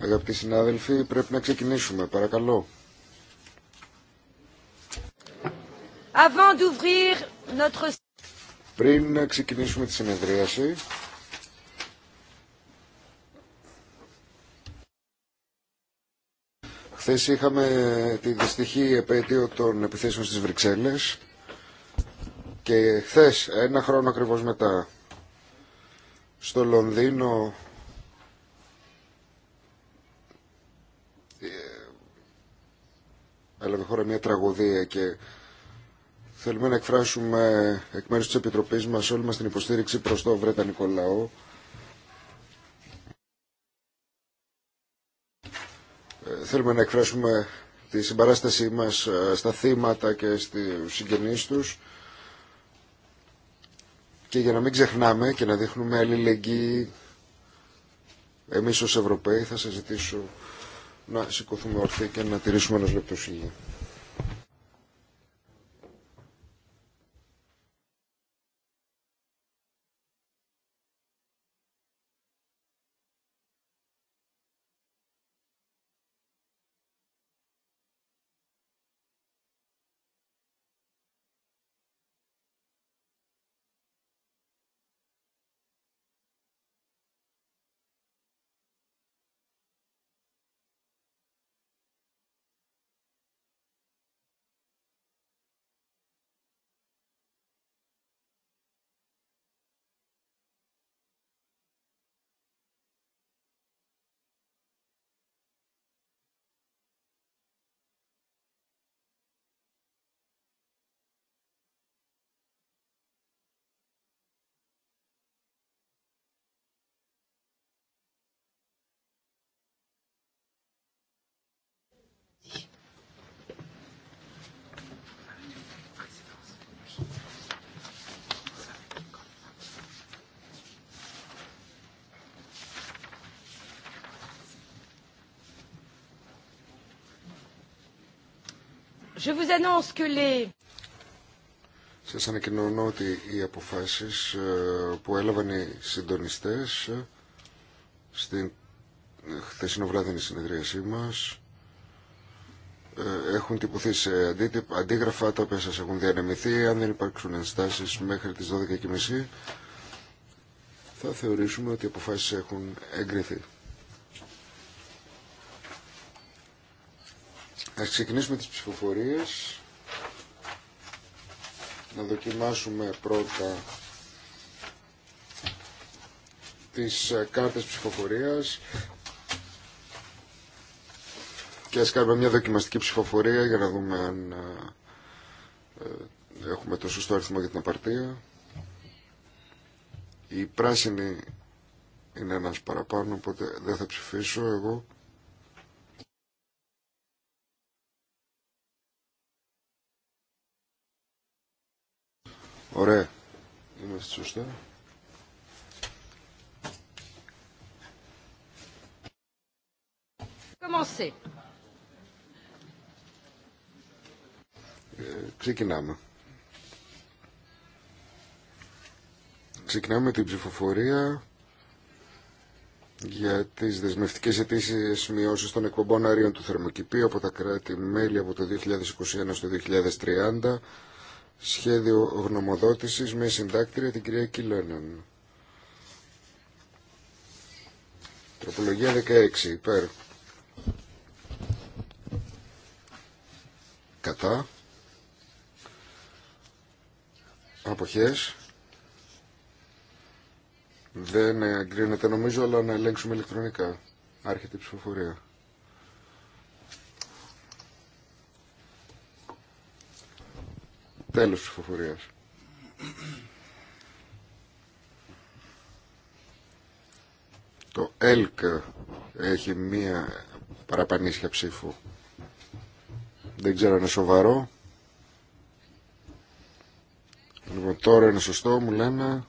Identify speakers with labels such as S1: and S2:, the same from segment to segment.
S1: Αγαπητοί συνάδελφοι, πρέπει να ξεκινήσουμε, παρακαλώ.
S2: Πριν να
S1: Πριν ξεκινήσουμε τη συνεδρίαση, Χθε είχαμε τη δυστυχή επέτειο των επιθέσεων στις Βρυξέλλες και χθε, ένα χρόνο ακριβώς μετά, στο Λονδίνο ε, έλαβε χώρα μια τραγωδία και θέλουμε να εκφράσουμε εκ μέρους της Επιτροπής μας όλη μας την υποστήριξη προς το Βρετανικό λαό ε, θέλουμε να εκφράσουμε τη συμπαράστασή μας ε, στα θύματα και στους συγγενείς τους και για να μην ξεχνάμε και να δείχνουμε αλληλεγγύη εμείς ως Ευρωπαίοι θα σας ζητήσω να σηκωθούμε όρθια και να τηρήσουμε ένας λεπτός
S2: Je vous annonce que
S1: Σας ανακοινώνω ότι οι αποφάσεις ε, που έλαβαν οι συντονιστές ε, στην χθεσινοβράδινη συνεδρίασή μας ε, έχουν τυπωθεί σε αντίγραφα τα οποία σας έχουν διανεμηθεί. Αν δεν υπάρξουν ενστάσεις μέχρι τις 12.30 θα θεωρήσουμε ότι οι αποφάσεις έχουν εγκριθεί. Ας ξεκινήσουμε τις ψηφοφορίες. Να δοκιμάσουμε πρώτα τις ε, κάρτες ψηφοφορίας και ας κάνουμε μια δοκιμαστική ψηφοφορία για να δούμε αν ε, ε, έχουμε το σωστό αριθμό για την απαρτία. Η πράσινη είναι ένας παραπάνω, οπότε δεν θα ψηφίσω εγώ. Ωραία. Είμαστε σωστά. Ξεκινάμε. ξεκινάμε. Ξεκινάμε την ψηφοφορία για τις δεσμευτικές αιτήσει μειώσεις των εκπομπών αριών του θερμοκηπίου από τα κράτη-μέλη από το 2021 στο 2030 σχέδιο γνωμοδότησης με συντάκτρια την κυρία Κιλένεν. Τροπολογία 16 υπέρ. Κατά. Αποχές. Δεν εγκρίνεται νομίζω, αλλά να ελέγξουμε ηλεκτρονικά. Άρχεται η ψηφοφορία. Τέλος της ψηφοφορίας. Το ΕΛΚ έχει μία παραπανίσια ψήφου. Δεν ξέρω αν είναι σοβαρό. Λοιπόν, τώρα είναι σωστό, μου λένε.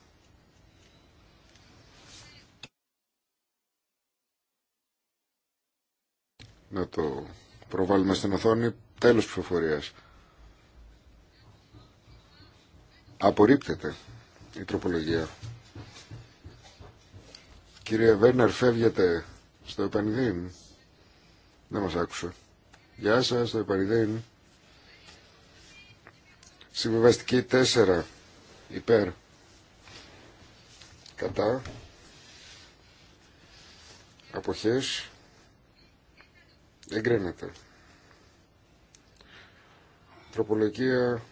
S1: Να το προβάλλουμε στην οθόνη. Τέλος ψηφοφορίας. Απορρίπτεται η τροπολογία. Κύριε Βέρνερ, φεύγετε στο επανειδήν. Δεν μας άκουσε. Γεια σας, στο επανειδήν. Συμβεβαστική 4. Υπέρ. Κατά. Αποχές. Εγκρίνεται. Τροπολογία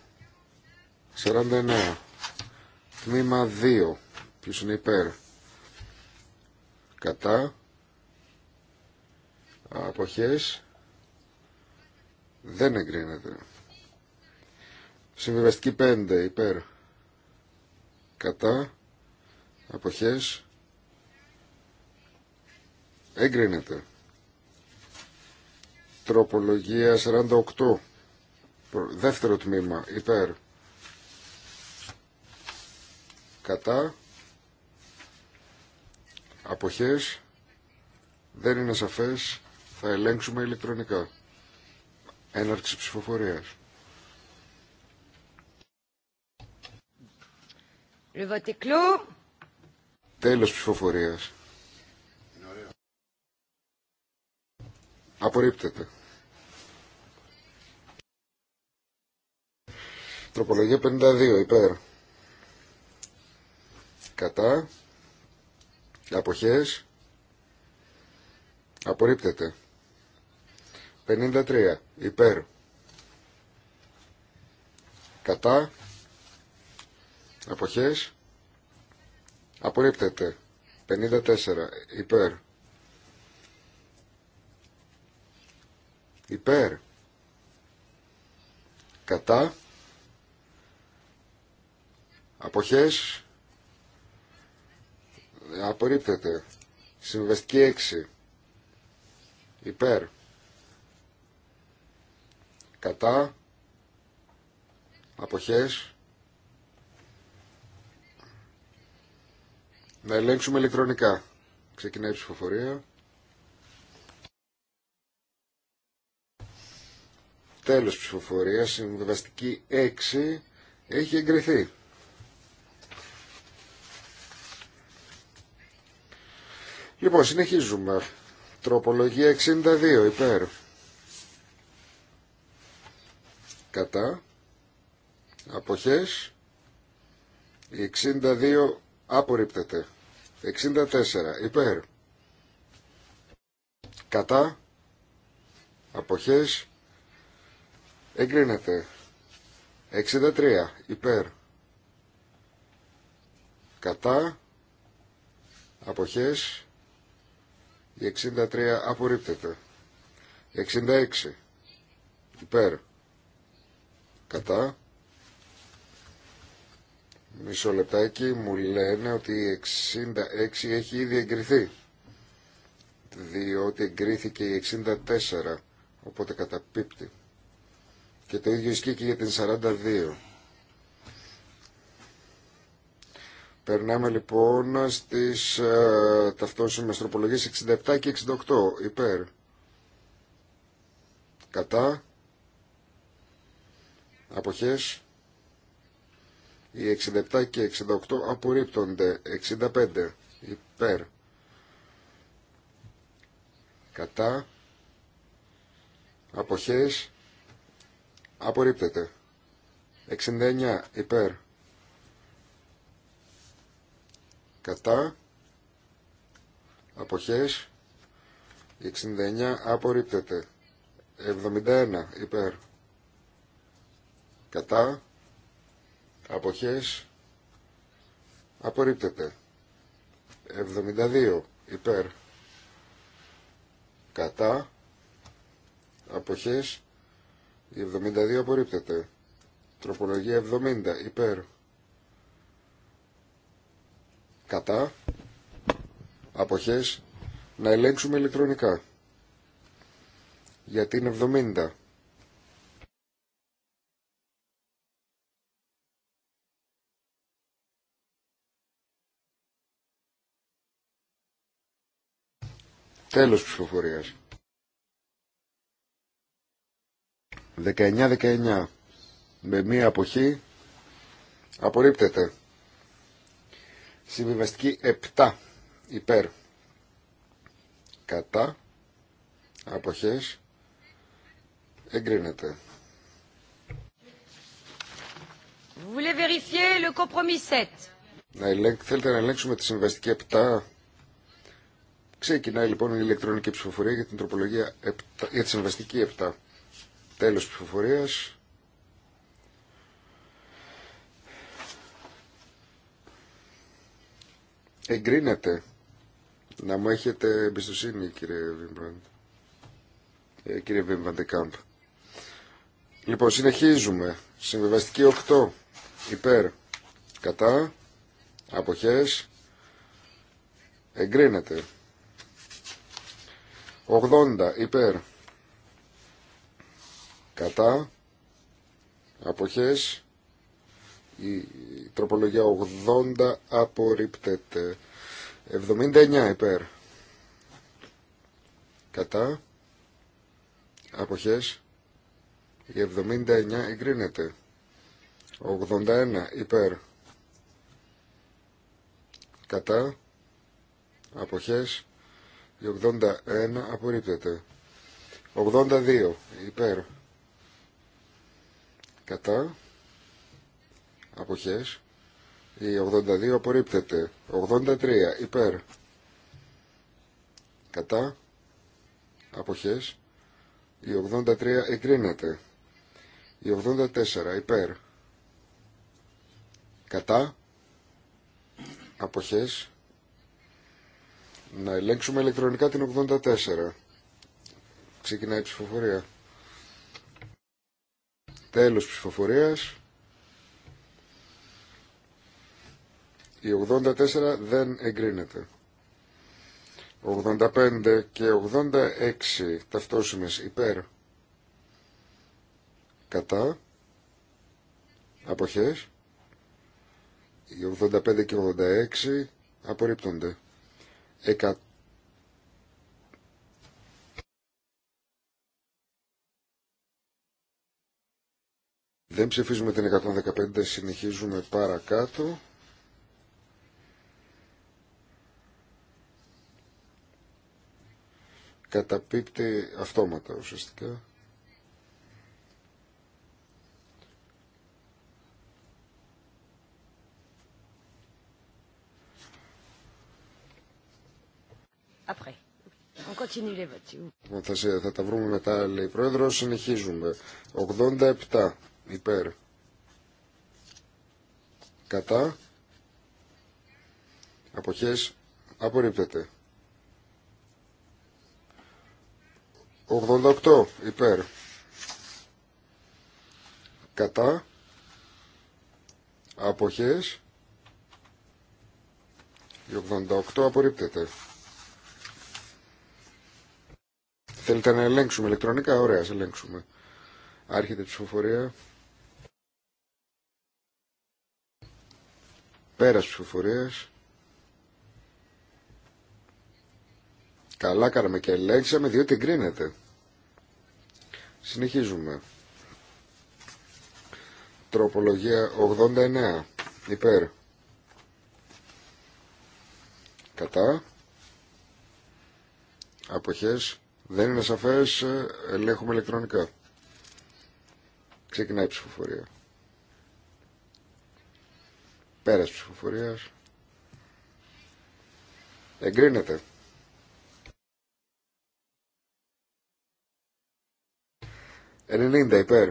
S1: 49. Τμήμα 2. Ποιος είναι υπέρ. Κατά. Αποχές. Δεν εγκρίνεται. Συμβιβαστική 5. Υπέρ. Κατά. Αποχές. Εγκρίνεται. Τροπολογία 48. Δεύτερο τμήμα. Υπέρ κατά αποχές δεν είναι σαφές θα ελέγξουμε ηλεκτρονικά έναρξη ψηφοφορίας
S2: Τέλο
S1: Τέλος ψηφοφορίας. Απορρίπτεται. Τροπολογία 52, υπέρ κατά αποχές απορρίπτεται 53 υπέρ κατά αποχές απορρίπτεται 54 υπέρ υπέρ κατά αποχές απορρίπτεται. Συμβαστική 6 υπέρ κατά αποχές να ελέγξουμε ηλεκτρονικά. Ξεκινάει η ψηφοφορία. Τέλος ψηφοφορίας, συμβαστική 6 έχει εγκριθεί. Λοιπόν, συνεχίζουμε. Τροπολογία 62 υπέρ. Κατά. Αποχές. 62 απορρίπτεται. 64 υπέρ. Κατά. Αποχές. Εγκρίνεται. 63 υπέρ. Κατά. Αποχές η 63 απορρίπτεται. 66 υπέρ. Κατά. Μισό λεπτάκι μου λένε ότι η 66 έχει ήδη εγκριθεί. Διότι εγκρίθηκε η 64. Οπότε καταπίπτει. Και το ίδιο ισχύει και για την 42. Περνάμε λοιπόν στις ε, ταυτόσιμες τροπολογίες 67 και 68 υπέρ. Κατά. Αποχές. Οι 67 και 68 απορρίπτονται. 65 υπέρ. Κατά. Αποχές. Απορρίπτεται. 69 υπέρ. κατά αποχές 69 απορρίπτεται 71 υπέρ κατά αποχές απορρίπτεται 72 υπέρ κατά αποχές 72 απορρίπτεται τροπολογία 70 υπέρ κατά, αποχές, να ελέγξουμε ηλεκτρονικά. Γιατί είναι 70. Τέλος ψηφοφορίας. 19-19. Με μία αποχή απορρίπτεται. Συμβιβαστική 7 υπέρ κατά αποχές εγκρίνεται.
S2: Vous voulez le compromis 7.
S1: Να ελέγ... Θέλετε να ελέγξουμε τη συμβαστική 7. Ξεκινάει λοιπόν η ηλεκτρονική ψηφοφορία για την τροπολογία 7... για τη συμβαστική 7. Τέλος ψηφοφορίας. Εγκρίνεται. Να μου έχετε εμπιστοσύνη κύριε Βίμπραντ. Ε, κύριε Βίμπραντ Κάμπ. Λοιπόν, συνεχίζουμε. Συμβιβαστική 8. Υπέρ. Κατά. Αποχές. Εγκρίνεται. 80. Υπέρ. Κατά. Αποχές. Η τροπολογία 80 απορρίπτεται. 79 υπέρ. Κατά. Αποχές. Η 79 εγκρίνεται. 81 υπέρ. Κατά. Αποχές. Η 81 απορρίπτεται. 82 υπέρ. Κατά αποχές η 82 απορρίπτεται 83 υπέρ κατά αποχές η 83 εγκρίνεται η 84 υπέρ κατά αποχές να ελέγξουμε ηλεκτρονικά την 84 ξεκινάει η ψηφοφορία τέλος ψηφοφορίας Η 84 δεν εγκρίνεται. 85 και 86 ταυτόσιμες υπέρ κατά αποχές. Οι 85 και 86 απορρίπτονται. 100 Δεν ψηφίζουμε την 115, συνεχίζουμε παρακάτω. καταπίπτει αυτόματα ουσιαστικά. Θα, θα τα βρούμε μετά, λέει η Πρόεδρο. Συνεχίζουμε. 87 υπέρ. Κατά. Αποχές. Απορρίπτεται. 88 υπέρ κατά αποχές η 88 απορρίπτεται θέλετε να ελέγξουμε ηλεκτρονικά ωραία σε ελέγξουμε άρχεται η ψηφοφορία πέρας ψηφοφορίας Καλά κάναμε και ελέγξαμε διότι εγκρίνεται. Συνεχίζουμε. Τροπολογία 89. Υπέρ. Κατά. Αποχές. Δεν είναι σαφές. Ελέγχουμε ηλεκτρονικά. Ξεκινάει η ψηφοφορία. Πέρας ψηφοφορίας. Εγκρίνεται. 90 υπέρ.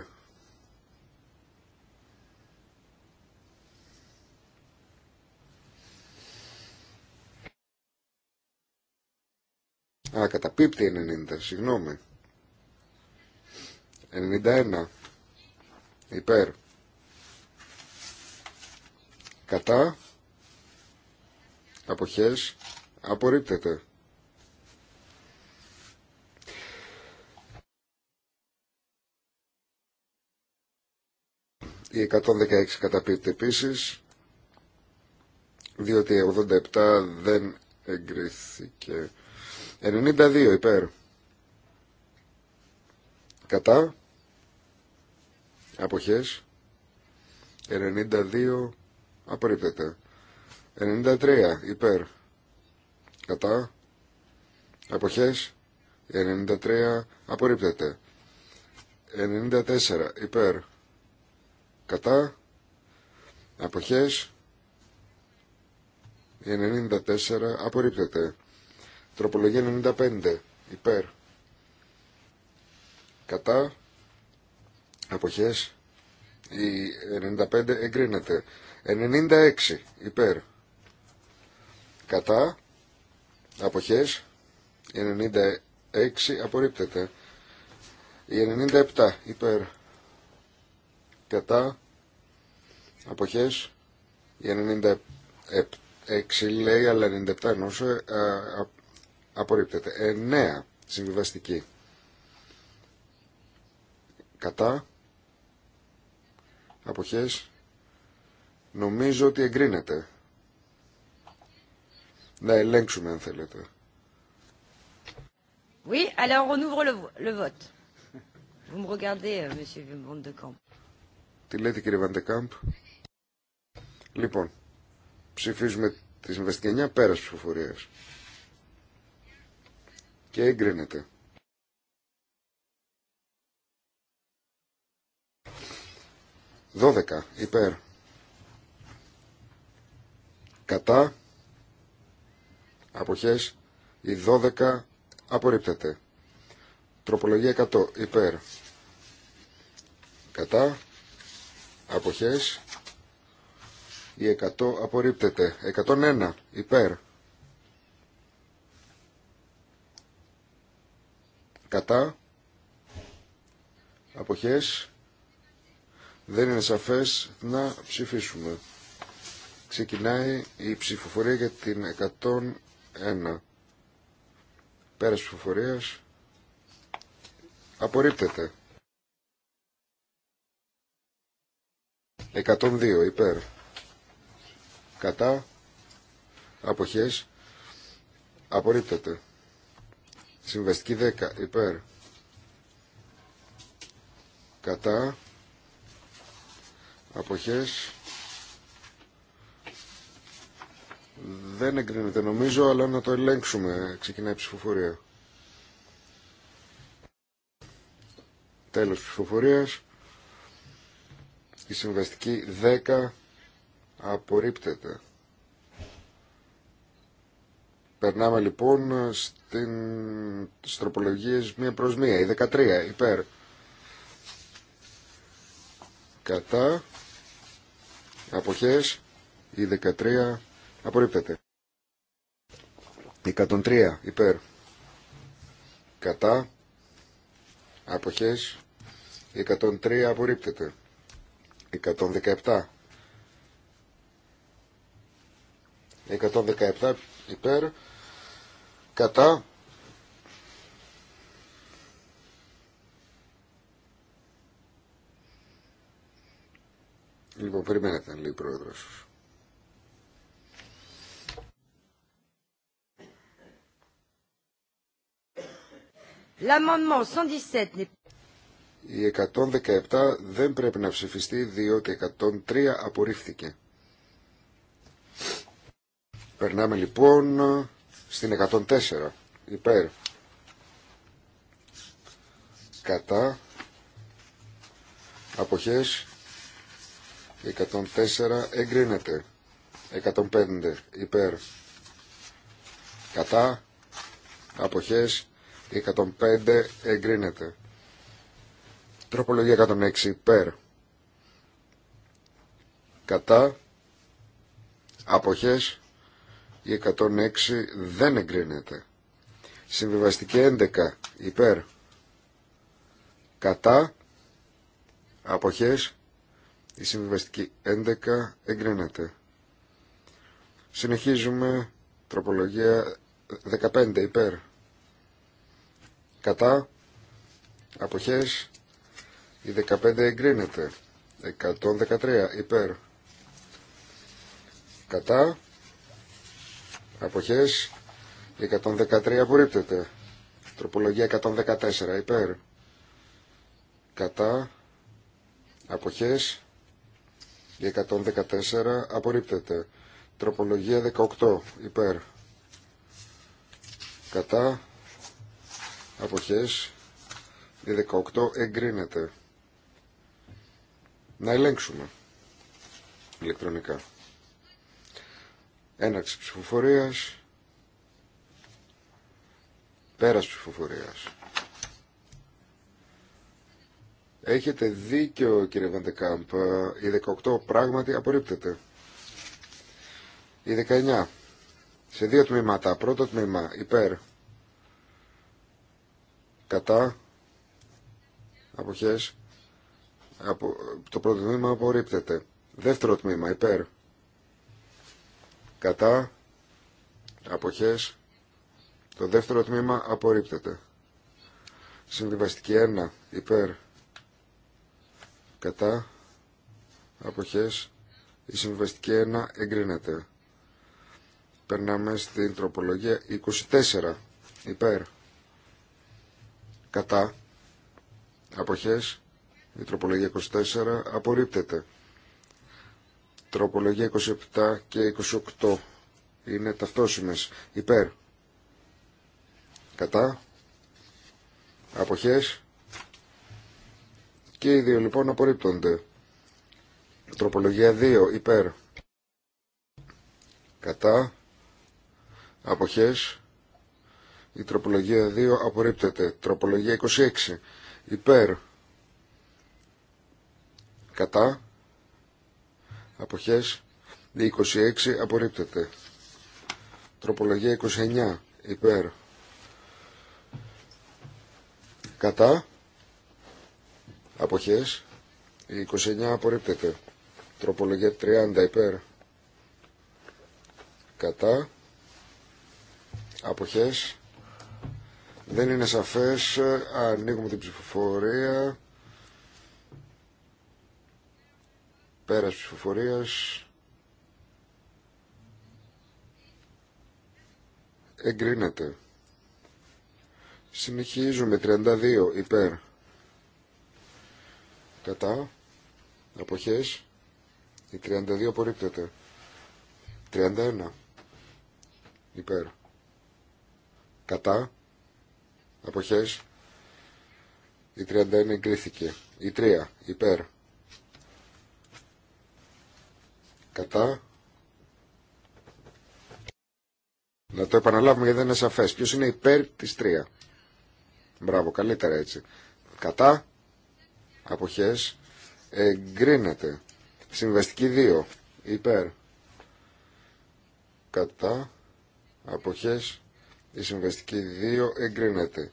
S1: Α, καταπίπτει 90, συγγνώμη. 91 υπέρ. Κατά. Αποχές. Απορρίπτεται. Η 116 καταπίπτει επίση, διότι 87 δεν εγκρίθηκε. 92 υπέρ. Κατά. Αποχές. 92 απορρίπτεται. 93 υπέρ. Κατά. Αποχές. 93 απορρίπτεται. 94 υπέρ κατά αποχές 94 απορρίπτεται τροπολογία 95 υπέρ κατά αποχές η 95 εγκρίνεται 96 υπέρ κατά αποχές 96 απορρίπτεται η 97 υπέρ κατά αποχές η 96 λέει αλλά 97 ενώσε απορρίπτεται 9 ε, συμβιβαστική κατά αποχές νομίζω ότι εγκρίνεται να ελέγξουμε αν θέλετε
S2: Oui, alors on ouvre le, le vote. Vous me regardez, euh, Monsieur Vimbonde de Camp.
S1: Τι λέτε κύριε Βαντεκάμπ. Λοιπόν, ψηφίζουμε τη συμβαστική 9 πέρας ψηφοφορίας. Και εγκρίνεται. Δώδεκα υπέρ. Κατά. Αποχές. Η 12 απορρίπτεται. Τροπολογία 100 υπέρ. Κατά αποχές η 100 απορρίπτεται 101 υπέρ κατά αποχές δεν είναι σαφές να ψηφίσουμε ξεκινάει η ψηφοφορία για την 101 πέρας ψηφοφορίας απορρίπτεται 102 υπέρ κατά αποχές απορρίπτεται συμβαστική 10 υπέρ κατά αποχές δεν εγκρίνεται νομίζω αλλά να το ελέγξουμε ξεκινάει η ψηφοφορία τέλος ψηφοφορίας η συμβαστική 10 απορρίπτεται. Περνάμε λοιπόν στην... τροπολογίε μία προ μία. Η 13 υπέρ. Κατά. αποχέ, Η 13 απορρίπτεται. Η 103 υπέρ. Κατά. αποχέ. Η 103 απορρίπτεται. 117. υπέρ, κατά, Λοιπόν, περιμένετε, λέει ο πρόεδρος.
S2: L'amendement 117 n'est pas...
S1: Η 117 δεν πρέπει να ψηφιστεί διότι 103 απορρίφθηκε. Περνάμε λοιπόν στην 104 υπέρ κατά αποχές 104 εγκρίνεται 105 υπέρ κατά αποχές 105 εγκρίνεται Τροπολογία 106 υπέρ. Κατά. Αποχές. Η 106 δεν εγκρίνεται. Συμβιβαστική 11 υπέρ. Κατά. Αποχές. Η συμβιβαστική 11 εγκρίνεται. Συνεχίζουμε τροπολογία 15 υπέρ. Κατά. Αποχές. Η 15 εγκρίνεται. 113 υπέρ. Κατά. Αποχές. Η 113 απορρίπτεται. Τροπολογία 114 υπέρ. Κατά. Αποχές. Η 114 απορρίπτεται. Τροπολογία 18 υπέρ. Κατά. Αποχές. Η 18 εγκρίνεται να ελέγξουμε ηλεκτρονικά. Έναρξη ψηφοφορίας, πέρας ψηφοφορίας. Έχετε δίκιο κύριε Βαντεκάμπ, η 18 πράγματι απορρίπτεται. Η 19, σε δύο τμήματα, πρώτο τμήμα υπέρ, κατά, αποχές, το πρώτο τμήμα απορρίπτεται. Δεύτερο τμήμα υπέρ. Κατά. Αποχές. Το δεύτερο τμήμα απορρίπτεται. Συμβιβαστική 1 υπέρ. Κατά. Αποχές. Η συμβιβαστική 1 εγκρίνεται. Περνάμε στην τροπολογία 24 υπέρ. Κατά. Αποχές η τροπολογία 24 απορρίπτεται. Τροπολογία 27 και 28 είναι ταυτόσιμες. Υπέρ. Κατά. Αποχές. Και οι δύο λοιπόν απορρίπτονται. Τροπολογία 2. Υπέρ. Κατά. Αποχές. Η τροπολογία 2 απορρίπτεται. Τροπολογία 26. Υπέρ κατά αποχές 26 απορρίπτεται τροπολογία 29 υπέρ κατά αποχές 29 απορρίπτεται τροπολογία 30 υπέρ κατά αποχές δεν είναι σαφές ανοίγουμε την ψηφοφορία Πέρας ψηφοφορία. Εγκρίνεται. Συνεχίζουμε 32 υπέρ. Κατά. Αποχές. Η 32 απορρίπτεται. 31 υπέρ. Κατά. Αποχές. Η 31 εγκρίθηκε. Η 3 υπέρ. Κατά. Να το επαναλάβουμε γιατί δεν είναι σαφές. Ποιος είναι υπέρ της 3. Μπράβο, καλύτερα έτσι. Κατά. Αποχές. Εγκρίνεται. Συμβαστική 2. Υπέρ. Κατά. Αποχές. Η συμβαστική 2 εγκρίνεται.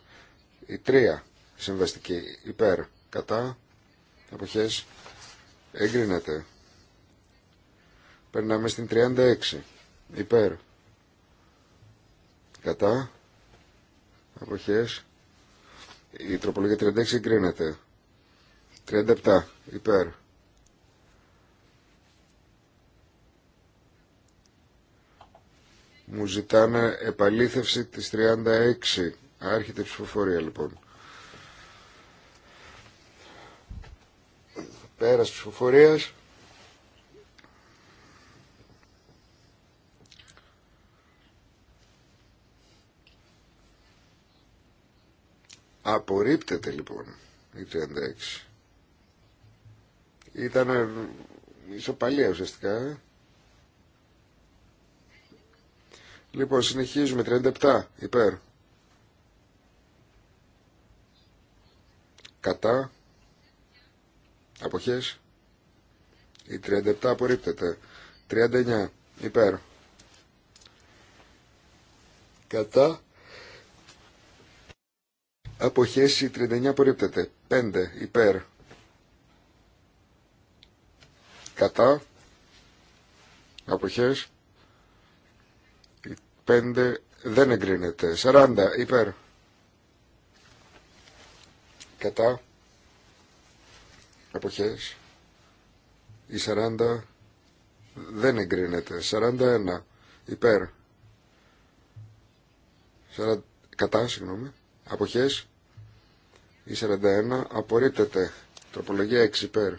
S1: Η 3 συμβαστική υπέρ. Κατά. Αποχές. Εγκρίνεται. Περνάμε στην 36. Υπέρ. Κατά. Αποχές. Η τροπολογία 36 εγκρίνεται. 37. Υπέρ. Μου ζητάνε επαλήθευση της 36. Άρχεται η ψηφοφορία λοιπόν. Πέρας ψηφοφορίας. Απορρίπτεται λοιπόν η 36. Ήταν ε, ισοπαλία ουσιαστικά. Ε. Λοιπόν, συνεχίζουμε. 37 υπέρ. Κατά. Αποχές. Η 37 απορρίπτεται. 39 υπέρ. Κατά. Αποχές 39 απορρίπτεται. 5 υπέρ. Κατά. Αποχές. Η 5 δεν εγκρίνεται. 40 υπέρ. Κατά. Αποχές. Η 40 δεν εγκρίνεται. 41 υπέρ. 40, κατά, συγγνώμη. Αποχές. Η 41 απορρίπτεται. Τροπολογία 6 υπέρ.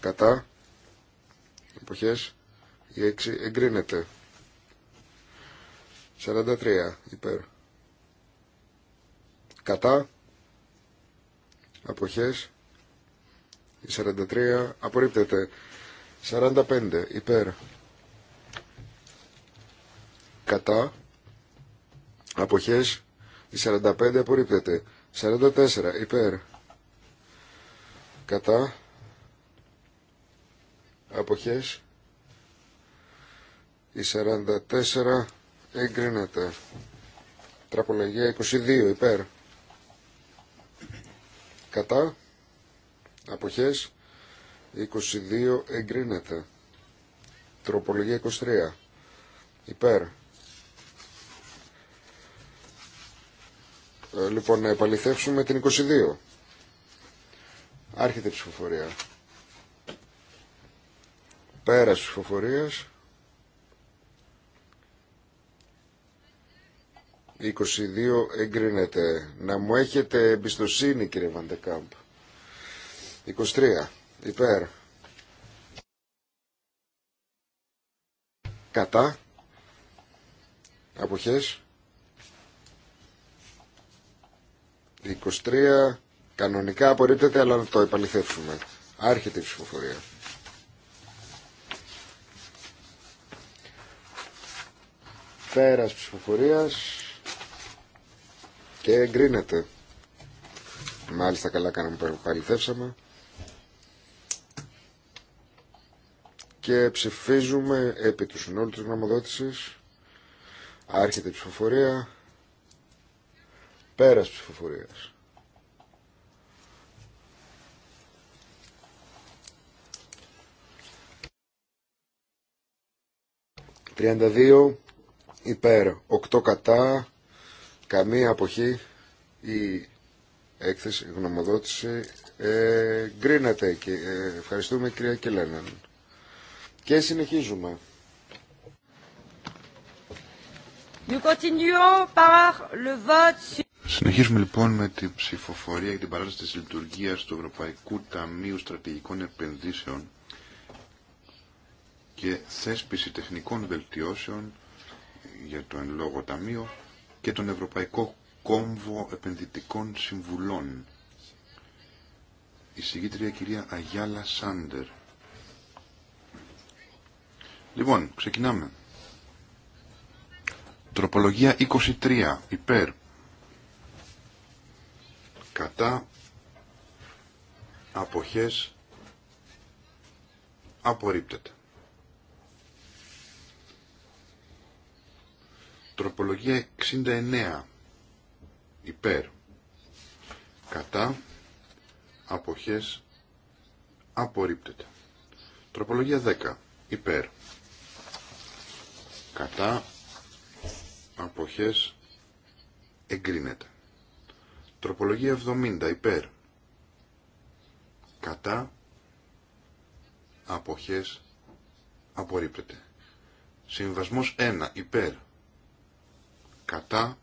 S1: Κατά. Εποχές. Η 6 εγκρίνεται. 43 υπέρ. Κατά. Αποχές. Η 43 απορρίπτεται. 45 υπέρ. Κατά. Αποχές. Η 45 απορρίπτεται. 44 υπέρ κατά αποχές η 44 εγκρίνεται τραπολογία 22 υπέρ κατά αποχές 22 εγκρίνεται τροπολογία 23 υπέρ Ε, λοιπόν, να επαληθεύσουμε την 22. Άρχεται η ψηφοφορία. Πέρας της ψηφοφορίας. 22 εγκρίνεται. Να μου έχετε εμπιστοσύνη κύριε Βαντεκάμπ. 23. Υπέρ. Κατά. Αποχές. 23 κανονικά απορρίπτεται αλλά να το επαληθεύσουμε. Άρχεται η ψηφοφορία. Πέρας ψηφοφορίας και εγκρίνεται. Μάλιστα καλά κάναμε που επαληθεύσαμε. Και ψηφίζουμε επί του συνόλου της γραμμοδότησης. Άρχεται η ψηφοφορία. Πέρας ψηφοφορίας. 32 υπέρ, 8 κατά, καμία αποχή, η έκθεση, γνωμοδότηση ε, γκρίνεται και ε, ευχαριστούμε κυρία Κελέναν. Και συνεχίζουμε.
S2: Nous continuons par le vote
S3: Συνεχίζουμε λοιπόν με την ψηφοφορία για την παράσταση της λειτουργίας του Ευρωπαϊκού Ταμείου Στρατηγικών Επενδύσεων και θέσπιση τεχνικών βελτιώσεων για το εν ταμείο και τον Ευρωπαϊκό Κόμβο Επενδυτικών Συμβουλών. Η συγκήτρια κυρία Αγιάλα Σάντερ. Λοιπόν, ξεκινάμε. Τροπολογία 23. Υπέρ κατά αποχές απορρίπτεται. Τροπολογία 69 υπέρ κατά αποχές απορρίπτεται. Τροπολογία 10 υπέρ κατά αποχές εγκρίνεται. Τροπολογία 70 υπέρ. Κατά αποχές απορρίπτεται. Συμβασμός 1 υπέρ. Κατά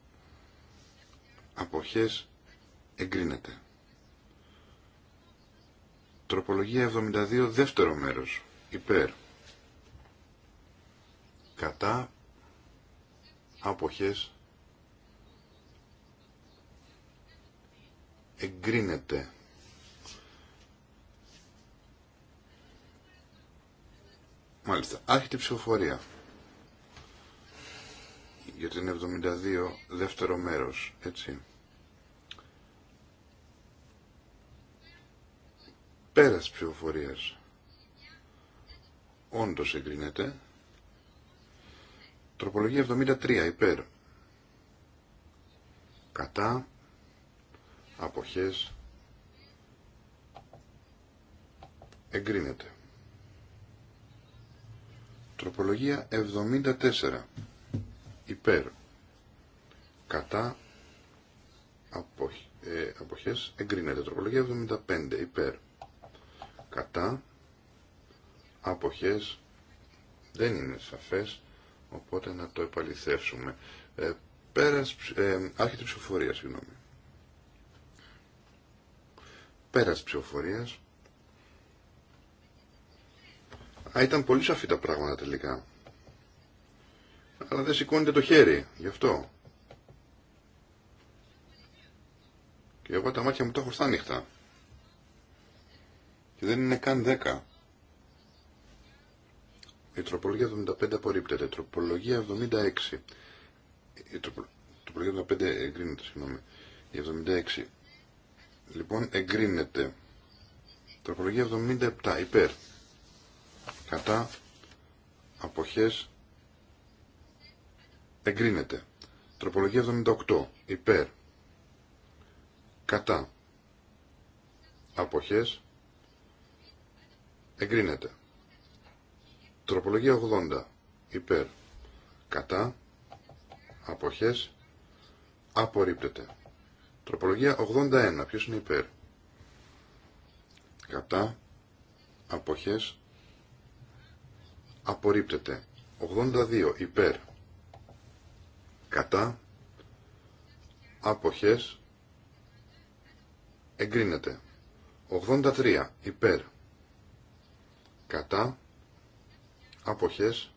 S3: αποχές εγκρίνεται. Τροπολογία 72 δεύτερο μέρος υπέρ. Κατά αποχές εγκρίνεται. Μάλιστα, άρχεται ψηφοφορία για την 72 δεύτερο μέρος, έτσι. Πέρας ψηφοφορίας. Όντως εγκρίνεται. Τροπολογία 73 υπέρ. Κατά αποχές εγκρίνεται. Τροπολογία 74 υπέρ κατά ε, αποχές εγκρίνεται. Τροπολογία 75 υπέρ κατά αποχές δεν είναι σαφές οπότε να το επαληθεύσουμε. Ε, πέρας, ε, ψηφοφορία, συγγνώμη. Πέρας ψηφοφορίας. Α, ήταν πολύ σαφή τα πράγματα τελικά. Αλλά δεν σηκώνεται το χέρι, γι' αυτό. Και εγώ τα μάτια μου τα έχω στα νύχτα. Και δεν είναι καν δέκα. Η τροπολογία 75 απορρίπτεται. Η τροπολογία 76. Η τροπολογία 75 εγκρίνεται, συγγνώμη. Η 76 Λοιπόν, εγκρίνεται. Τροπολογία 77. Υπέρ. Κατά. Αποχές. Εγκρίνεται. Τροπολογία 78. Υπέρ. Κατά. Αποχές. Εγκρίνεται. Τροπολογία 80. Υπέρ. Κατά. Αποχές. Απορρίπτεται. Τροπολογία 81. Ποιος είναι υπέρ. Κατά. Αποχές. Απορρίπτεται. 82. Υπέρ. Κατά. Αποχές. Εγκρίνεται. 83. Υπέρ. Κατά. Αποχές.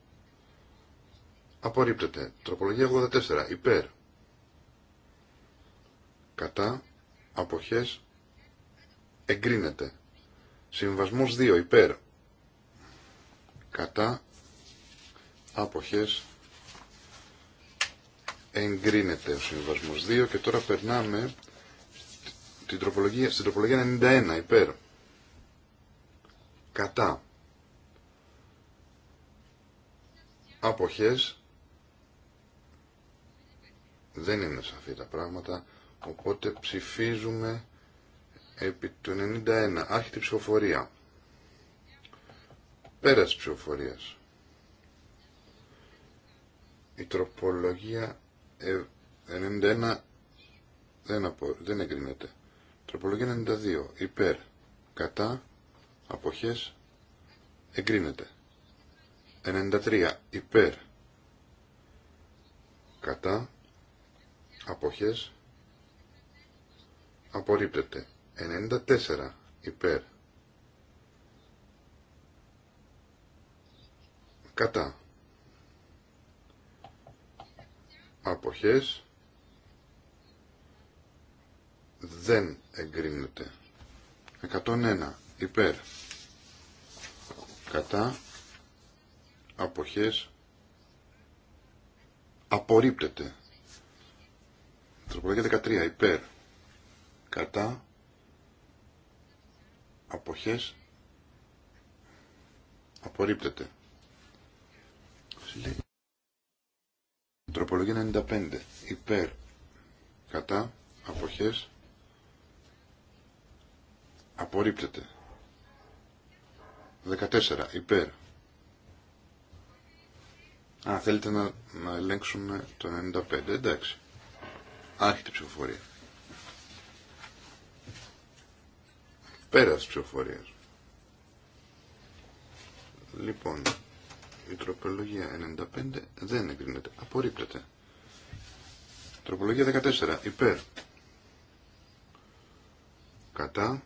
S3: Απορρίπτεται. Τροπολογία 84. Υπέρ κατά, αποχές, εγκρίνεται. Συμβασμός 2 υπέρ, κατά, αποχές, εγκρίνεται ο συμβασμός 2 και τώρα περνάμε στην τροπολογία, στην τροπολογία 91 υπέρ, κατά, αποχές, δεν είναι σαφή τα πράγματα, Οπότε ψηφίζουμε επί του 91. Άρχεται ψηφοφορία. Πέρας ψηφοφορίας. Η τροπολογία 91 ε, δεν, απο, δεν εγκρίνεται. Τροπολογία 92. Υπέρ. Κατά. Αποχές. Εγκρίνεται. 93. Υπέρ. Κατά. Αποχές απορρίπτεται. 94 υπέρ. Κατά. Αποχές. Δεν εγκρίνεται. 101 υπέρ. Κατά. Αποχές. Απορρίπτεται. Τροπολογία 13 υπέρ κατά αποχές απορρίπτεται. Τροπολογία 95. Υπέρ. Κατά. Αποχές. Απορρίπτεται. 14. Υπέρ. Α, θέλετε να, ελέγξουμε το 95. Εντάξει. Άρχεται ψηφοφορία. Πέρας ψηφοφορίας. Λοιπόν, η τροπολογία 95 δεν εγκρίνεται. Απορρίπτεται. Τροπολογία 14. Υπέρ. Κατά.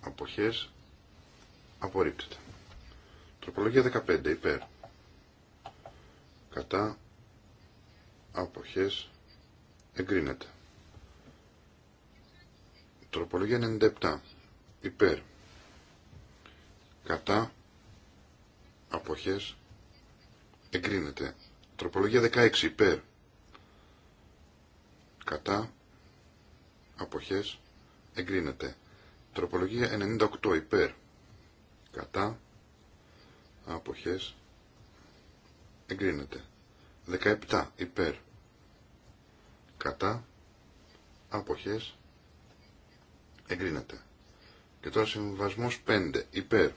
S3: Αποχές. Απορρίπτεται. Τροπολογία 15. Υπέρ. Κατά. Αποχές. Εγκρίνεται. Τροπολογία 97. Υπέρ. Κατά. Αποχές. Εγκρίνεται. Τροπολογία 16. Υπέρ. Κατά. Αποχές. Εγκρίνεται. Τροπολογία 98. Υπέρ. Κατά. Αποχές. Εγκρίνεται. 17. Υπέρ. Κατά. Αποχές εγκρίνεται. Και τώρα συμβασμός 5 υπέρ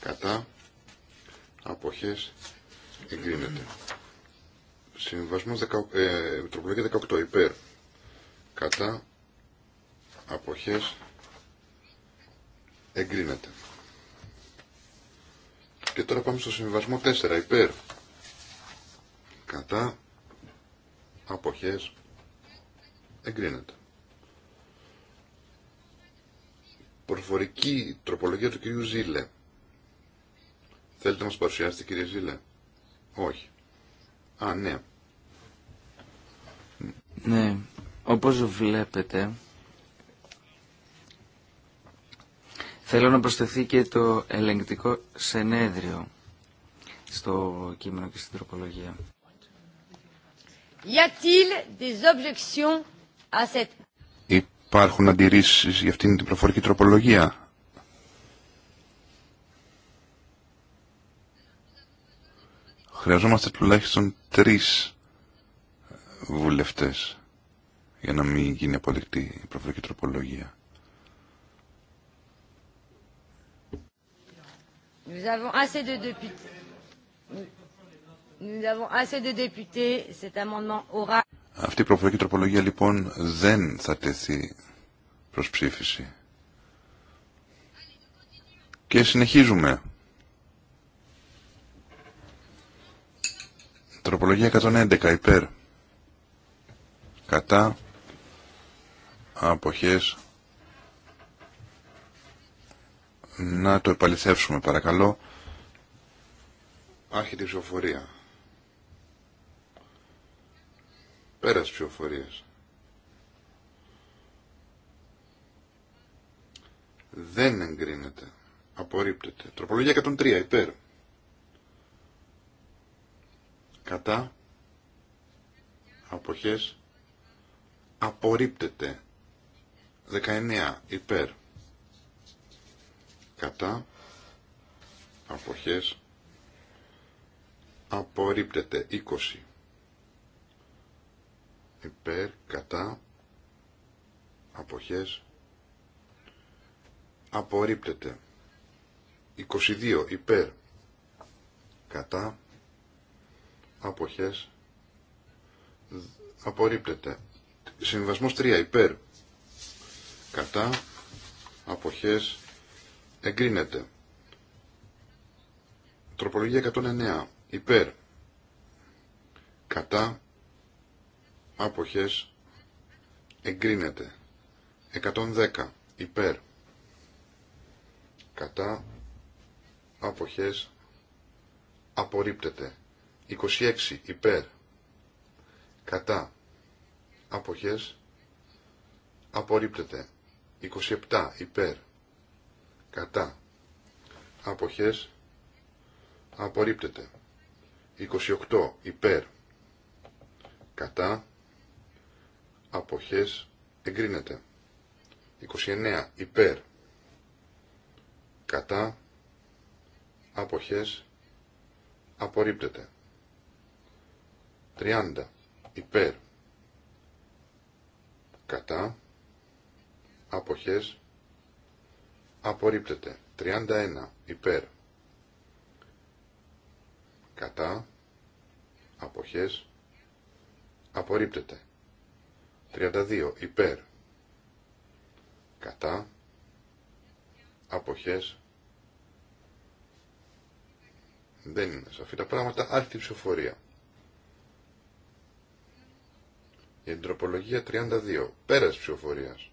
S3: κατά αποχές εγκρίνεται. Συμβασμός 18, ε, 18 υπέρ κατά αποχές εγκρίνεται. Και τώρα πάμε στο συμβασμό 4 υπέρ κατά αποχές εγκρίνεται. προφορική τροπολογία του κυρίου Ζήλε. Θέλετε να μας παρουσιάσετε κύριε Ζήλε.
S4: Όχι. Α, ναι. Ναι, όπως βλέπετε, θέλω να προσθεθεί και το ελεγκτικό σενέδριο στο κείμενο και στην τροπολογία.
S2: Y a-t-il
S3: Υπάρχουν αντιρρήσεις για αυτήν την προφορική τροπολογία. Χρειαζόμαστε τουλάχιστον τρεις βουλευτές για να μην γίνει αποδεκτή η προφορική τροπολογία.
S2: Nous avons assez de députés. Nous avons assez de députés. Cet amendement aura.
S3: Αυτή η προφορική τροπολογία λοιπόν δεν θα τεθεί προς ψήφιση. Και συνεχίζουμε. Τροπολογία 111 υπέρ. Κατά. Αποχές. Να το επαληθεύσουμε παρακαλώ. Άρχεται η ψηφοφορία. Πέρας ψηφοφορίες Δεν εγκρίνεται. Απορρίπτεται. Τροπολογία 103 υπέρ. Κατά. Αποχές. Απορρίπτεται. 19 υπέρ. Κατά. Αποχές. Απορρίπτεται. 20 υπέρ, κατά, αποχές, απορρίπτεται. 22 υπέρ, κατά, αποχές, απορρίπτεται. Συμβασμός 3 υπέρ, κατά, αποχές, εγκρίνεται. Τροπολογία 109 υπέρ, κατά, αποχές εγκρίνεται 110 υπέρ κατά αποχές απορρίπτεται 26 υπέρ κατά αποχές απορρίπτεται 27 υπέρ κατά αποχές απορρίπτεται 28 υπέρ κατά αποχές εγκρίνεται. 29 υπέρ κατά αποχές απορρίπτεται. 30 υπέρ κατά αποχές απορρίπτεται. 31 υπέρ κατά αποχές απορρίπτεται. 32 υπέρ κατά αποχές δεν είναι σαφή τα πράγματα άρχιτη ψηφοφορία η εντροπολογία 32 πέρας ψηφοφορίας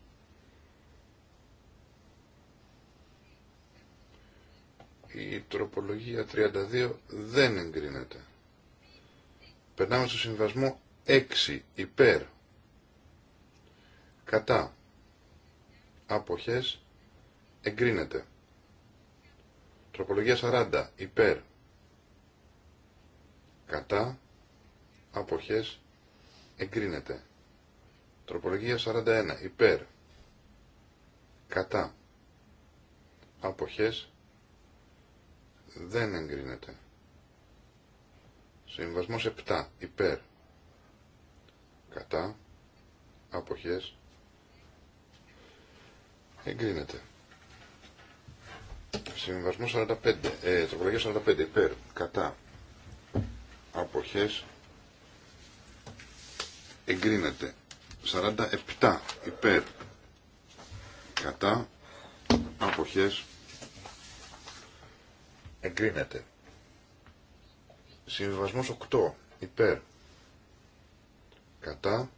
S3: η τροπολογία 32 δεν εγκρίνεται περνάμε στο συμβασμό 6 υπέρ κατά αποχές εγκρίνεται. Τροπολογία 40 υπέρ κατά αποχές εγκρίνεται. Τροπολογία 41 υπέρ κατά αποχές δεν εγκρίνεται. Συμβασμός 7 υπέρ κατά αποχές Εγκρίνεται. Συμβασμό 45. Ε, τροπολογία 45. Υπέρ. Κατά. Αποχές. Εγκρίνεται. 47. Υπέρ. Κατά. Αποχές. Εγκρίνεται. Συμβασμός 8. Υπέρ. Κατά.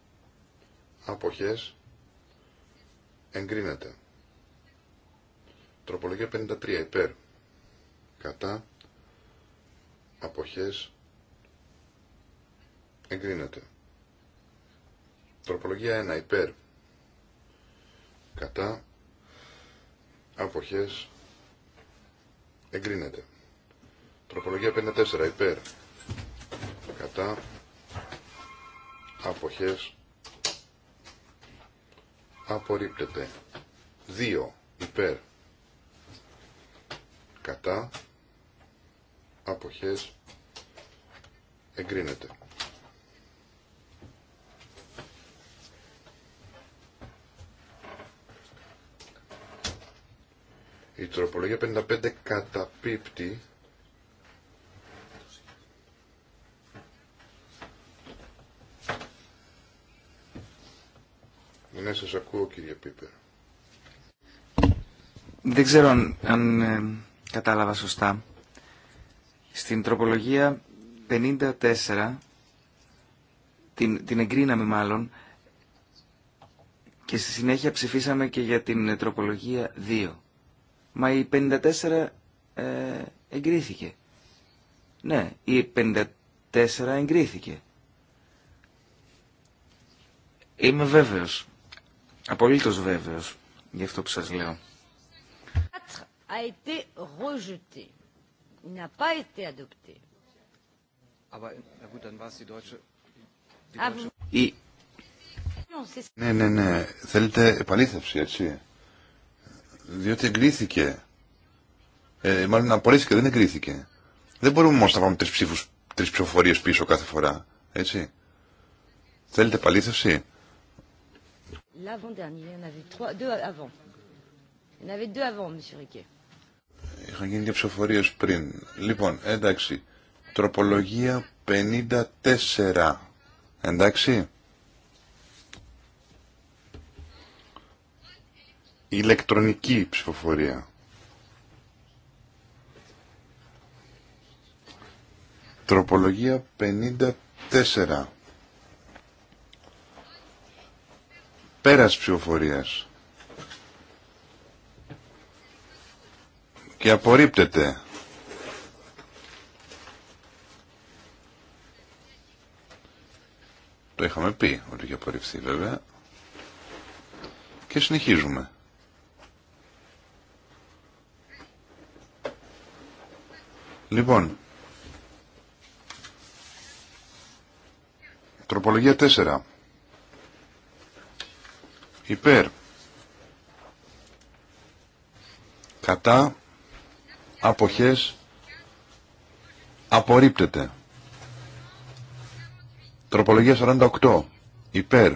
S3: Αποχές. Εγκρίνεται. Τροπολογία 53 υπέρ. Κατά. Αποχές. Εγκρίνεται. Τροπολογία 1 υπέρ. Κατά. Αποχές. Εγκρίνεται. Τροπολογία 54 υπέρ. Κατά. Αποχές. Απορρίπτεται. 2 υπέρ κατά αποχές εγκρίνεται. Η τροπολογία 55 καταπίπτει Ναι, σας ακούω κύριε Πίπερ.
S4: Δεν ξέρω αν ε, κατάλαβα σωστά, στην τροπολογία 54, την, την εγκρίναμε μάλλον, και στη συνέχεια ψηφίσαμε και για την τροπολογία 2. Μα η 54 ε, εγκρίθηκε. Ναι, η 54 εγκρίθηκε. Είμαι βέβαιος, απολύτως βέβαιος, γι' αυτό που σας λέω
S2: a été rejeté. Il n'a pas été adopté.
S3: Ναι, ναι, ναι. Θέλετε επανήθευση, έτσι. Διότι εγκρίθηκε. Ε, μάλλον απορρίφθηκε, δεν εγκρίθηκε. Δεν μπορούμε όμω να πάμε τρει ψήφου, τρει ψηφοφορίε πίσω κάθε φορά. Έτσι. Θέλετε επαλήθευση.
S2: L'avant-dernier, il y en avait trois, deux avant. Il y en avait deux avant, M. Riquet.
S3: Είχαν γίνει και ψηφοφορίες πριν. Λοιπόν, εντάξει, τροπολογία 54. Εντάξει. Ηλεκτρονική ψηφοφορία. Τροπολογία 54. Πέρας ψηφοφορίας. και απορρίπτεται. Το είχαμε πει ότι είχε απορριφθεί βέβαια. Και συνεχίζουμε. Λοιπόν, τροπολογία 4. Υπέρ. Κατά αποχές απορρίπτεται. Τροπολογία 48 υπέρ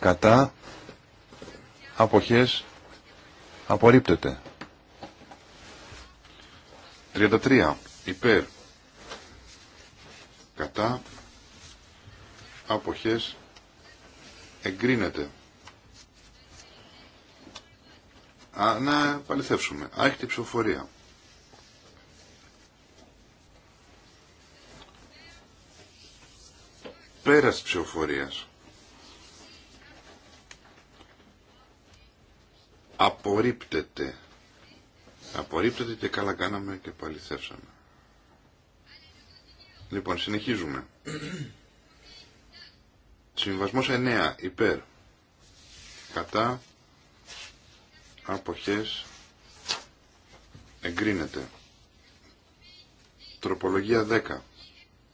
S3: κατά αποχές απορρίπτεται. 33 υπέρ κατά αποχές εγκρίνεται. Α, να παληθεύσουμε. Άρχεται η ψηφοφορία. Πέρας ψηφοφορία. Απορρίπτεται. Απορρίπτεται και καλά κάναμε και παληθεύσαμε. Λοιπόν, συνεχίζουμε. Συμβασμός 9. Υπέρ. Κατά αποχές εγκρίνεται. Τροπολογία 10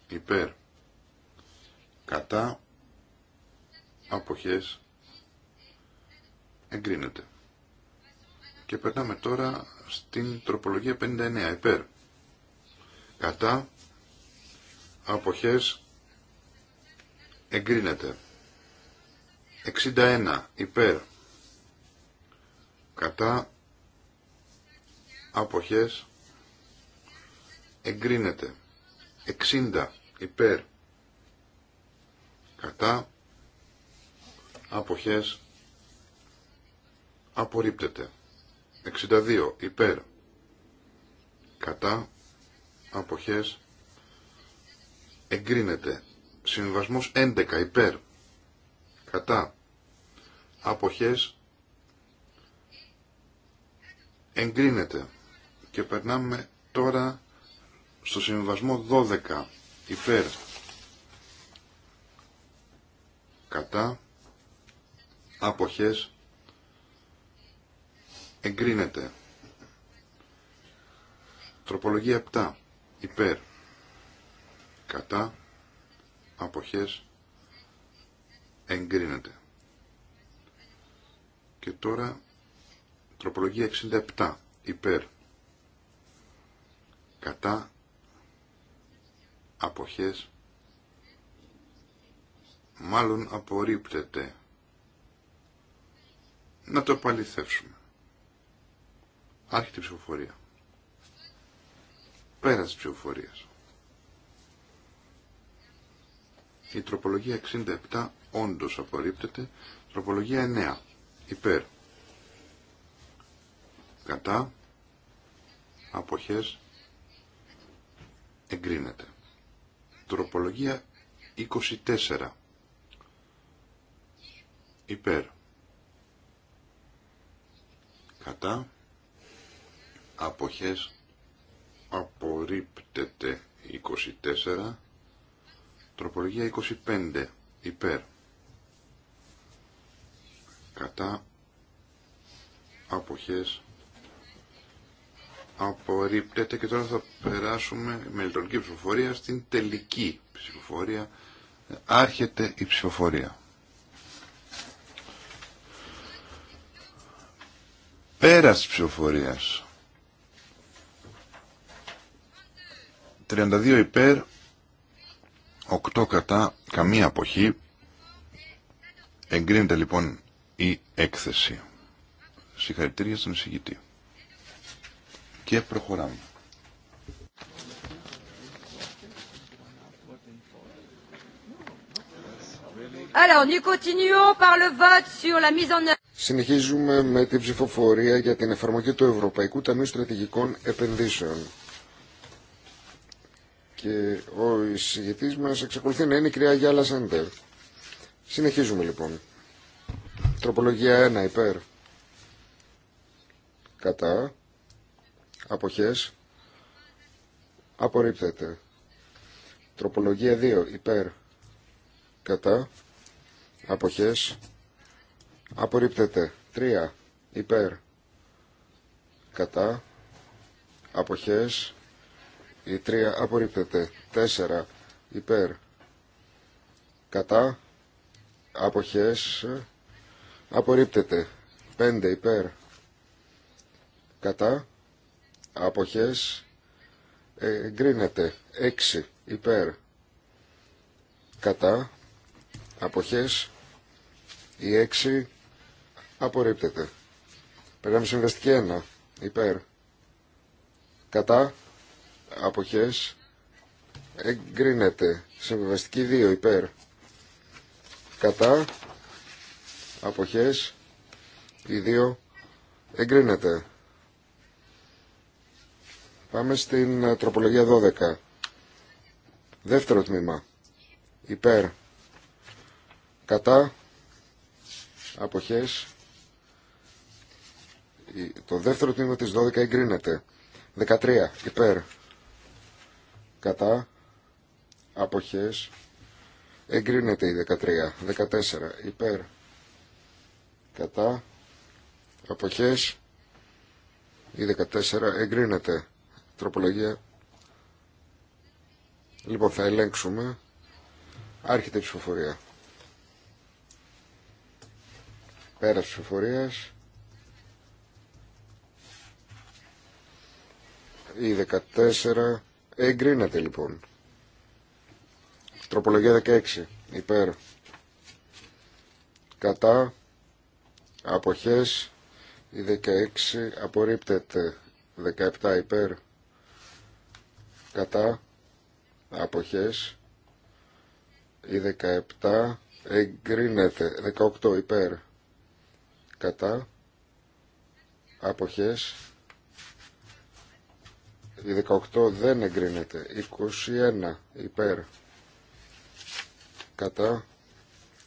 S3: υπέρ κατά αποχές εγκρίνεται. Και περνάμε τώρα στην τροπολογία 59 υπέρ κατά αποχές εγκρίνεται. 61 υπέρ κατά αποχές εγκρίνεται 60 υπέρ κατά αποχές απορρίπτεται 62 υπέρ κατά αποχές εγκρίνεται συμβασμός 11 υπέρ κατά αποχές εγκρίνεται. Και περνάμε τώρα στο συμβασμό 12 υπέρ κατά αποχές εγκρίνεται. Τροπολογία 7 υπέρ κατά αποχές εγκρίνεται. Και τώρα Τροπολογία 67 υπέρ κατά αποχές μάλλον απορρίπτεται. Να το παληθεύσουμε. Άρχεται η ψηφοφορία. Πέρας ψηφοφορία. Η τροπολογία 67 όντως απορρίπτεται. Τροπολογία 9. Υπέρ κατά αποχές εγκρίνεται. Τροπολογία 24 υπέρ κατά αποχές απορρίπτεται 24 τροπολογία 25 υπέρ κατά αποχές απορρίπτεται και τώρα θα περάσουμε με λειτουργική ψηφοφορία στην τελική ψηφοφορία. Άρχεται η ψηφοφορία. Πέρας ψηφοφορίας. 32 υπέρ, 8 κατά, καμία αποχή. Εγκρίνεται λοιπόν η έκθεση. Συγχαρητήρια στον εισηγητή και προχωράμε.
S1: Συνεχίζουμε με την ψηφοφορία για την εφαρμογή του Ευρωπαϊκού Ταμείου Στρατηγικών Επενδύσεων. Και ο εισηγητής μας εξακολουθεί να είναι η κυρία Γιάλα Σάντερ. Συνεχίζουμε λοιπόν. Τροπολογία 1 υπέρ. Κατά αποχές απορρίπτεται. Τροπολογία 2 υπέρ κατά αποχές απορρίπτεται. 3 υπέρ κατά αποχές η 3 απορρίπτεται. 4 υπέρ κατά αποχές απορρίπτεται. 5 υπέρ κατά αποχές εγκρίνεται 6 υπέρ κατά αποχές η 6 απορρίπτεται περνάμε συμβαστική 1 υπέρ κατά αποχές εγκρίνεται συμβαστική 2 υπέρ κατά αποχές οι 2 εγκρίνεται Πάμε στην ε, τροπολογία 12. Δεύτερο τμήμα. Υπέρ. Κατά. Αποχές. Το δεύτερο τμήμα της 12 εγκρίνεται. 13. Υπέρ. Κατά. Αποχές. Εγκρίνεται η 13. 14. Υπέρ. Κατά. Αποχές. Η 14 εγκρίνεται τροπολογία. Λοιπόν, θα ελέγξουμε. Άρχεται η ψηφοφορία. Πέρα ψηφοφορία Η 14 εγκρίνεται λοιπόν. Τροπολογία 16. Υπέρ. Κατά. Αποχές. Η 16 απορρίπτεται. 17 υπέρ κατά αποχές η 17 εγκρίνεται 18 υπέρ κατά αποχές η 18 δεν εγκρίνεται 21 υπέρ κατά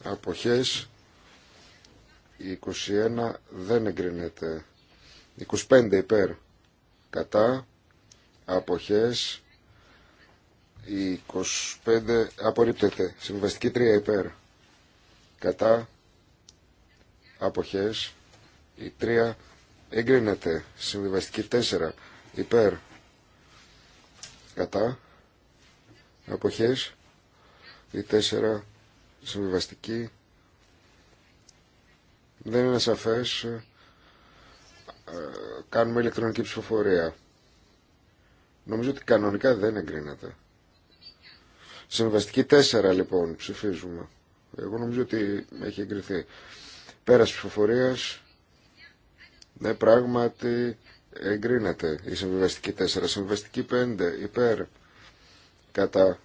S1: αποχές η 21 δεν εγκρίνεται 25 υπέρ κατά αποχές η 25 απορρίπτεται. Συμβαστική 3 υπέρ. Κατά. Αποχές. Η 3 εγκρίνεται. Συμβιβαστική 4 υπέρ. Κατά. Αποχές. Η 4 συμβιβαστική. Δεν είναι σαφές. Ε, κάνουμε ηλεκτρονική ψηφοφορία. Νομίζω ότι κανονικά δεν εγκρίνεται. Συμβαστική 4 λοιπόν ψηφίζουμε. Εγώ νομίζω ότι έχει εγκριθεί. Πέρας ψηφοφορίας. Ναι, πράγματι εγκρίνεται η συμβιβαστική 4. Συμβιβαστική 5 υπέρ κατά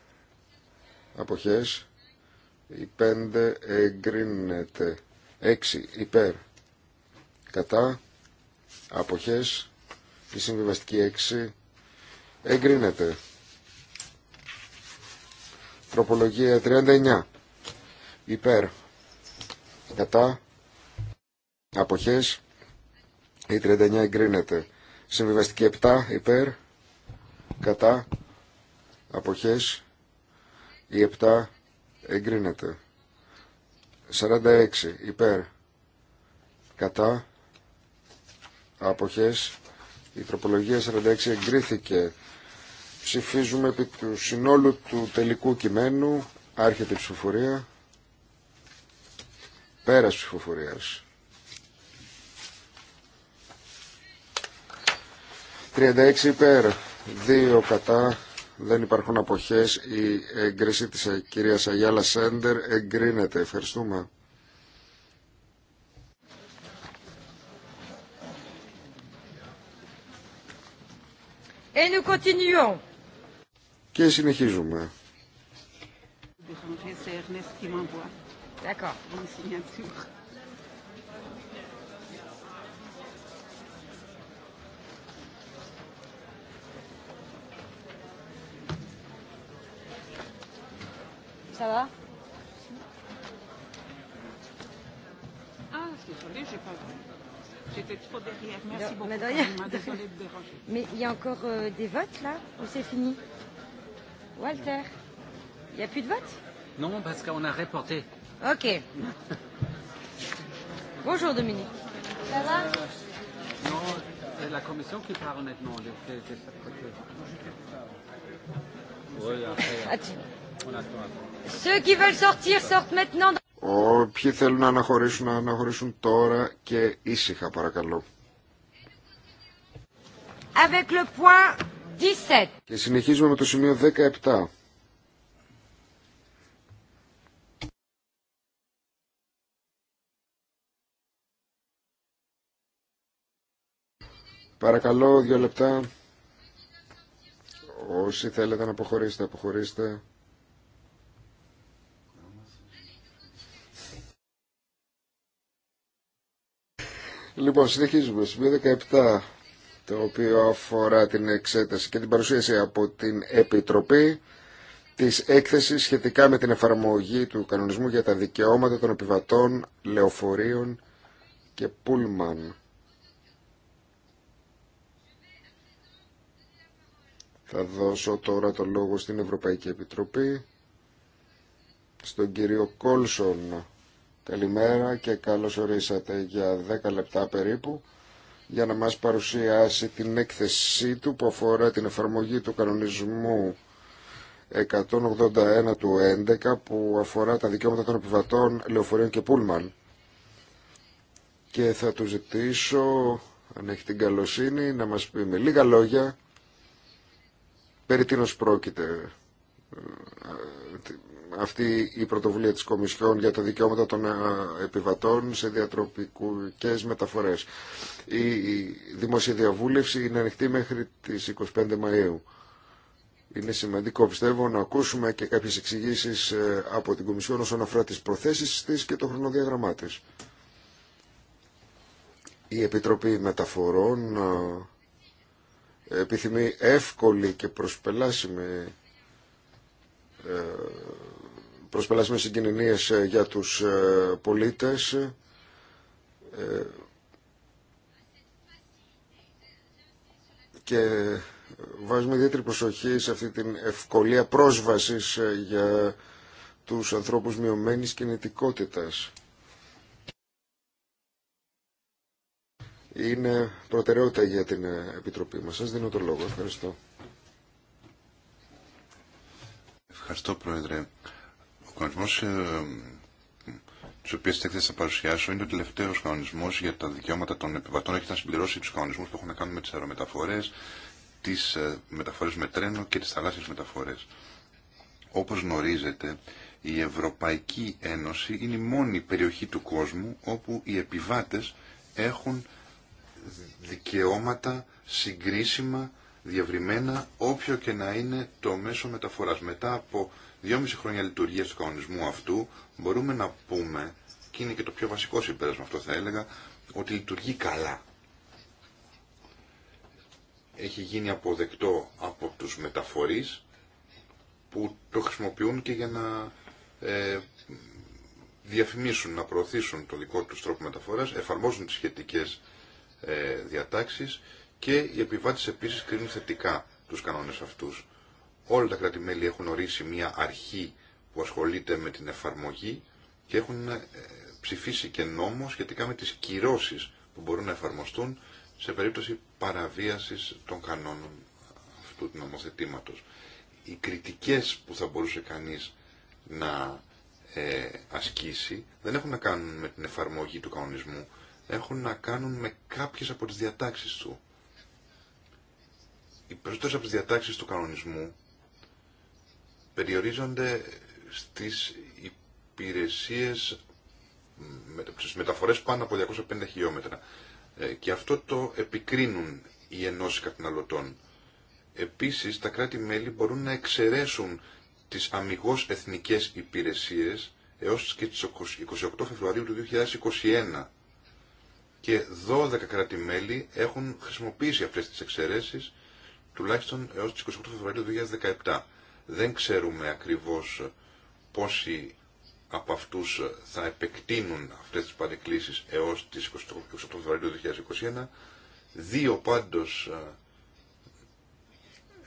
S1: αποχές. Η 5 εγκρίνεται. 6 υπέρ κατά αποχές. Η συμβιβαστική 6 εγκρίνεται. Τροπολογία 39. Υπέρ. Κατά. Αποχές. Η 39 εγκρίνεται. Συμβιβαστική 7. Υπέρ. Κατά. Αποχές. Η 7 εγκρίνεται. 46. Υπέρ. Κατά. Αποχές. Η τροπολογία 46 εγκρίθηκε. Ψηφίζουμε επί του συνόλου του τελικού κειμένου. Άρχεται η ψηφοφορία. Πέρας ψηφοφορίας. 36 υπέρ, 2 κατά, δεν υπάρχουν αποχές. Η έγκριση της κυρίας Αγιάλα Σέντερ εγκρίνεται. Ευχαριστούμε.
S2: Et
S1: και συνεχίζουμε. Ça
S5: va Ah, désolée, j'ai pas vu. J'étais trop derrière. Merci beaucoup. Mais
S2: il y a encore des votes là Ou c'est fini Walter, il n'y a plus de vote
S6: Non, parce qu'on a reporté.
S2: Ok. Bonjour Dominique. Ça
S5: va Non, c'est la commission qui parle maintenant. Ceux qui veulent
S2: sortir sortent maintenant.
S1: Όποιοι θέλουν να αναχωρήσουν, να αναχωρήσουν τώρα και ήσυχα παρακαλώ.
S2: Avec le point
S1: και συνεχίζουμε με το σημείο 17. Παρακαλώ, δύο λεπτά. Όσοι θέλετε να αποχωρήσετε, αποχωρήστε. Λοιπόν, συνεχίζουμε. Σημείο 17 το οποίο αφορά την εξέταση και την παρουσίαση από την Επιτροπή της έκθεσης σχετικά με την εφαρμογή του κανονισμού για τα δικαιώματα των επιβατών, λεωφορείων και πούλμαν. Θα δώσω τώρα το λόγο στην Ευρωπαϊκή Επιτροπή, στον κύριο Κόλσον. Καλημέρα και καλώς ορίσατε για 10 λεπτά περίπου για να μας παρουσιάσει την έκθεσή του που αφορά την εφαρμογή του κανονισμού 181 του 11 που αφορά τα δικαιώματα των επιβατών, λεωφορείων και πούλμαν. Και θα του ζητήσω, αν έχει την καλοσύνη, να μας πει με λίγα λόγια περί τίνος πρόκειται αυτή η πρωτοβουλία της Κομισιόν για τα δικαιώματα των ε, επιβατών σε διατροπικές μεταφορές. Η δημόσια διαβούλευση είναι ανοιχτή μέχρι τις 25 Μαΐου. Είναι σημαντικό, πιστεύω, να ακούσουμε και κάποιες εξηγήσει ε, από την Κομισιόν όσον αφορά τις προθέσεις της και το χρονοδιαγραμμά της. Η Επιτροπή Μεταφορών ε, επιθυμεί εύκολη και προσπελάσιμη ε, προσπελασμένες συγκοινωνίες ε, για τους ε, πολίτες και βάζουμε ιδιαίτερη προσοχή σε αυτή την ευκολία πρόσβασης για τους ανθρώπους μειωμένης κινητικότητας. Είναι προτεραιότητα για την Επιτροπή μας. Σας δίνω το λόγο. Ευχαριστώ.
S3: Ευχαριστώ, Πρόεδρε. Ο κανονισμός ε, του οποίου θα παρουσιάσω είναι ο τελευταίο κανονισμό για τα δικαιώματα των επιβατών. Έχει να συμπληρώσει του κανονισμού που έχουν να κάνουν με τι αερομεταφορέ, τι ε, μεταφορέ με τρένο και τι θαλάσσιε μεταφορέ. Όπω γνωρίζετε, η Ευρωπαϊκή Ένωση είναι η μόνη περιοχή του κόσμου όπου οι επιβάτε έχουν δικαιώματα συγκρίσιμα διευρυμένα όποιο και να είναι το μέσο μεταφοράς. Μετά από δυόμιση χρόνια λειτουργίας του κανονισμού αυτού μπορούμε να πούμε, και είναι και το πιο βασικό συμπέρασμα αυτό θα έλεγα, ότι λειτουργεί καλά. Έχει γίνει αποδεκτό από τους μεταφορείς που το χρησιμοποιούν και για να ε, διαφημίσουν, να προωθήσουν το δικό τους τρόπο μεταφοράς, εφαρμόζουν τις σχετικές ε, διατάξεις και οι επιβάτε επίση κρίνουν θετικά τους κανόνες αυτούς. Όλα τα κράτη-μέλη έχουν ορίσει μια αρχή που ασχολείται με την εφαρμογή και έχουν ε, ψηφίσει και νόμο σχετικά με τις κυρώσει που μπορούν να εφαρμοστούν σε περίπτωση παραβίασης των κανόνων αυτού του νομοθετήματο. Οι κριτικές που θα μπορούσε κανεί να ε, ασκήσει δεν έχουν να κάνουν με την εφαρμογή του κανονισμού, έχουν να κάνουν με κάποιες από τις διατάξεις του οι περισσότερες από διατάξεις του κανονισμού περιορίζονται στις υπηρεσίες, στις μεταφορές πάνω από 250 χιλιόμετρα. Ε, και αυτό το επικρίνουν οι ενώσεις καταναλωτών. Επίσης, τα κράτη-μέλη μπορούν να εξαιρέσουν τις αμυγός εθνικές υπηρεσίες έως και τις 28 Φεβρουαρίου του 2021 και 12 κράτη-μέλη έχουν χρησιμοποιήσει αυτές τις εξαιρέσεις τουλάχιστον έως τις 28 Φεβρουαρίου 2017. Δεν ξέρουμε ακριβώς πόσοι από αυτούς θα επεκτείνουν αυτές τις παρεκκλήσεις έως τις 28 Φεβρουαρίου 2021. Δύο πάντως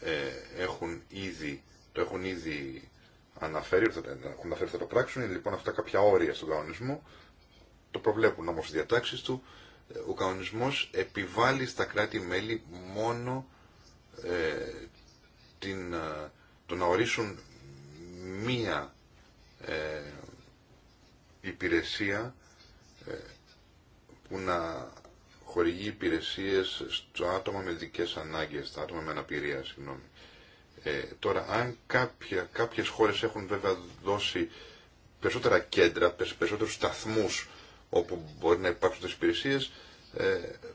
S3: ε, ε, έχουν ήδη, το έχουν ήδη αναφέρει, ότι θα, έχουν αναφέρει θα το πράξουν. Είναι λοιπόν αυτά κάποια όρια στον κανονισμό. Το προβλέπουν όμως οι διατάξεις του. Ε, ο κανονισμός επιβάλλει στα κράτη-μέλη μόνο ε, την, ε, το να ορίσουν μία ε, υπηρεσία ε, που να χορηγεί υπηρεσίες στο άτομα με δικές ανάγκες, στο άτομα με αναπηρία, συγγνώμη. τώρα, αν κάποια, κάποιες χώρες έχουν βέβαια δώσει περισσότερα κέντρα, περισσότερους σταθμούς όπου μπορεί να υπάρξουν τις υπηρεσίες,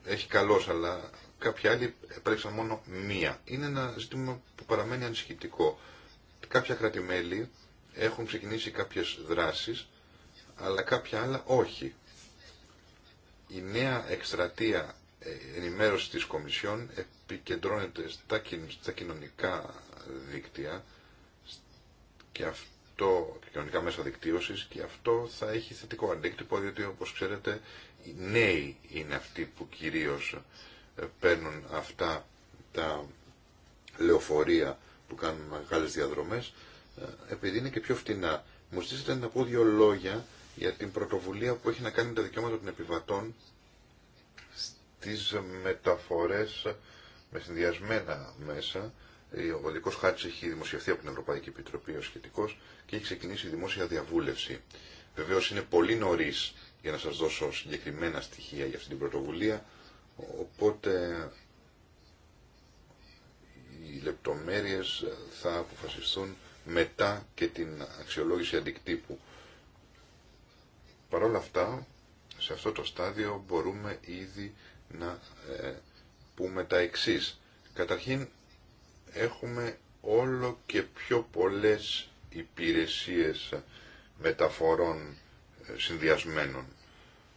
S3: έχει καλός, αλλά κάποιοι άλλοι επέλεξαν μόνο μία. Είναι ένα ζήτημα που παραμένει ανησυχητικό. Κάποια κρατημέλη έχουν ξεκινήσει κάποιες δράσεις, αλλά κάποια άλλα όχι. Η νέα εκστρατεία ε, ενημέρωση της Κομισιόν επικεντρώνεται στα, κοινωνικά δίκτυα και αυτό, κοινωνικά μέσα δικτύωσης και αυτό θα έχει θετικό αντίκτυπο διότι όπως ξέρετε οι νέοι είναι αυτοί που κυρίως παίρνουν αυτά τα λεωφορεία που κάνουν μεγάλες διαδρομές, ε, επειδή είναι και πιο φτηνά. Μου στήσετε να πω δύο λόγια για την πρωτοβουλία που έχει να κάνει με τα δικαιώματα των επιβατών στις μεταφορές με συνδυασμένα μέσα. Ο οδικό χάρτη έχει δημοσιευθεί από την Ευρωπαϊκή Επιτροπή ο σχετικό και έχει ξεκινήσει η δημόσια διαβούλευση. Βεβαίω είναι πολύ νωρί για να σα δώσω συγκεκριμένα στοιχεία για αυτή την πρωτοβουλία. Οπότε οι λεπτομέρειες θα αποφασιστούν μετά και την αξιολόγηση αντικτύπου. Παρ' όλα αυτά, σε αυτό το στάδιο μπορούμε ήδη να ε, πούμε τα εξής. Καταρχήν, έχουμε όλο και πιο πολλές υπηρεσίες μεταφορών ε, συνδυασμένων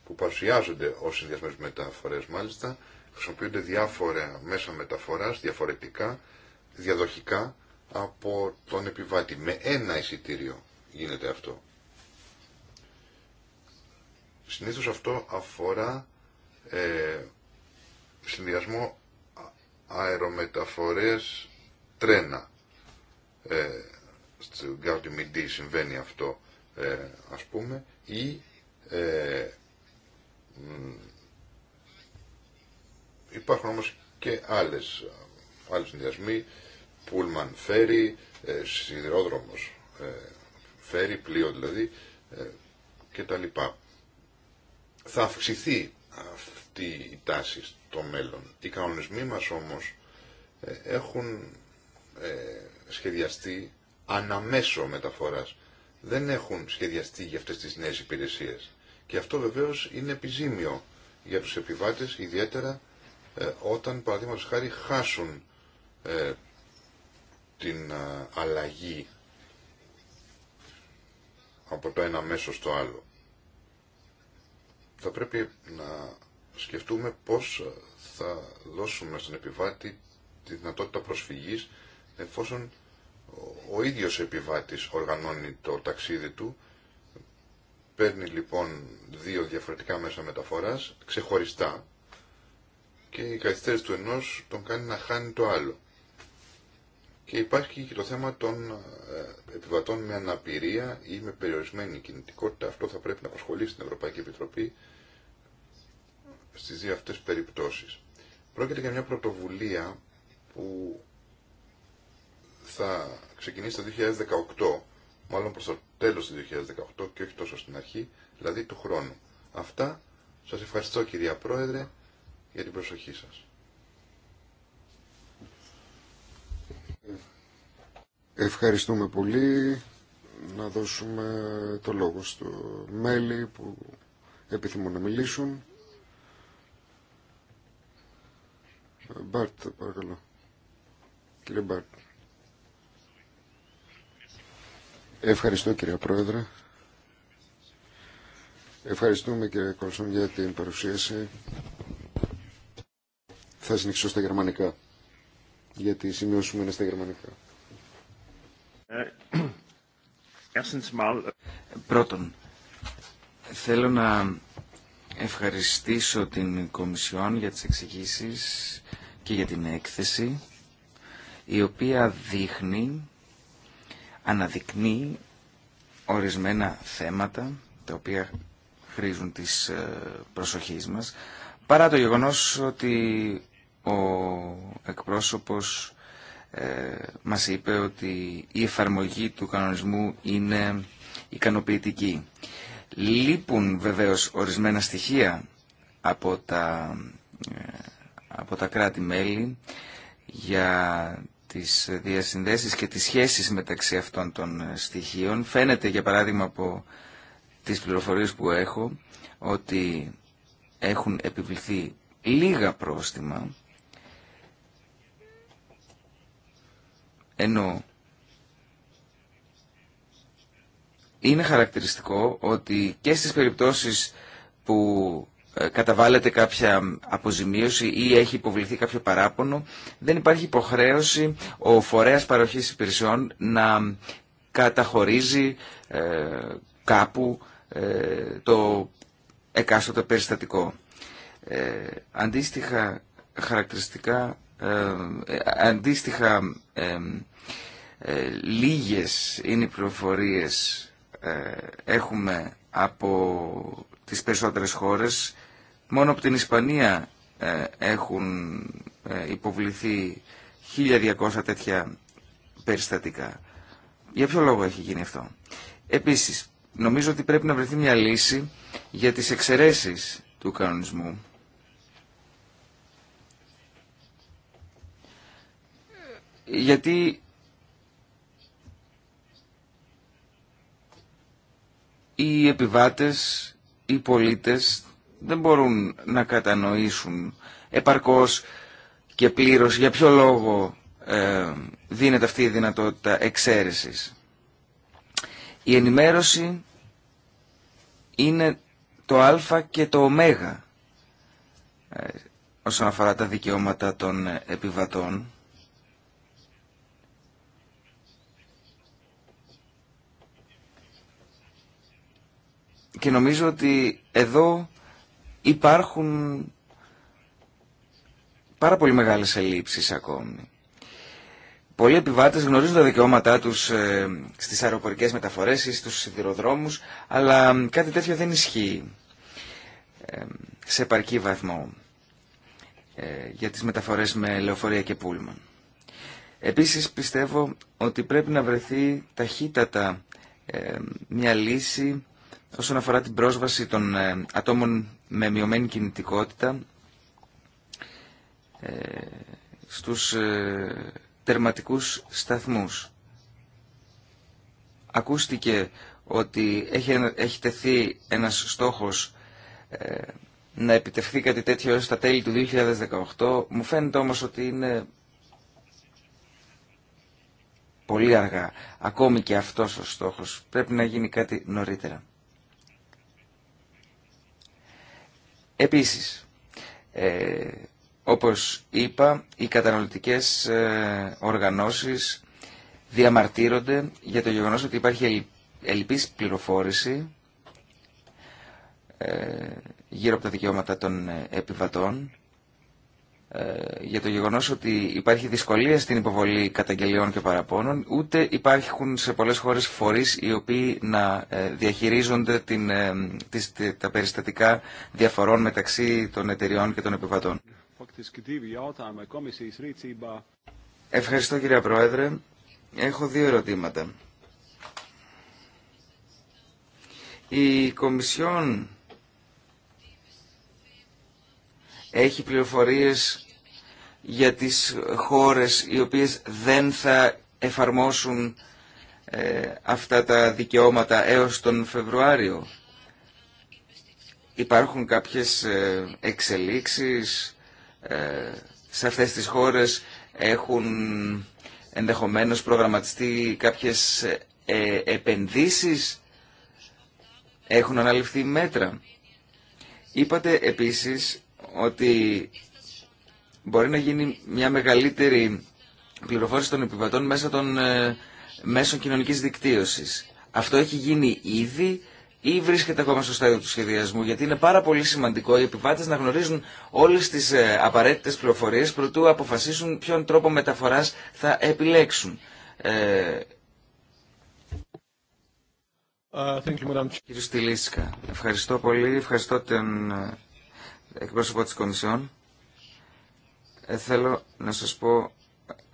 S3: που παρουσιάζονται ως συνδυασμένε μεταφορές μάλιστα, χρησιμοποιούνται διάφορα μέσα μεταφοράς, διαφορετικά, διαδοχικά, από τον επιβάτη. Με ένα εισιτήριο γίνεται αυτό. Συνήθως αυτό αφορά ε, συνδυασμό αερομεταφορές τρένα. Ε, στην Γκάρτη Μιντή συμβαίνει αυτό ε, ας πούμε ή ε, Υπάρχουν όμως και άλλες, άλλες συνδυασμοί, πούλμαν φέρει, ε, σιδηρόδρομος ε, φέρει, πλοίο δηλαδή ε, και τα λοιπά. Θα αυξηθεί αυτή η τάση στο μέλλον. Οι κανονισμοί μας όμως έχουν σχεδιαστεί αναμέσω μεταφοράς. Δεν έχουν σχεδιαστεί για αυτές τις νέες υπηρεσίες. Και αυτό βεβαίως είναι επιζήμιο για τους επιβάτες, ιδιαίτερα ε, όταν παραδείγματο χάρη χάσουν ε, την ε, αλλαγή από το ένα μέσο στο άλλο. Θα πρέπει να σκεφτούμε πώς θα δώσουμε στον επιβάτη τη δυνατότητα προσφυγής εφόσον ο ίδιος επιβάτης οργανώνει το ταξίδι του παίρνει λοιπόν δύο διαφορετικά μέσα μεταφοράς ξεχωριστά και η καθυστέρηση του ενός τον κάνει να χάνει το άλλο. Και υπάρχει και το θέμα των ε, επιβατών με αναπηρία ή με περιορισμένη κινητικότητα. Αυτό θα πρέπει να απασχολήσει την Ευρωπαϊκή Επιτροπή στις δύο αυτές περιπτώσεις. Πρόκειται για μια πρωτοβουλία που θα ξεκινήσει το 2018 μάλλον προς το τέλος του 2018 και όχι τόσο στην αρχή, δηλαδή του χρόνου. Αυτά. Σας ευχαριστώ κυρία Πρόεδρε για την προσοχή σας.
S1: Ευχαριστούμε πολύ. Να δώσουμε το λόγο στο μέλη που επιθυμούν να μιλήσουν. Μπάρτ, παρακαλώ. Κύριε Μπάρτ. Ευχαριστώ κύριε Πρόεδρε. Ευχαριστούμε κύριε Κολσόν, για την παρουσίαση. Θα συνεχίσω στα γερμανικά, γιατί σημειώσουμε είναι στα γερμανικά.
S5: Ε, ε,
S4: Πρώτον, θέλω να ευχαριστήσω την Κομισιόν για τις εξηγήσει και για την έκθεση, η οποία δείχνει αναδεικνύει ορισμένα θέματα τα οποία χρήζουν της ε, προσοχής μας παρά το γεγονός ότι ο εκπρόσωπος ε, μας είπε ότι η εφαρμογή του κανονισμού είναι ικανοποιητική. Λείπουν βεβαίως ορισμένα στοιχεία από τα, ε, από τα κράτη-μέλη για τις διασυνδέσεις και τις σχέσεις μεταξύ αυτών των ε, στοιχείων. Φαίνεται για παράδειγμα από τις πληροφορίες που έχω ότι έχουν επιβληθεί λίγα πρόστιμα ενώ είναι χαρακτηριστικό ότι και στις περιπτώσεις που ε, καταβάλλεται κάποια αποζημίωση ή έχει υποβληθεί κάποιο παράπονο, δεν υπάρχει υποχρέωση ο φορέας παροχής υπηρεσιών να καταχωρίζει ε, κάπου ε, το εκάστοτε περιστατικό. αντίστοιχα χαρακτηριστικά, αντίστοιχα λίγες είναι οι πληροφορίες έχουμε από τις περισσότερες χώρες Μόνο από την Ισπανία ε, έχουν ε, υποβληθεί 1.200 τέτοια περιστατικά. Για ποιο λόγο έχει γίνει αυτό. Επίσης, νομίζω ότι πρέπει να βρεθεί μια λύση για τις εξαιρέσεις του κανονισμού. Γιατί οι επιβάτες, οι πολίτες δεν μπορούν να κατανοήσουν επαρκώς και πλήρως για ποιο λόγο ε, δίνεται αυτή η δυνατότητα εξαίρεσης. Η ενημέρωση είναι το α και το ω ε, όσον αφορά τα δικαιώματα των επιβατών. Και νομίζω ότι εδώ υπάρχουν πάρα πολύ μεγάλες ελλείψεις ακόμη. Πολλοί επιβάτες γνωρίζουν τα δικαιώματά τους ε, στις αεροπορικές μεταφορές ή στους σιδηροδρόμους, αλλά κάτι τέτοιο δεν ισχύει ε, σε επαρκή βαθμό ε, για τις μεταφορές με λεωφορεία και πούλμαν. Επίσης πιστεύω ότι πρέπει να βρεθεί ταχύτατα μια λύση όσον αφορά την πρόσβαση των ε, ατόμων με μειωμένη κινητικότητα ε, στους ε, τερματικούς σταθμούς. Ακούστηκε ότι έχει, έχει τεθεί ένας στόχος να επιτευχθεί κάτι τέτοιο έως τα τέλη του 2018. Μου φαίνεται όμως ότι είναι πολύ αργά. Ακόμη και αυτός ο στόχος πρέπει να γίνει κάτι νωρίτερα. Επίσης, ε, όπως είπα, οι καταναλωτικές ε, οργανώσεις διαμαρτύρονται για το γεγονός ότι υπάρχει ελλειπής πληροφόρηση ε, γύρω από τα δικαιώματα των ε, επιβατών ε, για το γεγονός ότι υπάρχει δυσκολία στην υποβολή καταγγελιών και παραπώνων, ούτε υπάρχουν σε πολλές χώρες φορείς οι οποίοι να ε, διαχειρίζονται την, ε, τα περιστατικά διαφορών μεταξύ των εταιριών και των επιβατών. Ευχαριστώ κύριε Πρόεδρε. Έχω δύο ερωτήματα. Η Κομισιόν έχει πληροφορίες για τις χώρες οι οποίες δεν θα εφαρμόσουν ε, αυτά τα δικαιώματα έως τον Φεβρουάριο. Υπάρχουν κάποιες ε, εξελίξεις ε, σε αυτές τις χώρες έχουν ενδεχομένως προγραμματιστεί κάποιες ε, επενδύσεις, έχουν αναλυφθεί μέτρα. Είπατε επίσης ότι μπορεί να γίνει μια μεγαλύτερη πληροφόρηση των επιβατών μέσα των ε, μέσων κοινωνικής δικτύωσης. Αυτό έχει γίνει ήδη ή βρίσκεται ακόμα στο στάδιο του σχεδιασμού, γιατί είναι πάρα πολύ σημαντικό οι επιβάτες να γνωρίζουν όλες τις ε, απαραίτητες πληροφορίες προτού αποφασίσουν ποιον τρόπο μεταφοράς θα επιλέξουν. Ε, uh, κύριε Στυλίσκα, ευχαριστώ πολύ, ευχαριστώ τον ε, εκπρόσωπο της Κομισιόν, ε, θέλω να σας πω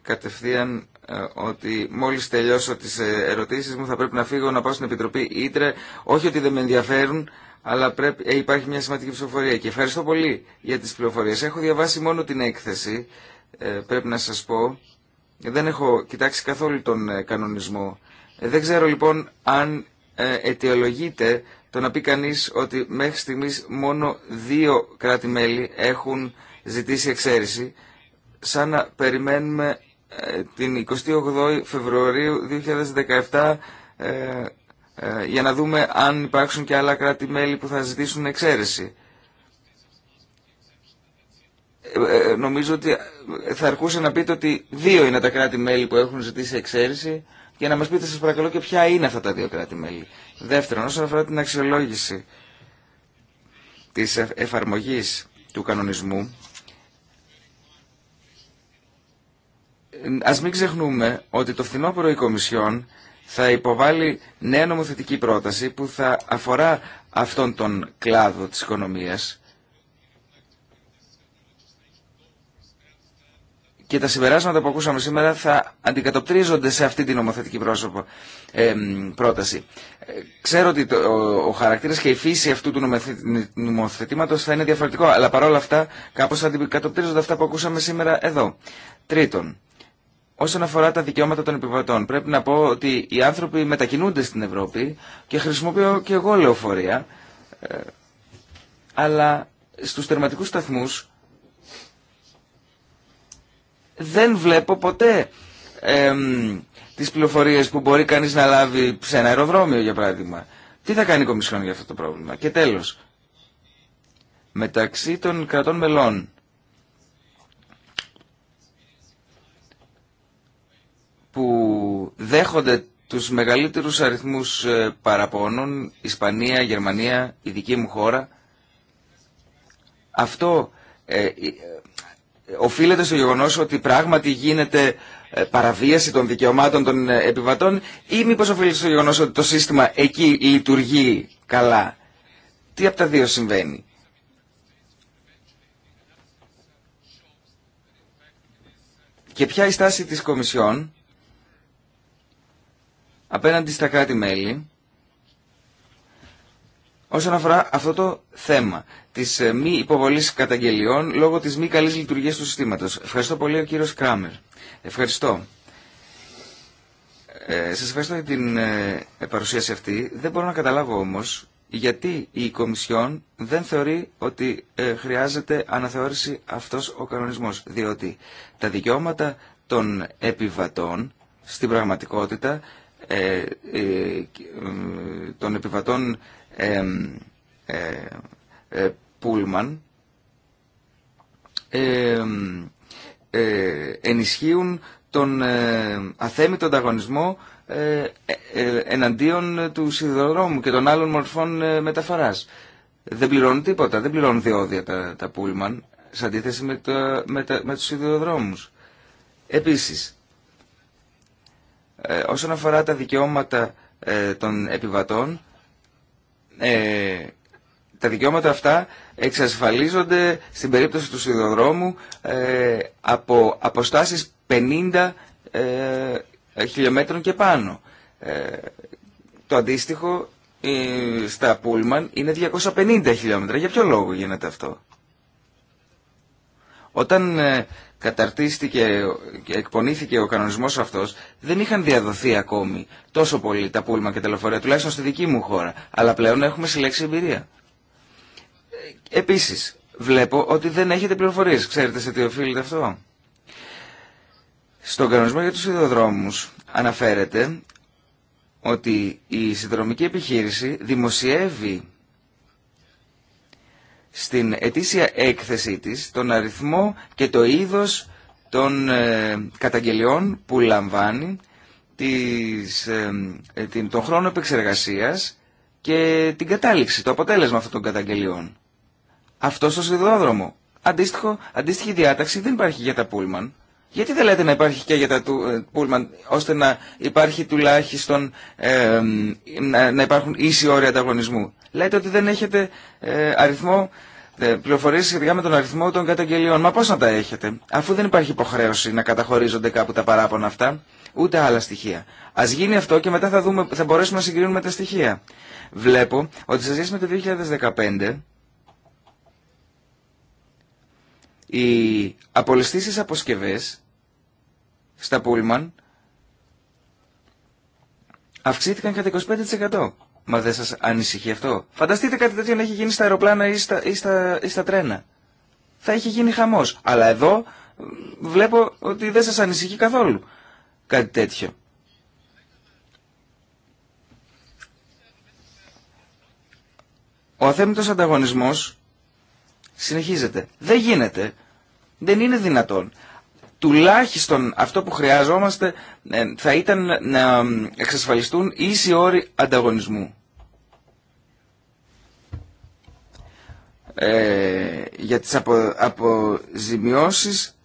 S4: κατευθείαν ε, ότι μόλις τελειώσω τις ε, ερωτήσεις μου θα πρέπει να φύγω να πάω στην Επιτροπή Ήτρε. Όχι ότι δεν με ενδιαφέρουν, αλλά πρέπει, ε, υπάρχει μια σημαντική ψηφοφορία. Και ευχαριστώ πολύ για τις πληροφορίες. Έχω διαβάσει μόνο την έκθεση, ε, πρέπει να σας πω. Δεν έχω κοιτάξει καθόλου τον κανονισμό. δεν ξέρω λοιπόν αν αιτιολογείται το να πει κανεί οτι ότι μέχρι στιγμής μόνο δύο κράτη-μέλη έχουν ζητήσει εξαίρεση, σαν να περιμένουμε ε, την 28η Φεβρουαρίου 2017 ε, ε, για να δούμε αν υπάρχουν και άλλα κράτη-μέλη που θα ζητήσουν εξαίρεση. Ε, ε, νομίζω ότι θα αρκούσε να πείτε ότι δύο είναι τα κράτη-μέλη που έχουν ζητήσει εξαίρεση για να μας πείτε σας παρακαλώ και ποια είναι αυτά τα δύο κράτη-μέλη. Δεύτερον, όσον αφορά την αξιολόγηση της εφαρμογής του κανονισμού, ας μην ξεχνούμε ότι το φθινόπωρο η Κομισιόν θα υποβάλει νέα νομοθετική πρόταση που θα αφορά αυτόν τον κλάδο της οικονομίας και τα συμπεράσματα που ακούσαμε σήμερα θα αντικατοπτρίζονται σε αυτή την νομοθετική πρόσωπο, πρόταση. Ε, ξέρω ότι ο, ο χαρακτήρας και η φύση αυτού του νομοθετήματος θα είναι διαφορετικό, αλλά παρόλα αυτά κάπως θα αντικατοπτρίζονται αυτά που ακούσαμε σήμερα εδώ. Τρίτον, όσον αφορά τα δικαιώματα των επιβατών, πρέπει να πω ότι οι άνθρωποι μετακινούνται στην Ευρώπη και χρησιμοποιώ και εγώ λεωφορεία, ε, αλλά στους τερματικούς σταθμούς δεν βλέπω ποτέ ε, τις πληροφορίες που μπορεί κανείς να λάβει σε ένα αεροδρόμιο για παράδειγμα. Τι θα κάνει η Κομισιόν για αυτό το πρόβλημα. Και τέλος, μεταξύ των κρατών μελών που δέχονται τους μεγαλύτερους αριθμούς ε, παραπώνων, Ισπανία, Γερμανία, η δική μου χώρα, αυτό ε, ε, οφείλεται στο γεγονό ότι πράγματι γίνεται ε, παραβίαση των δικαιωμάτων των ε, επιβατών ή μήπως οφείλεται στο γεγονό ότι το σύστημα εκεί λειτουργεί καλά. Τι από τα δύο συμβαίνει. Και ποια η στάση της Κομισιόν απέναντι στα κράτη-μέλη όσον αφορά αυτό το θέμα. Τη ε, μη υποβολή καταγγελιών λόγω τη μη καλή λειτουργία του συστήματος. Ευχαριστώ πολύ ο κύριο Κράμερ. Ευχαριστώ. Ε, σας ευχαριστώ για την ε, παρουσίαση αυτή. Δεν μπορώ να καταλάβω όμω γιατί η Κομισιόν δεν θεωρεί ότι ε, χρειάζεται αναθεώρηση αυτός ο κανονισμός. Διότι τα δικαιώματα των επιβατών στην πραγματικότητα των επιβατών Πούλμαν ε, ε, ενισχύουν τον ε, αθέμητο ανταγωνισμό ε, εναντίον του σιδηροδρόμου και των άλλων μορφών μεταφοράς. Δεν πληρώνουν τίποτα, δεν πληρώνουν διόδια τα, τα πούλμαν, σε αντίθεση με, το, με, τα, με τους σιδηροδρόμους. Επίσης, όσον αφορά τα δικαιώματα των επιβατών, τα δικαιώματα αυτά εξασφαλίζονται στην περίπτωση του σιδηροδρόμου ε, από αποστάσεις 50 ε, χιλιόμετρων και πάνω. Ε, το αντίστοιχο ε, στα Πούλμαν είναι 250 χιλιόμετρα. Για ποιο λόγο γίνεται αυτό. Όταν ε, καταρτίστηκε και εκπονήθηκε ο κανονισμός αυτός, δεν είχαν διαδοθεί ακόμη τόσο πολύ τα πούλμα και τα λεωφορεία, τουλάχιστον στη δική μου χώρα. Αλλά πλέον έχουμε συλλέξει εμπειρία. Επίσης, βλέπω ότι δεν έχετε πληροφορίε. Ξέρετε σε τι οφείλεται αυτό. Στον κανονισμό για του σιδηροδρόμου αναφέρεται ότι η συνδρομική επιχείρηση δημοσιεύει στην ετήσια έκθεσή της τον αριθμό και το είδος των ε, καταγγελιών που λαμβάνει ε, ε, τον χρόνο επεξεργασίας και την κατάληξη, το αποτέλεσμα αυτών των καταγγελιών αυτό στο σιδηρόδρομο. Αντίστοιχο, αντίστοιχη διάταξη δεν υπάρχει για τα πούλμαν. Γιατί δεν λέτε να υπάρχει και για τα ε, πούλμαν, ώστε να υπάρχει τουλάχιστον ε, να, να, υπάρχουν ίσοι όροι ανταγωνισμού. Λέτε ότι δεν έχετε ε, αριθμό, ε, πληροφορίες σχετικά με τον αριθμό των καταγγελιών. Μα πώ να τα έχετε, αφού δεν υπάρχει υποχρέωση να καταχωρίζονται κάπου τα παράπονα αυτά, ούτε άλλα στοιχεία. Α γίνει αυτό και μετά θα, δούμε, θα μπορέσουμε να συγκρίνουμε τα στοιχεία. Βλέπω ότι σε σχέση με το 2015, Οι απολεστήσεις αποσκευές στα Πούλμαν αυξήθηκαν κατά 25%. Μα δεν σας ανησυχεί αυτό. Φανταστείτε κάτι τέτοιο να έχει γίνει στα αεροπλάνα ή στα, ή στα, ή στα τρένα. Θα έχει γίνει χαμός. Αλλά εδώ βλέπω ότι δεν σας ανησυχεί καθόλου κάτι τέτοιο. Ο αθέμητος ανταγωνισμός συνεχίζεται. Δεν γίνεται δεν είναι δυνατόν. Τουλάχιστον αυτό που χρειαζόμαστε ε, θα ήταν να εξασφαλιστούν ίσοι όροι ανταγωνισμού. Ε, για τις απο, αποζημιώσεις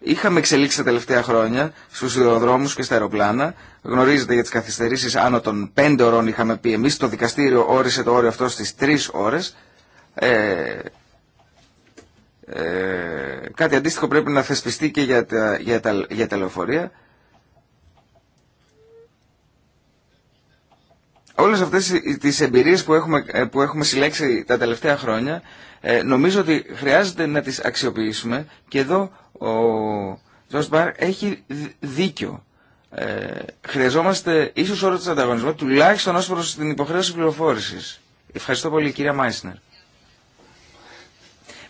S4: είχαμε εξελίξει τα τελευταία χρόνια στους ιδεοδρόμους και στα αεροπλάνα. Γνωρίζετε για τις καθυστερήσεις άνω των 5 ώρων είχαμε πει εμείς. Το δικαστήριο όρισε το όριο αυτό στις 3 ώρες. Ε, ε, κάτι αντίστοιχο πρέπει να θεσπιστεί και για τα, για τα, για τα λεωφορεία. Όλες αυτές τις εμπειρίες που έχουμε, ε, που έχουμε συλλέξει τα τελευταία χρόνια ε, νομίζω ότι χρειάζεται να τις αξιοποιήσουμε και εδώ ο Τζος Μπαρ έχει δίκιο. Ε, χρειαζόμαστε ίσως όρο του ανταγωνισμού τουλάχιστον ως προς την υποχρέωση πληροφόρησης. Ευχαριστώ πολύ κυρία Μάισνερ.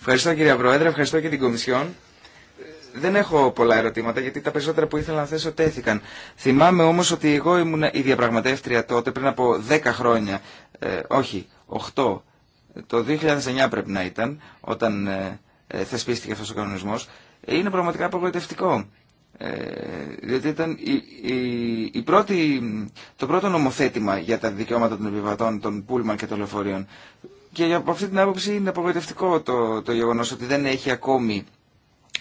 S4: Ευχαριστώ κύριε Πρόεδρε, ευχαριστώ και την Κομισιόν. Δεν έχω πολλά ερωτήματα γιατί τα περισσότερα που ήθελα να θέσω τέθηκαν. Θυμάμαι όμως ότι εγώ ήμουν η διαπραγματεύτρια τότε πριν από 10 χρόνια, ε, όχι 8, το 2009 πρέπει να ήταν όταν ε, ε, θεσπίστηκε αυτός ο κανονισμός. Ε, είναι πραγματικά απογοητευτικό. Ε, διότι ήταν η, η, πρώτη, το πρώτο νομοθέτημα για τα δικαιώματα των επιβατών των πούλμαν και των λεωφορείων και από αυτή την άποψη είναι απογοητευτικό το, το γεγονός ότι δεν έχει ακόμη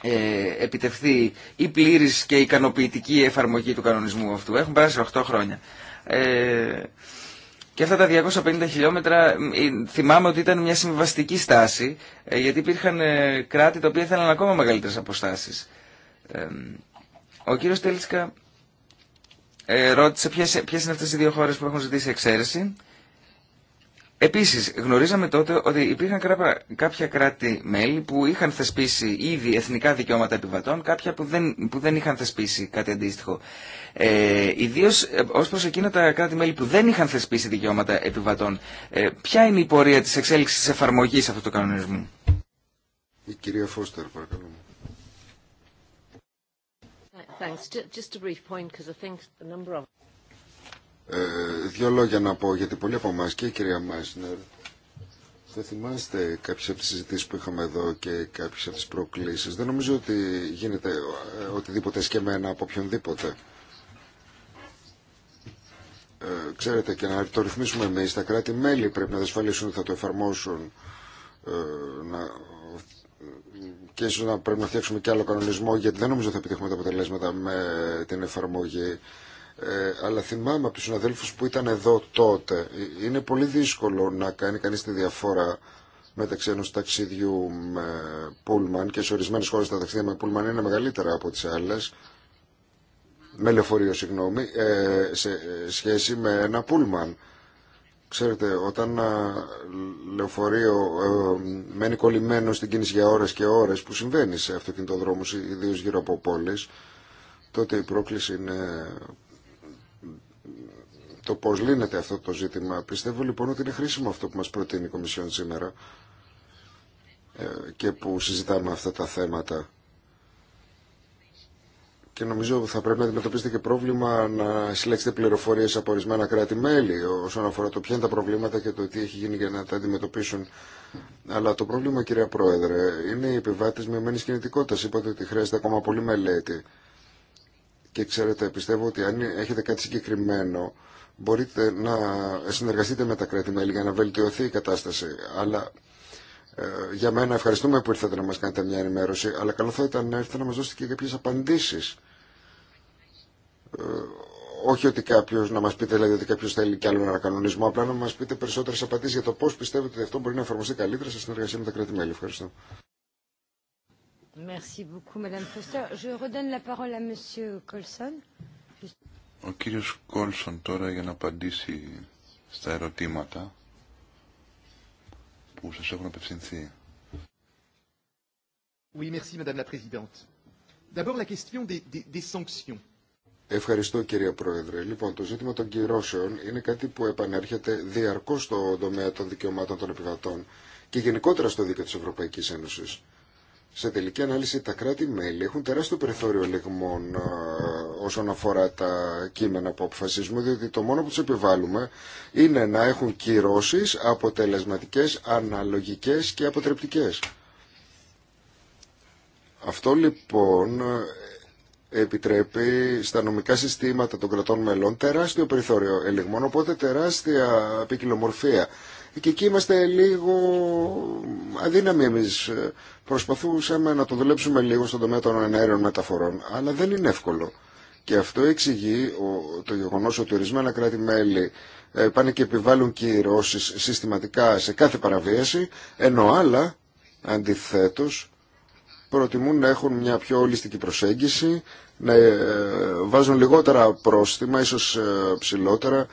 S4: ε, επιτευχθεί η πλήρης και ικανοποιητική εφαρμογή του κανονισμού αυτού. Έχουν περάσει 8 χρόνια. Ε, και αυτά τα 250 χιλιόμετρα ε, θυμάμαι ότι ήταν μια συμβαστική στάση ε, γιατί υπήρχαν κράτη τα οποία ήθελαν ακόμα μεγαλύτερες αποστάσεις. Ο κύριος Τέλισκα ρώτησε ποιε είναι αυτές οι δύο χώρες που έχουν ζητήσει εξαίρεση. Επίσης γνωρίζαμε τότε ότι υπήρχαν κάποια κράτη-μέλη που είχαν θεσπίσει ήδη εθνικά δικαιώματα επιβατών, κάποια που δεν, που δεν είχαν θεσπίσει κάτι αντίστοιχο. Ε, Ιδίω ε, ω προ εκείνα τα κράτη-μέλη που δεν είχαν θεσπίσει δικαιώματα επιβατών, ε, ποια είναι η πορεία τη εξέλιξη τη εφαρμογή αυτού του κανονισμού. Η κυρία Φώστερ, παρακαλώ.
S5: Thanks. Just a brief point, because I
S1: ε, δύο λόγια να πω, γιατί πολλοί από εμά και η κυρία Μάσνερ θα θυμάστε κάποιε από τι συζητήσει που είχαμε εδώ και κάποιε από τις προκλήσεις. Δεν νομίζω ότι γίνεται ε, οτιδήποτε σκεμμένα από οποιονδήποτε. Ε, ξέρετε και να το ρυθμίσουμε εμεί τα κράτη-μέλη πρέπει να ασφαλίσουν ότι θα το εφαρμόσουν ε, να, και ίσω να πρέπει να φτιάξουμε και άλλο κανονισμό γιατί δεν νομίζω θα επιτύχουμε τα αποτελέσματα με την εφαρμογή ε, αλλά θυμάμαι από του συναδέλφου που ήταν εδώ τότε. Ε, είναι πολύ δύσκολο να κάνει κανεί τη διαφορά μεταξύ ενός ταξιδιού με πούλμαν και σε ορισμένε χώρε τα ταξίδια με πούλμαν είναι μεγαλύτερα από τι άλλε, με λεωφορείο συγγνώμη ε, σε ε, σχέση με ένα πούλμαν ξέρετε όταν ένα λεωφορείο μένει κολλημένο στην κίνηση για ώρες και ώρες που συμβαίνει σε αυτοκινητοδρόμους ιδίως γύρω από πόλεις τότε η πρόκληση είναι το πώ λύνεται αυτό το ζήτημα. Πιστεύω λοιπόν ότι είναι χρήσιμο αυτό που μα προτείνει η Κομισιόν σήμερα ε, και που συζητάμε αυτά τα θέματα. Και νομίζω θα πρέπει να αντιμετωπίσετε και πρόβλημα να συλλέξετε πληροφορίε από ορισμένα κράτη-μέλη όσον αφορά το ποια είναι τα προβλήματα και το τι έχει γίνει για να τα αντιμετωπίσουν. Αλλά το πρόβλημα, κυρία Πρόεδρε, είναι οι επιβάτε μειωμένη κινητικότητα. Είπατε ότι χρειάζεται ακόμα πολύ μελέτη. Και ξέρετε, πιστεύω ότι αν έχετε κάτι συγκεκριμένο μπορείτε να συνεργαστείτε με τα κράτη-μέλη για να βελτιωθεί η κατάσταση. Αλλά ε, για μένα ευχαριστούμε που ήρθατε να μας κάνετε μια ενημέρωση, αλλά καλό θα ήταν να έρθετε να μας δώσετε και κάποιες απαντήσεις. Ε, όχι ότι κάποιο να μας πείτε δηλαδή ότι κάποιο θέλει κι άλλο ένα κανονισμό, απλά να μα πείτε περισσότερε απαντήσει για το πώ πιστεύετε ότι αυτό μπορεί να εφαρμοστεί καλύτερα σε συνεργασία με τα κράτη-μέλη. Ευχαριστώ.
S2: Merci beaucoup, Madame Foster. Je redonne la parole à Monsieur Colson.
S1: Ο
S3: κύριος Κόλσον τώρα για να απαντήσει στα ερωτήματα
S1: που σας έχουν απευθυνθεί.
S3: Oui, merci, Madame
S1: Ευχαριστώ κύριε Πρόεδρε. Λοιπόν, το ζήτημα των κυρώσεων είναι κάτι που επανέρχεται διαρκώς στο τομέα των δικαιωμάτων των επιβατών και γενικότερα στο δίκαιο της Ευρωπαϊκής Ένωσης σε τελική ανάλυση τα κράτη-μέλη έχουν τεράστιο περιθώριο λεγμών ε, όσον αφορά τα κείμενα που αποφασίζουμε, διότι το μόνο που τους επιβάλλουμε είναι να έχουν κυρώσεις αποτελεσματικές, αναλογικές και αποτρεπτικές. Αυτό λοιπόν επιτρέπει στα νομικά συστήματα των κρατών μελών τεράστιο περιθώριο ελιγμών, οπότε τεράστια ποικιλομορφία και εκεί είμαστε λίγο αδύναμοι εμείς. Προσπαθούσαμε να το δουλέψουμε λίγο στον τομέα των αέριων μεταφορών, αλλά δεν είναι εύκολο. Και αυτό εξηγεί το γεγονό οτι ότι ορισμένα κράτη-μέλη ε, πάνε και επιβάλλουν κυρώσει συστηματικά σε κάθε παραβίαση, ενώ άλλα, αντιθέτως, προτιμούν να έχουν μια πιο ολιστική προσέγγιση, να ε, βάζουν λιγότερα πρόστιμα, ίσως ε, ψηλότερα,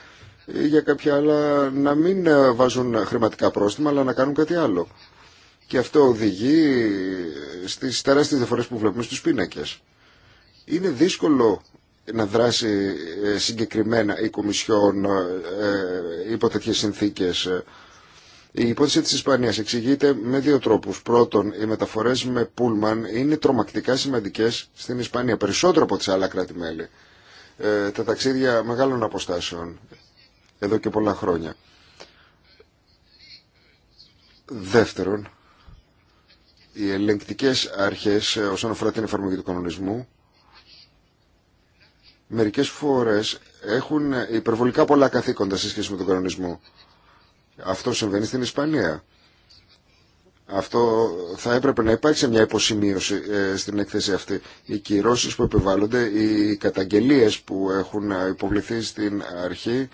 S1: για κάποια άλλα να μην ε, βάζουν χρηματικά πρόστιμα αλλά να κάνουν κάτι άλλο. Και αυτό οδηγεί ε, στις τεράστιες διαφορέ που βλέπουμε στους πίνακες. Είναι δύσκολο να δράσει ε, συγκεκριμένα η Κομισιόν υπό τέτοιες συνθήκες. Η υπόθεση της Ισπανίας εξηγείται με δύο τρόπους. Πρώτον, οι μεταφορές με πούλμαν είναι τρομακτικά σημαντικές στην Ισπανία, περισσότερο από τις άλλα κράτη-μέλη. τα ταξίδια μεγάλων αποστάσεων εδώ και πολλά χρόνια. Δεύτερον, οι ελεγκτικές αρχές ε, όσον αφορά την εφαρμογή του κανονισμού μερικές φορές έχουν ε, υπερβολικά πολλά καθήκοντα σε σχέση με τον κανονισμό. Αυτό συμβαίνει στην Ισπανία. Αυτό θα έπρεπε να υπάρξει μια υποσημείωση ε, στην έκθεση αυτή. Οι κυρώσεις που επιβάλλονται, οι καταγγελίες που έχουν υποβληθεί στην αρχή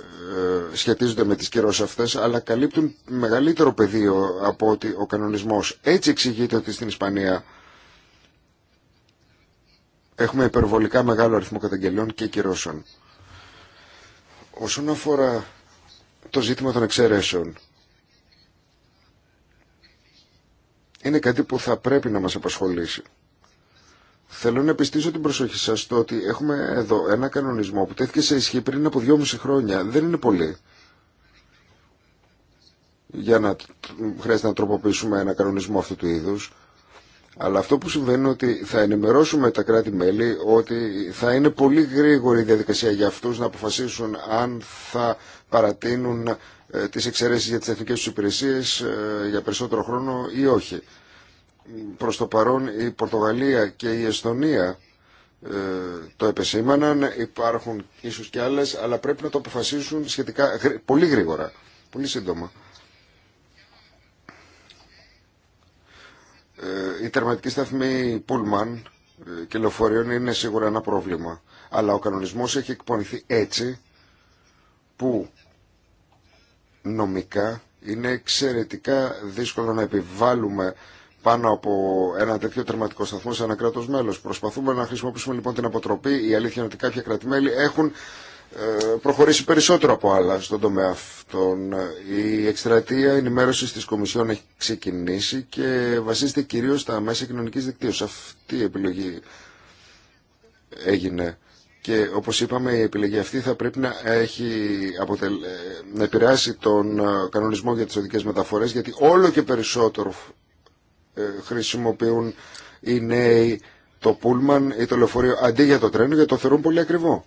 S1: ε, σχετίζονται με τις κυρώσεις αυτές αλλά καλύπτουν μεγαλύτερο πεδίο από ότι ο κανονισμός. Έτσι εξηγείται ότι στην Ισπανία έχουμε υπερβολικά μεγάλο αριθμό καταγγελιών και κυρώσεων. Όσον αφορά το ζήτημα των εξαιρέσεων, είναι κάτι που θα πρέπει να μας απασχολήσει. Θέλω να επιστήσω την προσοχή σας στο ότι έχουμε εδώ ένα κανονισμό που τέθηκε σε ισχύ πριν από δυόμιση χρόνια. Δεν είναι πολύ για να χρειάζεται να τροποποιήσουμε ένα κανονισμό αυτού του είδους. Αλλά αυτό που συμβαίνει είναι ότι θα ενημερώσουμε τα κράτη-μέλη ότι θα είναι πολύ γρήγορη η διαδικασία για αυτούς να αποφασίσουν αν θα παρατείνουν ε, τι εξαιρέσει για τις εθνικέ του υπηρεσίε ε, για περισσότερο χρόνο ή όχι προς το παρόν η Πορτογαλία και η Εστονία ε, το επεσήμαναν, υπάρχουν ίσως και άλλες, αλλά πρέπει να το αποφασίσουν σχετικά πολύ γρήγορα, πολύ σύντομα. Ε, η τερματική σταθμή Πούλμαν ε, και λεωφορείων είναι σίγουρα ένα πρόβλημα, αλλά ο κανονισμός έχει εκπονηθεί έτσι που νομικά είναι εξαιρετικά δύσκολο να επιβάλλουμε πάνω από ένα τέτοιο τερματικό σταθμό σε ένα κράτο μέλο. Προσπαθούμε να χρησιμοποιήσουμε λοιπόν την αποτροπή. Η αλήθεια είναι ότι κάποια κρατημέλη έχουν ε, προχωρήσει περισσότερο από άλλα στον τομέα αυτών. Η εκστρατεία ενημέρωση τη Κομισιόν έχει ξεκινήσει και βασίζεται κυρίω στα μέσα κοινωνική δικτύωση. Αυτή η επιλογή έγινε. Και όπως είπαμε η επιλογή αυτή θα πρέπει να, έχει ε, να επηρεάσει τον ε, κανονισμό για τις οδικές μεταφορές γιατί όλο και περισσότερο ε, χρησιμοποιούν οι νέοι το πούλμαν ή το λεωφορείο αντί για το τρένο γιατί το θεωρούν πολύ ακριβό.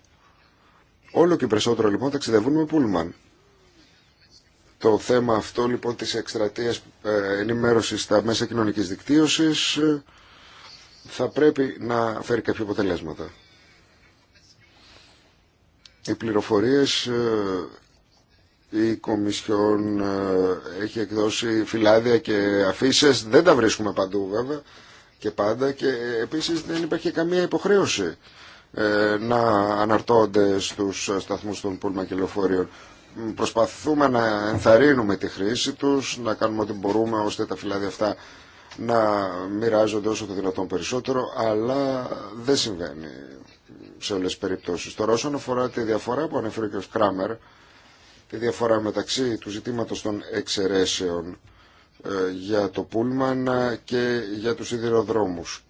S1: Όλο και περισσότερο λοιπόν ταξιδεύουν με πούλμαν. Το θέμα αυτό λοιπόν της εκστρατείας ε, ενημέρωσης στα μέσα κοινωνικής δικτύωσης ε, θα πρέπει να φέρει κάποια αποτελέσματα. Οι πληροφορίες η Κομισιόν ε, έχει εκδώσει φυλάδια και αφήσει. Δεν τα βρίσκουμε παντού βέβαια και πάντα και ε, επίσης δεν υπάρχει καμία υποχρέωση ε, να αναρτώνται στους σταθμούς των πούλμα λεωφορείων. Προσπαθούμε να ενθαρρύνουμε τη χρήση τους, να κάνουμε ό,τι μπορούμε ώστε τα φυλάδια αυτά να μοιράζονται όσο το δυνατόν περισσότερο, αλλά δεν συμβαίνει σε όλες τις περιπτώσεις. Τώρα όσον αφορά τη διαφορά που ανέφερε και ο Κράμερ, η διαφορά μεταξύ του ζητήματος των εξαιρέσεων ε, για το Πούλμαν ε, και για τους σιδηροδρόμους.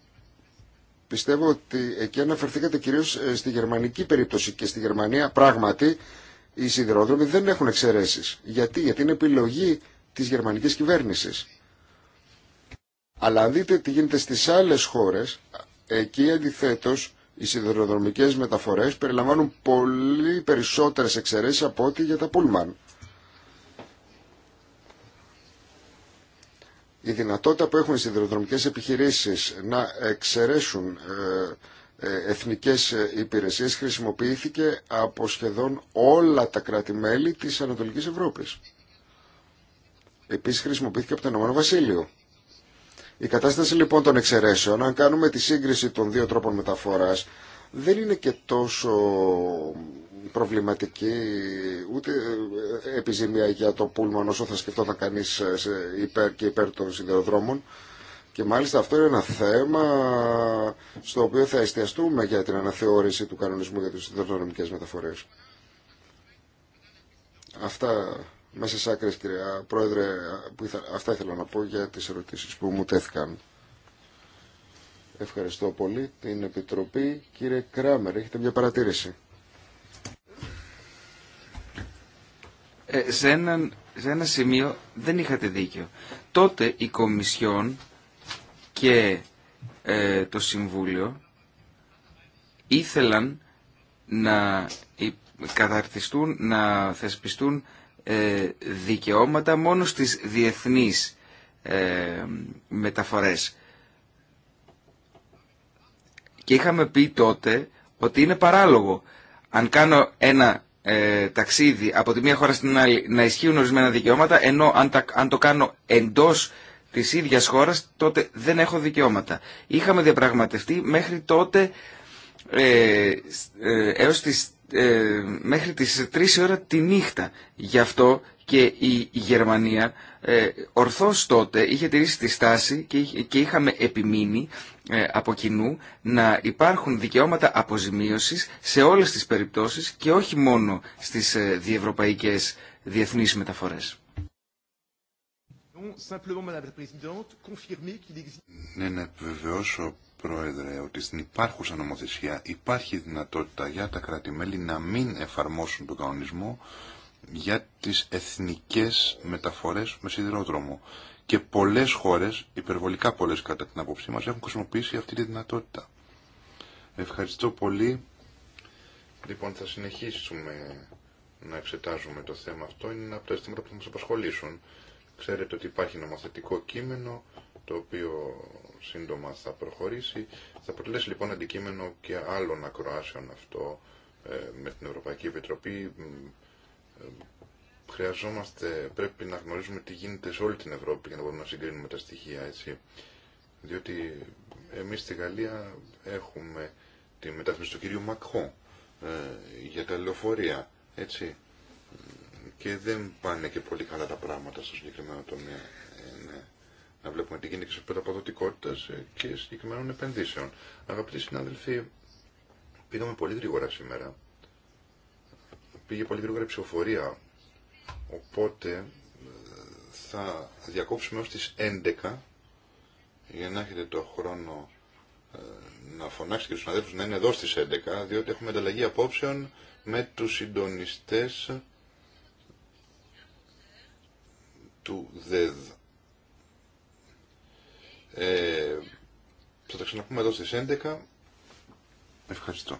S1: Πιστεύω ότι εκεί αναφερθήκατε κυρίως ε, στη γερμανική περίπτωση και στη Γερμανία πράγματι οι σιδηρόδρομοι δεν έχουν εξαιρέσεις. Γιατί, γιατί είναι επιλογή της γερμανικής κυβέρνησης. Αλλά αν δείτε τι γίνεται στις άλλες χώρες, εκεί αντιθέτως οι σιδηροδρομικές μεταφορές περιλαμβάνουν πολύ περισσότερες εξαιρέσεις από ό,τι για τα πούλμαν. Η δυνατότητα που έχουν οι σιδηροδρομικές επιχειρήσεις να εξαιρέσουν ε, ε, εθνικές ε, υπηρεσίες χρησιμοποιήθηκε από σχεδόν όλα τα κράτη-μέλη της Ανατολικής Ευρώπης. Επίσης χρησιμοποιήθηκε από το Ηνωμένο Βασίλειο. Η κατάσταση λοιπόν των εξαιρέσεων, αν κάνουμε τη σύγκριση των δύο τρόπων μεταφοράς, δεν είναι και τόσο προβληματική ούτε ε, επιζημία για το πούλμαν όσο θα σκεφτόταν κανείς ε, υπέρ και υπέρ των σιδηροδρόμων. Και μάλιστα αυτό είναι ένα θέμα στο οποίο θα εστιαστούμε για την αναθεώρηση του κανονισμού για τις σιδηροδρομικές μεταφορές. Αυτά μέσα σε άκρες κύριε Πρόεδρε που αυτά ήθελα να πω για τις ερωτήσεις που μου τέθηκαν. Ευχαριστώ πολύ την Επιτροπή. Κύριε Κράμερ, έχετε μια παρατήρηση.
S4: Ε, σε, ένα σημείο δεν είχατε δίκιο. Τότε η Κομισιόν και ε, το Συμβούλιο ήθελαν να καταρτιστούν, να θεσπιστούν ε, δικαιώματα μόνο στις διεθνείς ε, μεταφορές. Και είχαμε πει τότε ότι είναι παράλογο αν κάνω ένα ε, ταξίδι από τη μία χώρα στην άλλη να ισχύουν ορισμένα δικαιώματα ενώ αν, το κάνω εντός της ίδιας χώρας τότε δεν έχω δικαιώματα. Είχαμε διαπραγματευτεί μέχρι τότε ε, έως τις ε, μέχρι τις 3 ώρα τη νύχτα. Γι' αυτό και η Γερμανία ε, ορθώς τότε είχε τηρήσει τη στάση και, είχαμε επιμείνει ε, από κοινού να υπάρχουν δικαιώματα αποζημίωσης σε όλες τις περιπτώσεις και όχι μόνο στις ε, διευρωπαϊκές διεθνείς μεταφορές. Ναι, να
S3: Πρόεδρε, ότι στην υπάρχουσα νομοθεσία υπάρχει δυνατότητα για τα κράτη-μέλη να μην εφαρμόσουν τον κανονισμό για τις εθνικές μεταφορές με σιδηρόδρομο. Και πολλές χώρες, υπερβολικά πολλές κατά την άποψή μας, έχουν χρησιμοποιήσει αυτή τη δυνατότητα. Ευχαριστώ πολύ. Λοιπόν, θα συνεχίσουμε να εξετάζουμε το θέμα αυτό. Είναι ένα από τα αισθήματα που θα μας απασχολήσουν. Ξέρετε ότι υπάρχει νομοθετικό κείμενο το οποίο σύντομα θα προχωρήσει. Θα αποτελέσει λοιπόν αντικείμενο και άλλων ακροάσεων αυτό ε, με την Ευρωπαϊκή Επιτροπή. Ε, χρειαζόμαστε, πρέπει να γνωρίζουμε τι γίνεται σε όλη την Ευρώπη για να μπορούμε να συγκρίνουμε τα στοιχεία, έτσι. Διότι εμείς στη Γαλλία έχουμε τη μετάφραση του κυρίου Μακχό ε, για τα λεωφορεία, έτσι. Και δεν πάνε και πολύ καλά τα πράγματα στο συγκεκριμένο τομέα. Ναι να βλέπουμε την κίνηση και και συγκεκριμένων επενδύσεων. Αγαπητοί συνάδελφοι, πήγαμε πολύ γρήγορα σήμερα. Πήγε πολύ γρήγορα η ψηφοφορία. Οπότε ε, θα διακόψουμε ως τις 11 για να έχετε το χρόνο ε, να φωνάξετε και τους συναδέλφους να είναι εδώ στις 11 διότι έχουμε ανταλλαγή απόψεων με τους συντονιστές του ΔΕΔ. Ε, θα τα ξαναπούμε εδώ στις 11. Ευχαριστώ.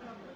S3: Thank you.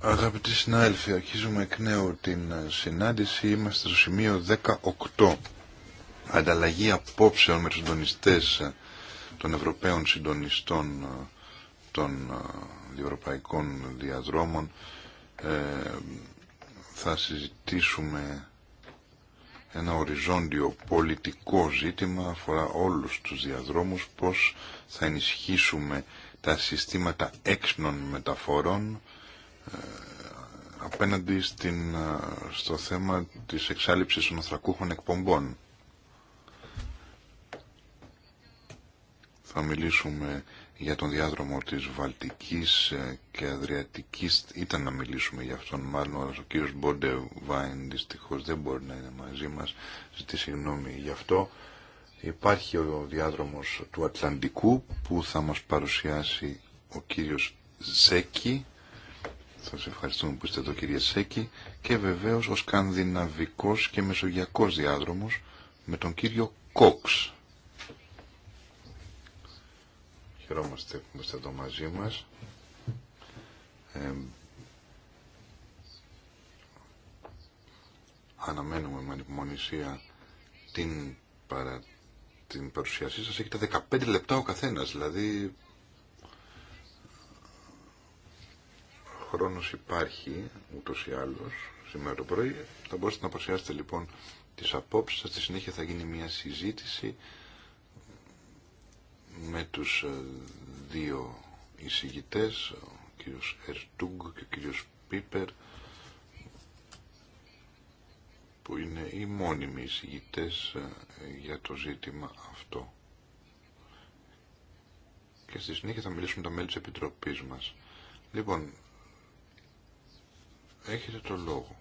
S3: Αγαπητοί συνάδελφοι, αρχίζουμε εκ νέου την ε, συνάντηση. Είμαστε στο σημείο 18. Ανταλλαγή απόψεων με τους συντονιστές ε, των Ευρωπαίων Συντονιστών ε, των Ευρωπαϊκών Διαδρόμων. θα συζητήσουμε ένα οριζόντιο πολιτικό ζήτημα αφορά όλους τους διαδρόμους, πώς θα ενισχύσουμε τα συστήματα έξυπνων μεταφορών ε, απέναντι στην, ε, στο θέμα της εξάλληψης των ανθρακούχων εκπομπών. Θα μιλήσουμε για τον διάδρομο της Βαλτικής ε, και Αδριατικής. Ήταν να μιλήσουμε για αυτόν μάλλον, αλλά ο κύριος Μπόντε Βάιν δυστυχώς δεν μπορεί να είναι μαζί μας. Ζητή συγγνώμη γι' αυτό. Υπάρχει ο διάδρομος του Ατλαντικού που θα μας παρουσιάσει ο κύριος Ζέκη. Σας ευχαριστούμε που είστε εδώ κύριε Ζέκη. Και βεβαίως ο σκανδιναβικός και μεσογειακός διάδρομος με τον κύριο Κόξ. Χαιρόμαστε που είστε εδώ μαζί μας. Ε, αναμένουμε με ανυπομονησία την παρατήρηση την παρουσίασή σας. Έχετε 15 λεπτά ο καθένας, δηλαδή χρόνος υπάρχει ούτως ή άλλως σήμερα το πρωί. Θα μπορέσετε να παρουσιάσετε λοιπόν τις απόψεις σας. Στη συνέχεια θα γίνει μια συζήτηση με τους ε, δύο εισηγητές, ο κύριος Ερτούγκ και ο κύριος Πίπερ που είναι οι μόνιμοι εισηγητές ε, για το ζήτημα αυτό. Και στη συνέχεια θα μιλήσουμε τα μέλη της Επιτροπής μας. Λοιπόν, έχετε το λόγο.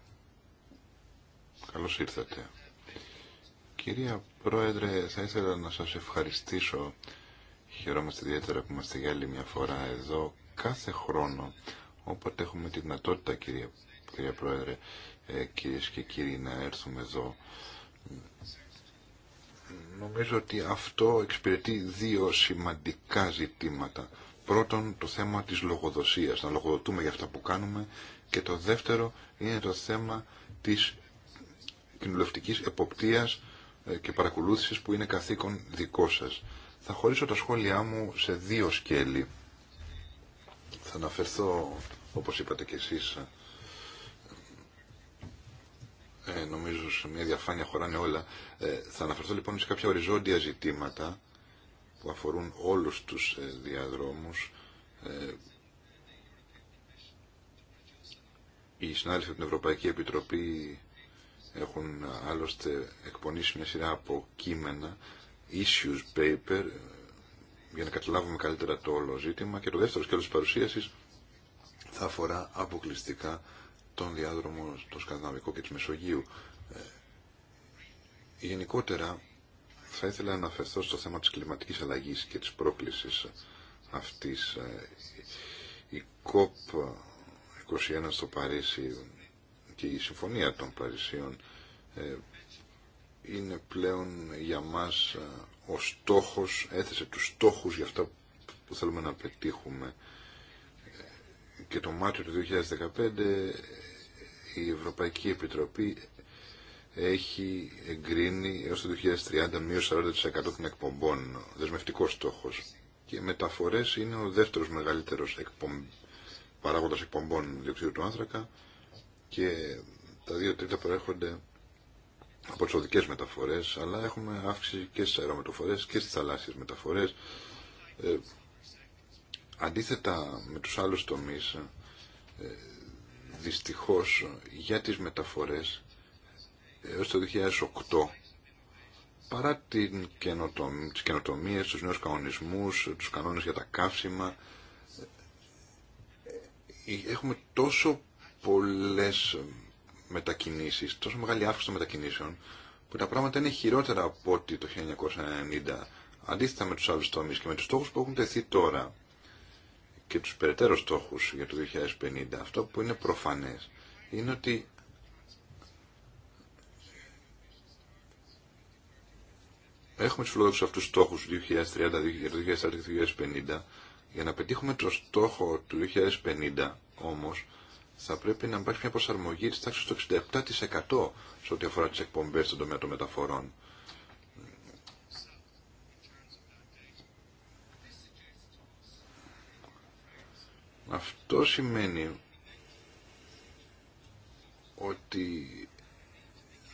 S3: Καλώς ήρθατε. Κυρία Πρόεδρε, θα ήθελα να σας ευχαριστήσω. Χαιρόμαστε ιδιαίτερα που είμαστε για άλλη μια φορά εδώ κάθε χρόνο, όποτε έχουμε τη δυνατότητα, κυρία, κυρία Πρόεδρε, ε, κυρίες και κύριοι να έρθουμε εδώ. Νομίζω ότι αυτό εξυπηρετεί δύο σημαντικά ζητήματα. Πρώτον, το θέμα της λογοδοσίας, να λογοδοτούμε για αυτά που κάνουμε. Και το δεύτερο είναι το θέμα της κοινοβουλευτικής εποπτείας ε, και παρακολούθησης που είναι καθήκον δικό σας. Θα χωρίσω τα σχόλιά μου σε δύο σκέλη. Θα αναφερθώ, όπως είπατε και εσείς, ε, νομίζω σε μια διαφάνεια χωράνε όλα. Ε, θα αναφερθώ λοιπόν σε κάποια οριζόντια ζητήματα που αφορούν όλους τους ε, διαδρόμους. Ε, οι συνάδελφοι από την Ευρωπαϊκή Επιτροπή έχουν ε, άλλωστε εκπονήσει μια σειρά από κείμενα, issues paper, ε, για να καταλάβουμε καλύτερα το όλο ζήτημα. Και το δεύτερο σκέλος της παρουσίασης θα αφορά αποκλειστικά τον διάδρομο στο Σκανδιναβικό και της Μεσογείου. Ε, γενικότερα, θα ήθελα να αναφερθώ στο θέμα της κλιματικής αλλαγής και της πρόκλησης αυτής. Ε, η COP21 στο Παρίσι και η Συμφωνία των Παρισίων ε, είναι πλέον για μας ο στόχος, έθεσε τους στόχους για αυτά που θέλουμε να πετύχουμε και το Μάρτιο του 2015 η Ευρωπαϊκή Επιτροπή έχει εγκρίνει έως το 2030 μείωση 40% των εκπομπών, δεσμευτικός στόχος. Και μεταφορές είναι ο δεύτερος μεγαλύτερος εκπομ... παράγοντας εκπομπών διοξείδου του άνθρακα και τα δύο τρίτα προέρχονται από τις οδικές μεταφορές, αλλά έχουμε αύξηση και στις αερομεταφορές και στις θαλάσσιες μεταφορές. Ε, Αντίθετα με τους άλλους τομείς, ε, δυστυχώς για τις μεταφορές έως το 2008 παρά την καινοτομία, τις καινοτομίες, τους νέους κανονισμούς, τους κανόνες για τα καύσιμα ε, ε, έχουμε τόσο πολλές μετακινήσεις, τόσο μεγάλη αύξηση των μετακινήσεων που τα πράγματα είναι χειρότερα από ό,τι το 1990 αντίθετα με τους άλλους τομείς και με τους στόχους που έχουν τεθεί τώρα και τους περαιτέρω στόχους για το 2050, αυτό που είναι προφανές είναι ότι έχουμε τους φιλόδοξους αυτούς τους στόχους 2030, του 2040, 2050. Για να πετύχουμε το στόχο του 2050 όμως θα πρέπει να υπάρχει μια προσαρμογή της τάξης του 67% σε ό,τι αφορά τις εκπομπές στον τομέα των μεταφορών. Αυτό σημαίνει ότι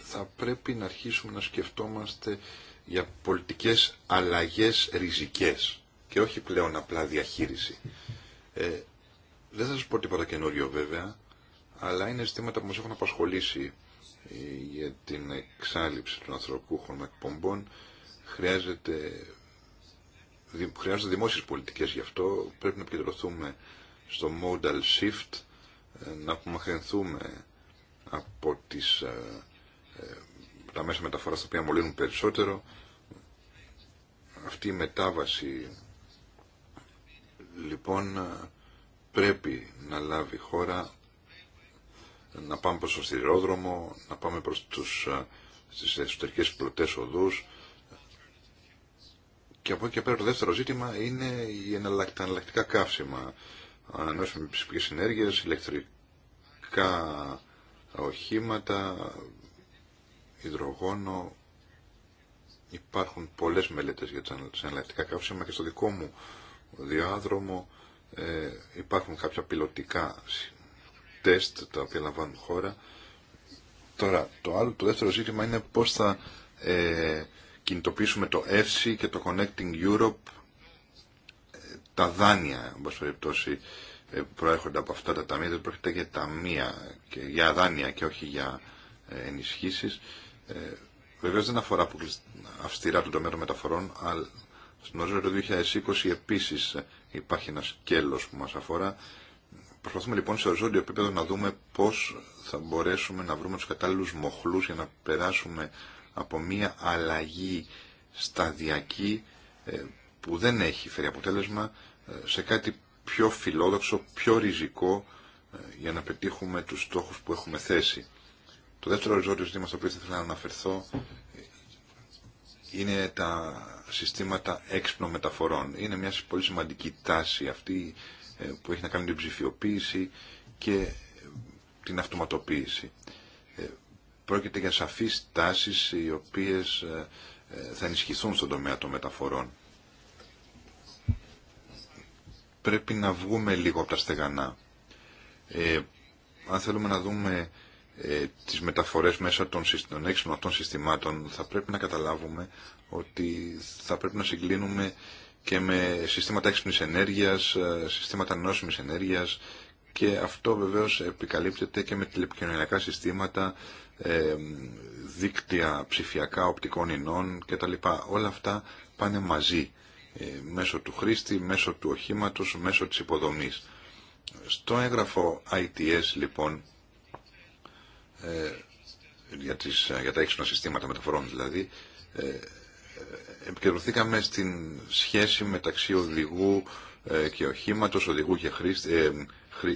S3: θα πρέπει να αρχίσουμε να σκεφτόμαστε για πολιτικές αλλαγές ριζικές και όχι πλέον απλά διαχείριση. Ε, δεν θα σας πω τίποτα καινούριο βέβαια, αλλά είναι ζητήματα που μας έχουν απασχολήσει ε, για την εξάλληψη των ανθρωπούχων εκπομπών. Χρειάζεται, χρειάζεται δημόσιες πολιτικές γι' αυτό, πρέπει να επικεντρωθούμε στο modal shift, ε, να απομαχαινθούμε από τις, ε, ε, τα μέσα μεταφοράς τα οποία μολύνουν περισσότερο. Αυτή η μετάβαση λοιπόν πρέπει να λάβει χώρα να πάμε προς το σιδηρόδρομο, να πάμε προς τους, στις εσωτερικές πλωτές οδούς και από εκεί και πέρα το δεύτερο ζήτημα είναι η εναλλακτικά καύσιμα με ψηφικές ενέργειες, ηλεκτρικά οχήματα, υδρογόνο. Υπάρχουν πολλές μελέτες για τις εναλλακτικά καύσιμα και στο δικό μου διάδρομο ε, υπάρχουν κάποια πιλωτικά τεστ τα οποία λαμβάνουν χώρα. Τώρα, το, άλλο, το δεύτερο ζήτημα είναι πώς θα ε, κινητοποιήσουμε το EFSI και το Connecting Europe τα δάνεια, όπως περιπτώσει, ε, προέρχονται από αυτά τα ταμεία, δεν πρόκειται για ταμεία, και για δάνεια και όχι για ε, ενισχύσεις. Ε, Βεβαίω δεν αφορά αυστηρά τον τομέα των μεταφορών, αλλά στην οριζόντα του 2020 επίση υπάρχει ένα σκέλο που μα αφορά. Προσπαθούμε λοιπόν σε οριζόντιο επίπεδο να δούμε πώ θα μπορέσουμε να βρούμε του κατάλληλου μοχλού για να περάσουμε από μια αλλαγή σταδιακή που δεν έχει φέρει αποτέλεσμα ε, σε κάτι πιο φιλόδοξο, πιο ριζικό ε, για να πετύχουμε τους στόχους που έχουμε θέσει. Το δεύτερο οριζόντιο ζήτημα στο οποίο θα ήθελα να αναφερθώ ε, είναι τα συστήματα έξυπνων μεταφορών. Είναι μια πολύ σημαντική τάση αυτή που έχει να κάνει την ψηφιοποίηση και την αυτοματοποίηση. Πρόκειται για σαφείς τάσεις οι οποίες θα ενισχυθούν στον τομέα των μεταφορών πρέπει να βγούμε λίγο από τα στεγανά. Ε, αν θέλουμε να δούμε ε, τις μεταφορές μέσα των, των έξυπνων αυτών συστημάτων, θα πρέπει να καταλάβουμε ότι θα πρέπει να συγκλίνουμε και με συστήματα έξυπνης ενέργειας, ε, συστήματα νόσιμης ενέργειας και αυτό βεβαίως επικαλύπτεται και με τηλεπικοινωνιακά συστήματα, ε, δίκτυα ψηφιακά, οπτικών ινών κτλ. Όλα αυτά πάνε μαζί ε, μέσω του χρήστη, μέσω του οχήματος, μέσω της υποδομής. Στο έγγραφο ITS λοιπόν, ε, για, τις, για τα έξυπνα συστήματα μεταφορών δηλαδή, ε, επικεντρωθήκαμε στην σχέση μεταξύ οδηγού και οχήματος, οδηγού και χρήστη,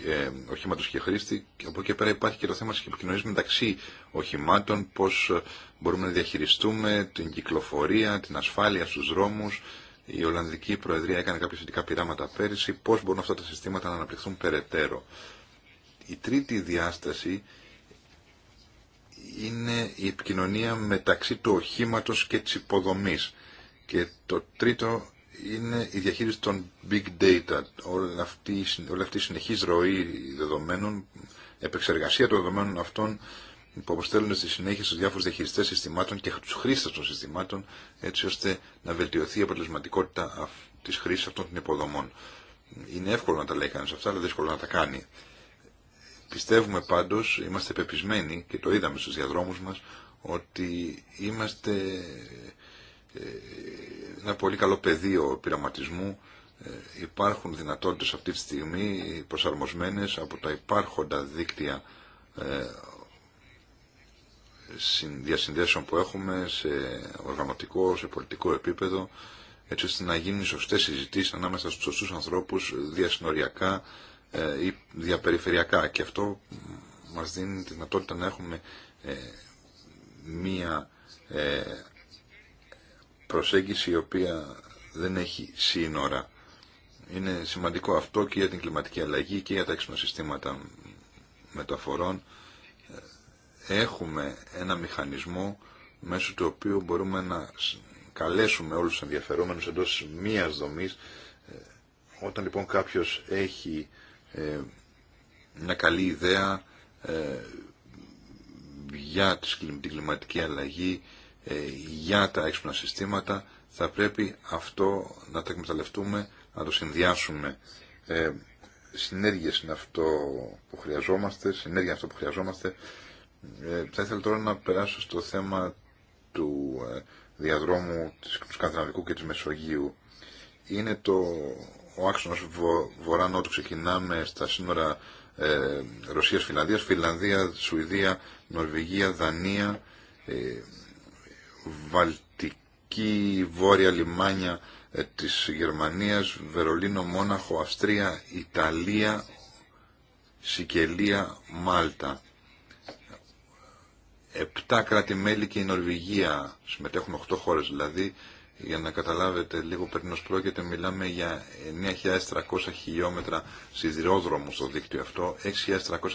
S3: ε, οχήματος και χρήστη. Από εκεί πέρα υπάρχει και το θέμα της επικοινωνία μεταξύ οχημάτων, πώς μπορούμε να διαχειριστούμε την κυκλοφορία, την ασφάλεια στους δρόμους, η Ολλανδική Προεδρία έκανε κάποια σχετικά πειράματα πέρυσι. Πώ μπορούν αυτά τα συστήματα να αναπτυχθούν περαιτέρω. Η τρίτη διάσταση είναι η επικοινωνία μεταξύ του οχήματο και τη υποδομή. Και το τρίτο είναι η διαχείριση των big data. Όλη αυτή, όλη αυτή η συνεχής ροή δεδομένων, επεξεργασία των δεδομένων αυτών που αποστέλουν στη συνέχεια στους διάφορους διαχειριστές συστημάτων και τους χρήστες των συστημάτων έτσι ώστε να βελτιωθεί η αποτελεσματικότητα της χρήσης αυτών των υποδομών. Είναι εύκολο να τα λέει κανείς αυτά, αλλά δύσκολο να τα κάνει. Πιστεύουμε πάντως, είμαστε πεπισμένοι και το είδαμε στους διαδρόμους μας, ότι είμαστε ε, ένα πολύ καλό πεδίο πειραματισμού. Ε, υπάρχουν δυνατότητες αυτή τη στιγμή προσαρμοσμένες από τα υπάρχοντα δίκτυα ε, διασυνδέσεων που έχουμε σε οργανωτικό, σε πολιτικό επίπεδο, έτσι ώστε να γίνουν σωστές συζητήσεις ανάμεσα στους σωστούς ανθρώπους διασυνοριακά ε, ή διαπεριφερειακά. Και αυτό μας δίνει τη δυνατότητα να έχουμε ε, μία ε, προσέγγιση η οποία δεν έχει σύνορα. Είναι σημαντικό αυτό και για την κλιματική αλλαγή και για τα έξυπνα συστήματα μεταφορών έχουμε ένα μηχανισμό μέσω του οποίου μπορούμε να καλέσουμε όλους τους ενδιαφερόμενους εντός μίας δομής. Ε, όταν λοιπόν κάποιος έχει ε, μια καλή ιδέα ε, για την κλιματική αλλαγή, για τα έξυπνα συστήματα, θα πρέπει αυτό να τα εκμεταλλευτούμε, να το συνδυάσουμε. Συνέργειες είναι αυτό που χρειαζόμαστε, συνέργεια είναι αυτό που χρειαζόμαστε ε, θα ήθελα τώρα να περάσω στο θέμα του ε, διαδρόμου του Σκανδιναβικού και της Μεσογείου. Είναι το, ο άξονας βο, βορρά-νότου. Ξεκινάμε στα σύνορα ε, Ρωσίας-Φιλανδίας, Φιλανδία, Σουηδία, Νορβηγία, Δανία, ε, Βαλτική, Βόρεια λιμάνια ε, της Γερμανίας, Βερολίνο, Μόναχο, Αυστρία, Ιταλία, Σικελία, Μάλτα. Επτά κράτη-μέλη και η Νορβηγία συμμετέχουν 8 χώρε δηλαδή. Για να καταλάβετε λίγο πριν ως πρόκειται μιλάμε για 9.300 χιλιόμετρα σιδηρόδρομου στο δίκτυο αυτό, 6.300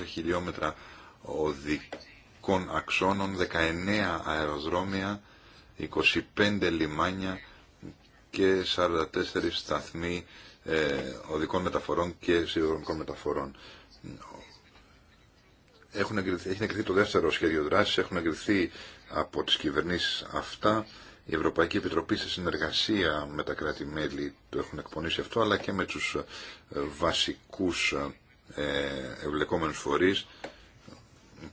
S3: χιλιόμετρα οδικών αξώνων, 19 αεροδρόμια, 25 λιμάνια και 44 σταθμοί ε, οδικών μεταφορών και σιδηροδρομικών μεταφορών. Έχουν εγκριθεί, έχει εγκριθεί το δεύτερο σχέδιο δράσης, έχουν εγκριθεί από τις κυβερνήσεις αυτά. Η Ευρωπαϊκή Επιτροπή σε συνεργασία με τα κράτη-μέλη το έχουν εκπονήσει αυτό, αλλά και με τους ε, βασικούς ευλεκόμενους φορείς.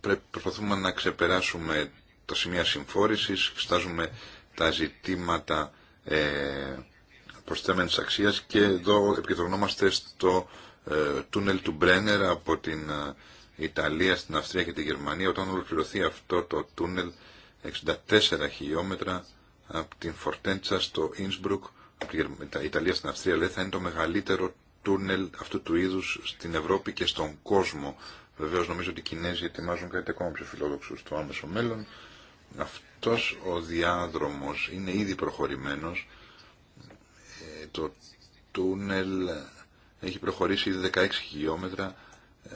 S3: Πρέπει, προσπαθούμε να ξεπεράσουμε τα σημεία συμφόρησης, στάζουμε τα ζητήματα ε, προσθέμενης αξίας και εδώ επικεντρωνόμαστε στο ε, τούνελ του Μπρένερ από την ε, Ιταλία στην Αυστρία και τη Γερμανία όταν ολοκληρωθεί αυτό το τούνελ 64 χιλιόμετρα από την Φορτέντσα στο Ίνσμπρουκ από την Ιταλία στην Αυστρία λέει θα είναι το μεγαλύτερο τούνελ αυτού του είδου στην Ευρώπη και στον κόσμο. Βεβαίω νομίζω ότι οι Κινέζοι ετοιμάζουν κάτι ακόμα πιο φιλόδοξο στο άμεσο μέλλον. Αυτό ο διάδρομο είναι ήδη προχωρημένος. Ε, το τούνελ έχει προχωρήσει ήδη 16 χιλιόμετρα ε,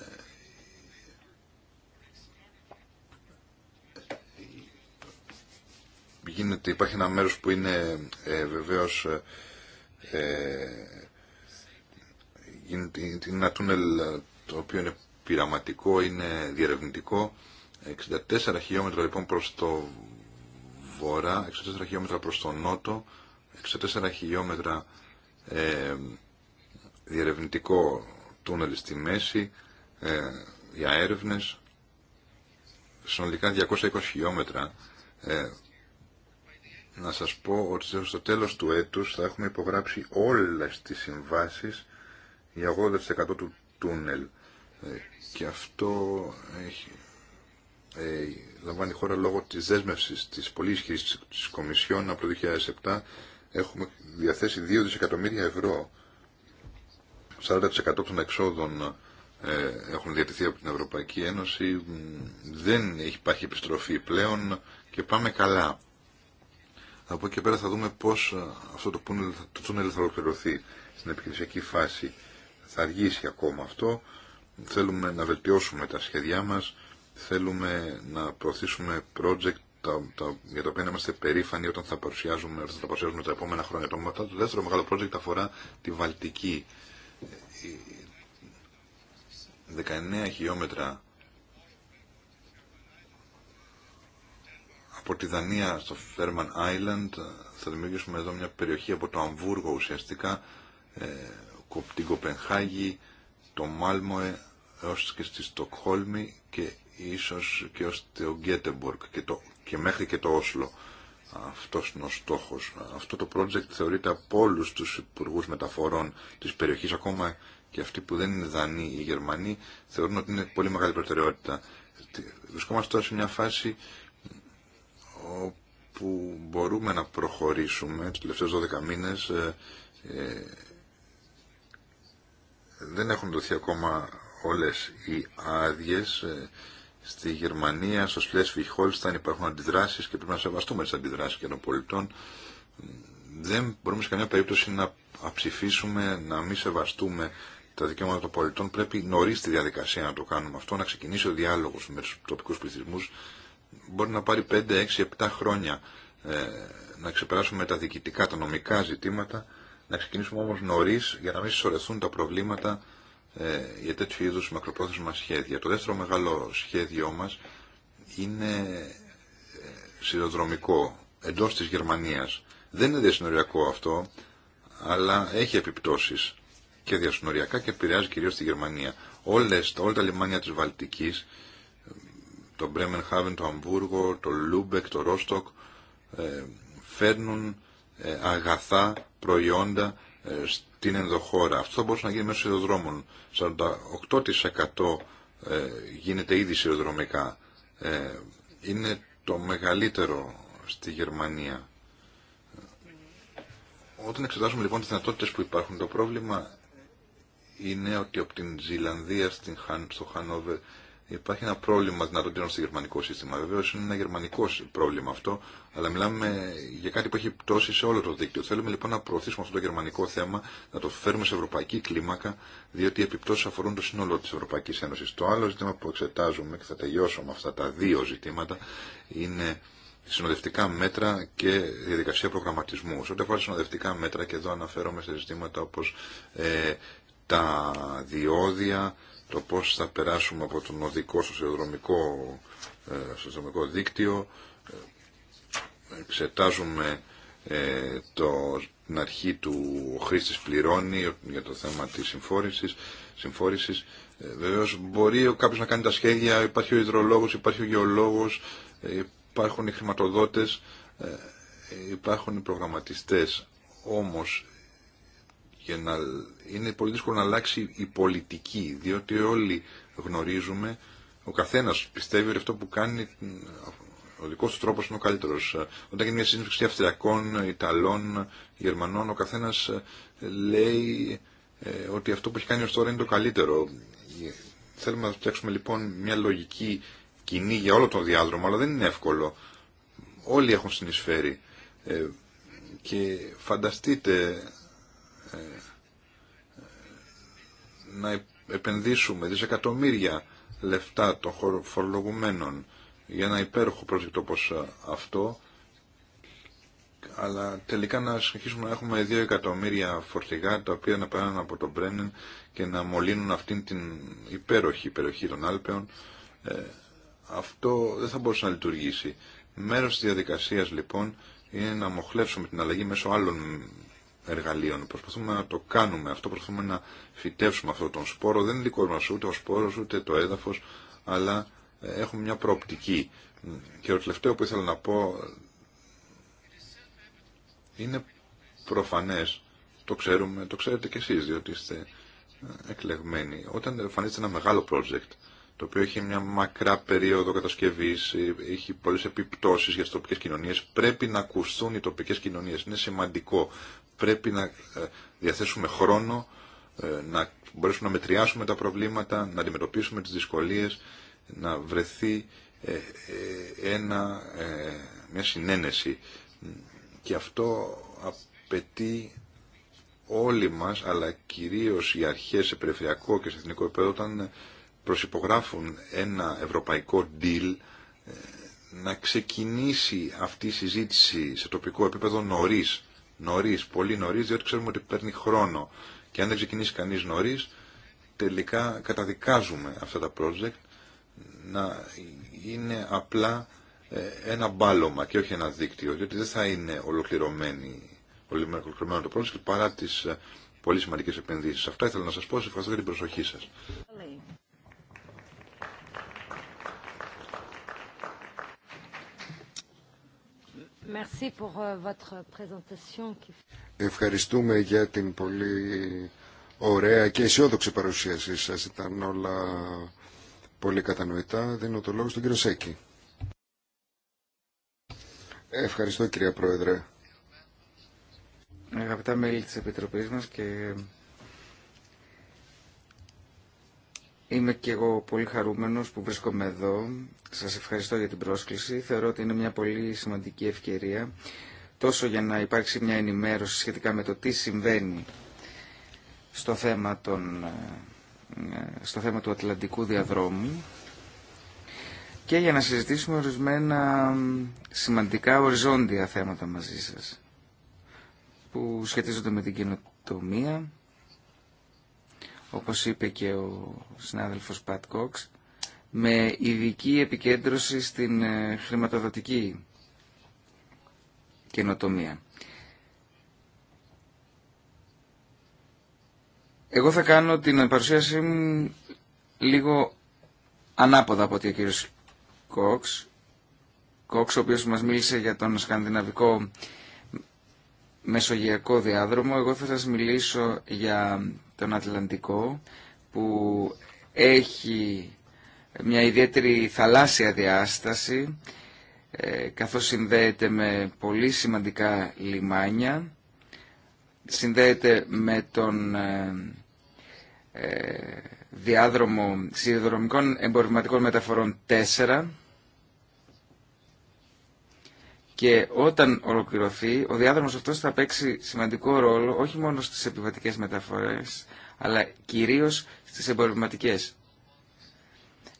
S3: γίνεται, υπάρχει ένα μέρος που είναι ε, βεβαίως ε, ε γίνεται, είναι ένα τούνελ ε, το οποίο είναι πειραματικό, είναι διερευνητικό 64 χιλιόμετρα λοιπόν προς το βορρά 64 χιλιόμετρα προς το νότο 64 χιλιόμετρα ε, διερευνητικό τούνελ στη μέση ε, για έρευνες συνολικά 220 χιλιόμετρα ε, να σας πω ότι στο τέλος του έτους θα έχουμε υπογράψει όλες τις συμβάσεις για 80% του τούνελ. Ε, και αυτό έχει, ε, λαμβάνει χώρα λόγω της δέσμευσης της πολύ ισχυρής της Κομισιόν από το 2007 έχουμε διαθέσει 2 δισεκατομμύρια ευρώ 40% των εξόδων ε, έχουν διατηθεί από την Ευρωπαϊκή Ένωση δεν υπάρχει επιστροφή πλέον και πάμε καλά από εκεί πέρα θα δούμε πώς ε, αυτό το τούνελ θα ολοκληρωθεί στην επιχειρησιακή φάση. Θα αργήσει ακόμα αυτό. Θέλουμε να βελτιώσουμε τα σχέδιά μας. Θέλουμε να προωθήσουμε project τα, τα, για τα οποία είμαστε περήφανοι όταν θα, παρουσιάζουμε, όταν θα παρουσιάζουμε τα επόμενα χρόνια. το δεύτερο μεγάλο project αφορά τη Βαλτική. 19 χιλιόμετρα από τη Δανία στο Φέρμαν Island. Ε, θα δημιουργήσουμε εδώ μια περιοχή από το Αμβούργο ουσιαστικά, ε, την Κοπενχάγη, το Μάλμοε έως και στη Στοκχόλμη και ίσως και ως το Γκέτεμπορκ και, το, και μέχρι και το Όσλο. Αυτός είναι ο στόχος. Αυτό το project θεωρείται από όλους τους υπουργούς μεταφορών της περιοχής, ακόμα και αυτοί που δεν είναι Δανείοι ή Γερμανοί, θεωρούν ότι είναι πολύ μεγάλη προτεραιότητα. Βρισκόμαστε τώρα σε μια φάση όπου μπορούμε να προχωρήσουμε τις τελευταίες 12 μήνες ε, ε, δεν έχουν δοθεί ακόμα όλες οι άδειε. Ε, στη Γερμανία, στο Σλέσβι Χόλσταν υπάρχουν αντιδράσεις και πρέπει να σεβαστούμε τις αντιδράσεις και των πολιτών. Δεν μπορούμε σε καμία περίπτωση να αψηφίσουμε, να μην σεβαστούμε τα δικαιώματα των πολιτών. Πρέπει νωρί τη διαδικασία να το κάνουμε αυτό, να ξεκινήσει ο διάλογος με τους τοπικούς πληθυσμούς μπορεί να πάρει 5, 6, 7 χρόνια ε, να ξεπεράσουμε τα διοικητικά, τα νομικά ζητήματα, να ξεκινήσουμε όμως νωρίς για να μην συσσωρεθούν τα προβλήματα ε, για τέτοιου είδους μακροπρόθεσμα σχέδια. Το δεύτερο μεγάλο σχέδιό μας είναι ε, σιδηροδρομικό εντός της Γερμανίας. Δεν είναι διασυνοριακό αυτό, αλλά έχει επιπτώσεις και διασυνοριακά και επηρεάζει κυρίως τη Γερμανία. Όλες, όλα τα λιμάνια της Βαλτικής το Bremenhaven, το Αμβούργο, το Λούμπεκ, το Ρόστοκ ε, φέρνουν ε, αγαθά προϊόντα ε, στην ενδοχώρα. Αυτό θα μπορούσε να γίνει μέσω σειροδρόμων. 48% γίνεται ήδη σιδηροδρομικά. Είναι το μεγαλύτερο στη Γερμανία. Όταν εξετάζουμε λοιπόν τις δυνατότητες που υπάρχουν, το πρόβλημα είναι ότι από την Ζηλανδία στην Χαν, στο Χανόβερ Υπάρχει ένα πρόβλημα δυνατοτήτων στο γερμανικό σύστημα. Βεβαίω είναι ένα γερμανικό πρόβλημα αυτό, αλλά μιλάμε για κάτι που έχει πτώσει σε όλο το δίκτυο. Θέλουμε λοιπόν να προωθήσουμε αυτό το γερμανικό θέμα, να το φέρουμε σε ευρωπαϊκή κλίμακα, διότι οι επιπτώσει αφορούν το σύνολο τη Ευρωπαϊκή Ένωση. Το άλλο ζήτημα που εξετάζουμε, και θα τελειώσω με αυτά τα δύο ζητήματα, είναι συνοδευτικά μέτρα και διαδικασία προγραμματισμού. Σε ό,τι αφορά συνοδευτικά μέτρα, και εδώ αναφέρομαι σε ζητήματα όπω ε, τα διόδια, το πώς θα περάσουμε από τον οδικό στο σιδηροδρομικό, ε, στο δίκτυο. Ε, εξετάζουμε ε, το, την αρχή του ο χρήστης πληρώνει για το θέμα της συμφόρησης. συμφόρησης. Ε, βεβαίως μπορεί κάποιος να κάνει τα σχέδια, υπάρχει ο υδρολόγος, υπάρχει ο γεωλόγος, υπάρχουν οι χρηματοδότες, υπάρχουν οι προγραμματιστές. Όμως για να είναι πολύ δύσκολο να αλλάξει η πολιτική, διότι όλοι γνωρίζουμε, ο καθένας πιστεύει ότι αυτό που κάνει ο δικό του τρόπο είναι ο καλύτερο. Όταν γίνει μια σύνδεξη Αυστριακών, Ιταλών, Γερμανών, ο καθένα ε, λέει ε, ότι αυτό που έχει κάνει ω τώρα είναι το καλύτερο. Ε, θέλουμε να φτιάξουμε λοιπόν μια λογική κοινή για όλο τον διάδρομο, αλλά δεν είναι εύκολο. Όλοι έχουν συνεισφέρει. και φανταστείτε να επενδύσουμε δισεκατομμύρια λεφτά των φορολογουμένων για ένα υπέροχο project όπως ε, αυτό, αλλά τελικά να συνεχίσουμε να έχουμε δύο εκατομμύρια φορτηγά τα οποία να περνάνε από τον Μπρένεν και να μολύνουν αυτήν την υπέροχη περιοχή των Άλπαιων. Ε, αυτό δεν θα μπορούσε να λειτουργήσει. Μέρος της διαδικασίας λοιπόν είναι να μοχλεύσουμε την αλλαγή μέσω άλλων εργαλείων. Προσπαθούμε να το κάνουμε αυτό, προσπαθούμε να φυτέψουμε αυτό τον σπόρο. Δεν είναι δικό μα ούτε ο σπόρο ούτε το έδαφο, αλλά ε, έχουμε μια προοπτική. Και το τελευταίο που ήθελα να πω είναι προφανέ. το ξέρουμε, το ξέρετε κι εσεί διότι είστε ε, εκλεγμένοι. Όταν εμφανίζεται ένα μεγάλο project, το οποίο έχει μια μακρά περίοδο κατασκευή, ε, έχει πολλέ επιπτώσει για τι τοπικέ κοινωνίε. πρέπει να ακουστούν οι τοπικέ κοινωνίε, Είναι σημαντικό πρέπει να ε, διαθέσουμε χρόνο ε, να μπορέσουμε να μετριάσουμε τα προβλήματα, να αντιμετωπίσουμε τις δυσκολίες, να βρεθεί ε, ένα, μια συνένεση. Και αυτό απαιτεί όλοι μας, αλλά κυρίως οι αρχές σε περιφερειακό και σε εθνικό επίπεδο, όταν προσυπογράφουν ένα ευρωπαϊκό deal, να ξεκινήσει αυτή η συζήτηση σε τοπικό επίπεδο νωρίς νωρί, πολύ νωρί, διότι ξέρουμε ότι παίρνει χρόνο. Και αν δεν ξεκινήσει κανεί νωρί, τελικά καταδικάζουμε αυτά τα project να είναι απλά ε, ένα μπάλωμα και όχι ένα δίκτυο, διότι δεν θα είναι ολοκληρωμένη, ολοκληρωμένο το project παρά τι ε, πολύ σημαντικέ επενδύσει. Αυτά ήθελα να σα πω. Σα ευχαριστώ για την προσοχή σα.
S2: Euh,
S1: Ευχαριστούμε για την πολύ ωραία και αισιόδοξη παρουσίασή σας. Ήταν όλα πολύ κατανοητά. Δίνω το λόγο στον κύριο Σέκη. Ευχαριστώ κυρία Πρόεδρε.
S4: Αγαπητά μέλη της Επιτροπής μας και Είμαι και εγώ πολύ χαρούμενος που βρίσκομαι εδώ. Σας ευχαριστώ για την πρόσκληση. Θεωρώ ότι είναι μια πολύ σημαντική ευκαιρία τόσο για να υπάρξει μια ενημέρωση σχετικά με το τι συμβαίνει στο θέμα, των, ε, στο θέμα του Ατλαντικού Διαδρόμου και για να συζητήσουμε ορισμένα σημαντικά οριζόντια θέματα μαζί σας που σχετίζονται με την κοινοτομία όπως είπε και ο συνάδελφος Πατ Κόξ, με ειδική επικέντρωση στην ε, χρηματοδοτική καινοτομία. Εγώ θα κάνω την παρουσίασή μου λίγο ανάποδα από ότι ο κύριος Κόξ, Κόξ ο οποίος μας μίλησε για τον σκανδιναβικό μεσογειακό διάδρομο. Εγώ θα σας μιλήσω για τον Ατλαντικό που έχει μια ιδιαίτερη θαλάσσια διάσταση ε, καθώς συνδέεται με πολύ σημαντικά λιμάνια, συνδέεται με τον ε, ε, διάδρομο σιδηροδρομικών εμπορευματικών μεταφορών 4 και όταν ολοκληρωθεί, ο διάδρομος αυτός θα παίξει σημαντικό ρόλο όχι μόνο στις επιβατικές μεταφορές, αλλά κυρίως στις εμπορευματικές.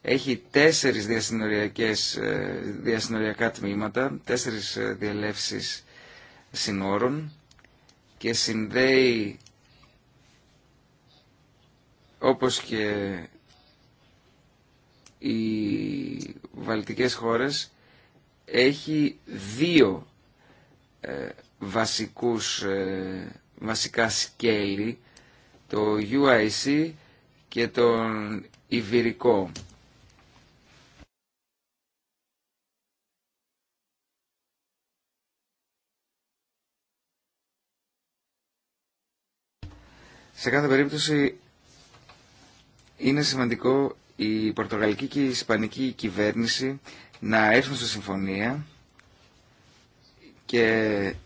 S4: Έχει τέσσερις διασυνοριακές, ε, διασυνοριακά τμήματα, τέσσερις ε, διελεύσεις συνόρων και συνδέει όπως και οι βαλτικές χώρες έχει δύο ε, βασικούς, ε, βασικά σκέλη, το UIC και τον Ιβυρικό. Σε κάθε περίπτωση είναι σημαντικό η πορτογαλική και η ισπανική κυβέρνηση να έρθουν σε συμφωνία και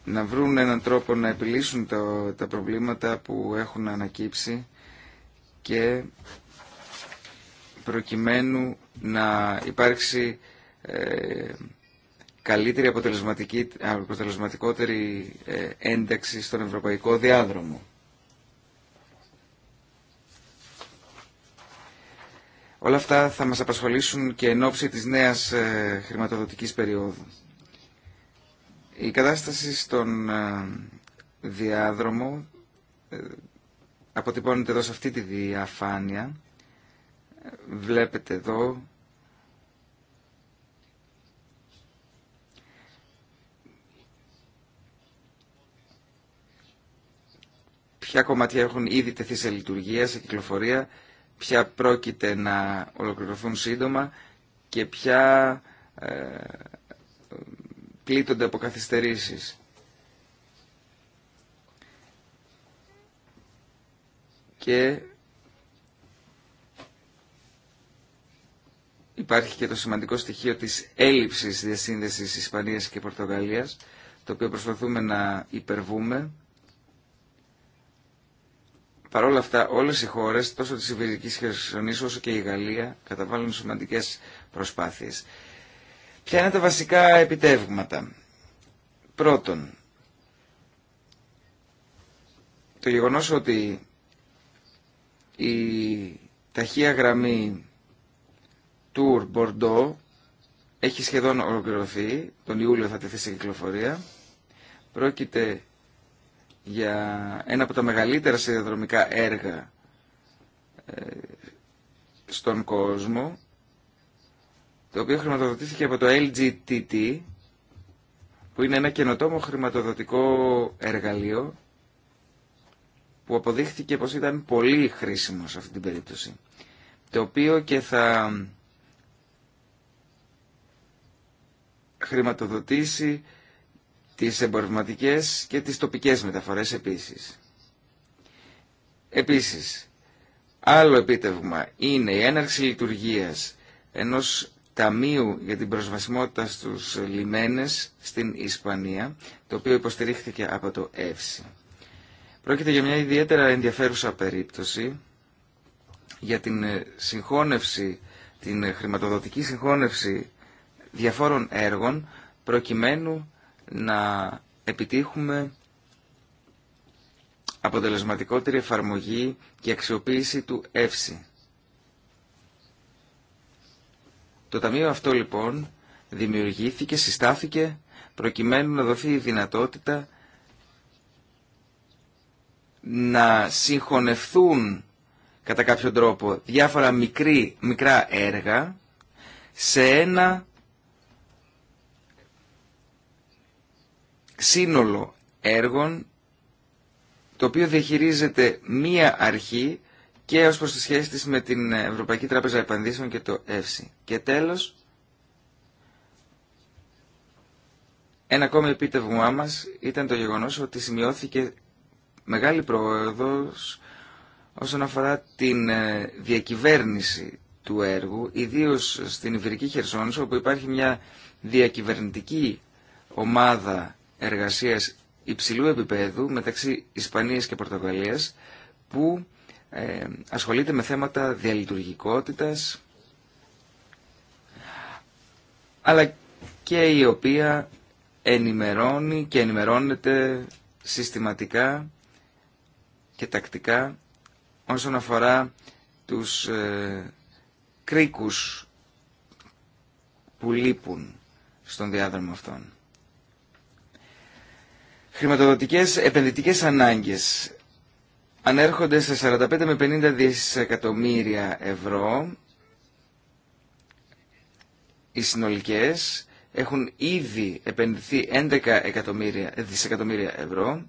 S4: να βρουν έναν τρόπο να επιλύσουν το, τα προβλήματα που έχουν ανακύψει και προκειμένου να υπάρξει ε, καλύτερη αποτελεσματική, αποτελεσματικότερη ε, ένταξη στον ευρωπαϊκό διάδρομο. Όλα αυτά θα μας απασχολήσουν και εν ώψη της νέας ε, χρηματοδοτικής περίοδου. Η κατάσταση στον ε, διάδρομο ε, αποτυπώνεται εδώ σε αυτή τη διαφάνεια. Βλέπετε εδώ ποια κομμάτια έχουν ήδη τεθεί σε λειτουργία, σε κυκλοφορία ποια πρόκειται να ολοκληρωθούν σύντομα και ποια ε, πλήττονται από καθυστερήσεις. Και υπάρχει και το σημαντικό στοιχείο της έλλειψης διασύνδεσης Ισπανίας και Πορτογαλίας, το οποίο προσπαθούμε να υπερβούμε Παρ' όλα αυτά, όλε οι χώρε, τόσο τη Ιβηρική Χερσονήσου όσο και η Γαλλία, καταβάλουν σημαντικέ προσπάθειε. Ποια είναι τα βασικά επιτεύγματα. Πρώτον, το γεγονός ότι η ταχεία γραμμή Tour Bordeaux έχει σχεδόν ολοκληρωθεί, τον Ιούλιο θα τεθεί σε κυκλοφορία. Πρόκειται για ένα από τα μεγαλύτερα σιδηροδρομικά έργα ε, στον κόσμο, το οποίο χρηματοδοτήθηκε από το LGTT, που είναι ένα καινοτόμο χρηματοδοτικό εργαλείο που αποδείχθηκε πως ήταν πολύ χρήσιμο σε αυτή την περίπτωση. Το οποίο και θα χρηματοδοτήσει τις εμπορευματικές και τις τοπικές μεταφορές επίσης. Επίσης, άλλο επίτευγμα είναι η έναρξη λειτουργίας ενός Ταμείου για την προσβασιμότητα στους λιμένες στην Ισπανία, το οποίο υποστηρίχθηκε από το ΕΦΣΙ. Πρόκειται για μια ιδιαίτερα ενδιαφέρουσα περίπτωση για την συγχώνευση, την χρηματοδοτική συγχώνευση διαφόρων έργων προκειμένου να επιτύχουμε αποτελεσματικότερη εφαρμογή και αξιοποίηση του ΕΦΣΥ. Το Ταμείο αυτό λοιπόν δημιουργήθηκε, συστάθηκε προκειμένου να δοθεί η δυνατότητα να συγχωνευθούν κατά κάποιο τρόπο διάφορα μικρή, μικρά έργα σε ένα σύνολο έργων το οποίο διαχειρίζεται μία αρχή και ως προς τη σχέση της με την Ευρωπαϊκή Τράπεζα Επενδύσεων και το ΕΦΣΥ. Και τέλος, ένα ακόμη επίτευγμά μας ήταν το γεγονός ότι σημειώθηκε μεγάλη πρόοδος όσον αφορά την ε, διακυβέρνηση του έργου, ιδίως στην Ιβυρική Χερσόνησο, όπου υπάρχει μια διακυβερνητική ομάδα εργασίας υψηλού επίπεδου μεταξύ Ισπανίας και Πορτογαλίας που ε, ασχολείται με θέματα διαλειτουργικότητας αλλά και η οποία ενημερώνει και ενημερώνεται συστηματικά και τακτικά όσον αφορά τους ε, κρίκους που λείπουν στον διάδρομο αυτόν. Χρηματοδοτικές επενδυτικές ανάγκες ανέρχονται σε 45 με 50 δισεκατομμύρια ευρώ. Οι συνολικές έχουν ήδη επενδυθεί 11 δισεκατομμύρια ευρώ.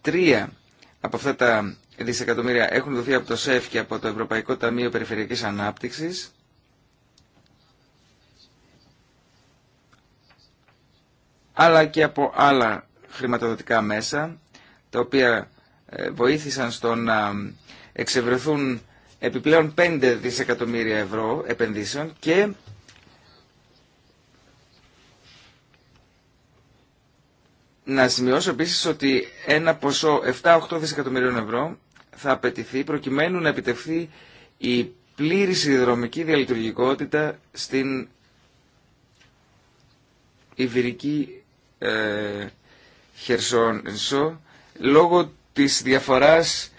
S4: Τρία από αυτά τα δισεκατομμύρια έχουν δοθεί από το ΣΕΦ και από το Ευρωπαϊκό Ταμείο Περιφερειακής Ανάπτυξης. αλλά και από άλλα χρηματοδοτικά μέσα, τα οποία ε, βοήθησαν στο να εξευρεθούν επιπλέον 5 δισεκατομμύρια ευρώ επενδύσεων και να σημειώσω επίσης ότι ένα ποσό 7-8 δισεκατομμυρίων ευρώ θα απαιτηθεί προκειμένου να επιτευχθεί η πλήρη συνδρομική διαλειτουργικότητα στην Ιβυρική ε, Χερσόνησο λόγω της διαφοράς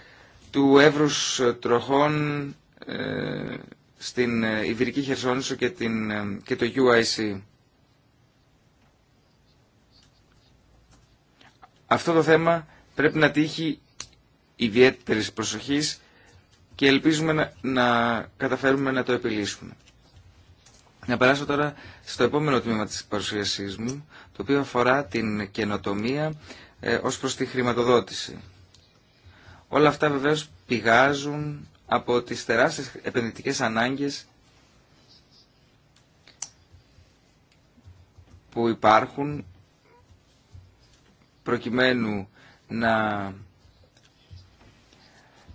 S4: του εύρους τροχών ε, στην ε, Ιβυρική Χερσόνησο και, την, ε, και το UIC. Αυτό το θέμα πρέπει να τύχει ιδιαίτερης προσοχής και ελπίζουμε να, να καταφέρουμε να το επιλύσουμε. Να περάσω τώρα στο επόμενο τμήμα της παρουσίασής μου, το οποίο αφορά την καινοτομία ε, ως προς τη χρηματοδότηση. Όλα αυτά βεβαίως πηγάζουν από τις τεράστιες επενδυτικές ανάγκες που υπάρχουν προκειμένου να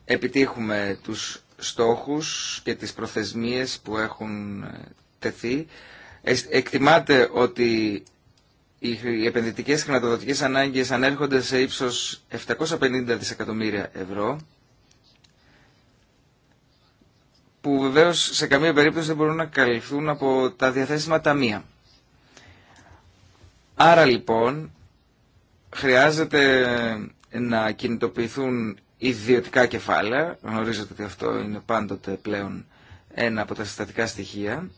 S4: επιτύχουμε τους στόχους και τις προθεσμίες που έχουν τεθεί. Ε, εκτιμάται ότι οι επενδυτικές χρηματοδοτικές ανάγκες ανέρχονται σε ύψος 750 δισεκατομμύρια ευρώ που βεβαίως σε καμία περίπτωση δεν μπορούν να καλυφθούν από τα διαθέσιμα ταμεία. Άρα λοιπόν χρειάζεται να κινητοποιηθούν ιδιωτικά κεφάλαια, γνωρίζετε ότι αυτό είναι πάντοτε πλέον ένα από τα συστατικά στοιχεία,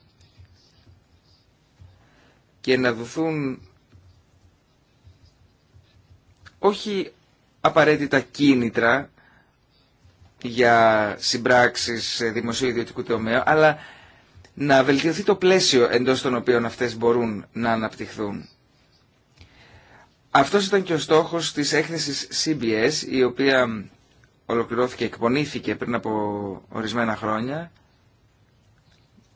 S4: και να δοθούν όχι απαραίτητα κίνητρα για συμπράξεις δημοσίου ιδιωτικού τομέα, αλλά να βελτιωθεί το πλαίσιο εντός των οποίων αυτές μπορούν να αναπτυχθούν. Αυτός ήταν και ο στόχος της έκθεσης CBS, η οποία ολοκληρώθηκε, εκπονήθηκε πριν από ορισμένα χρόνια,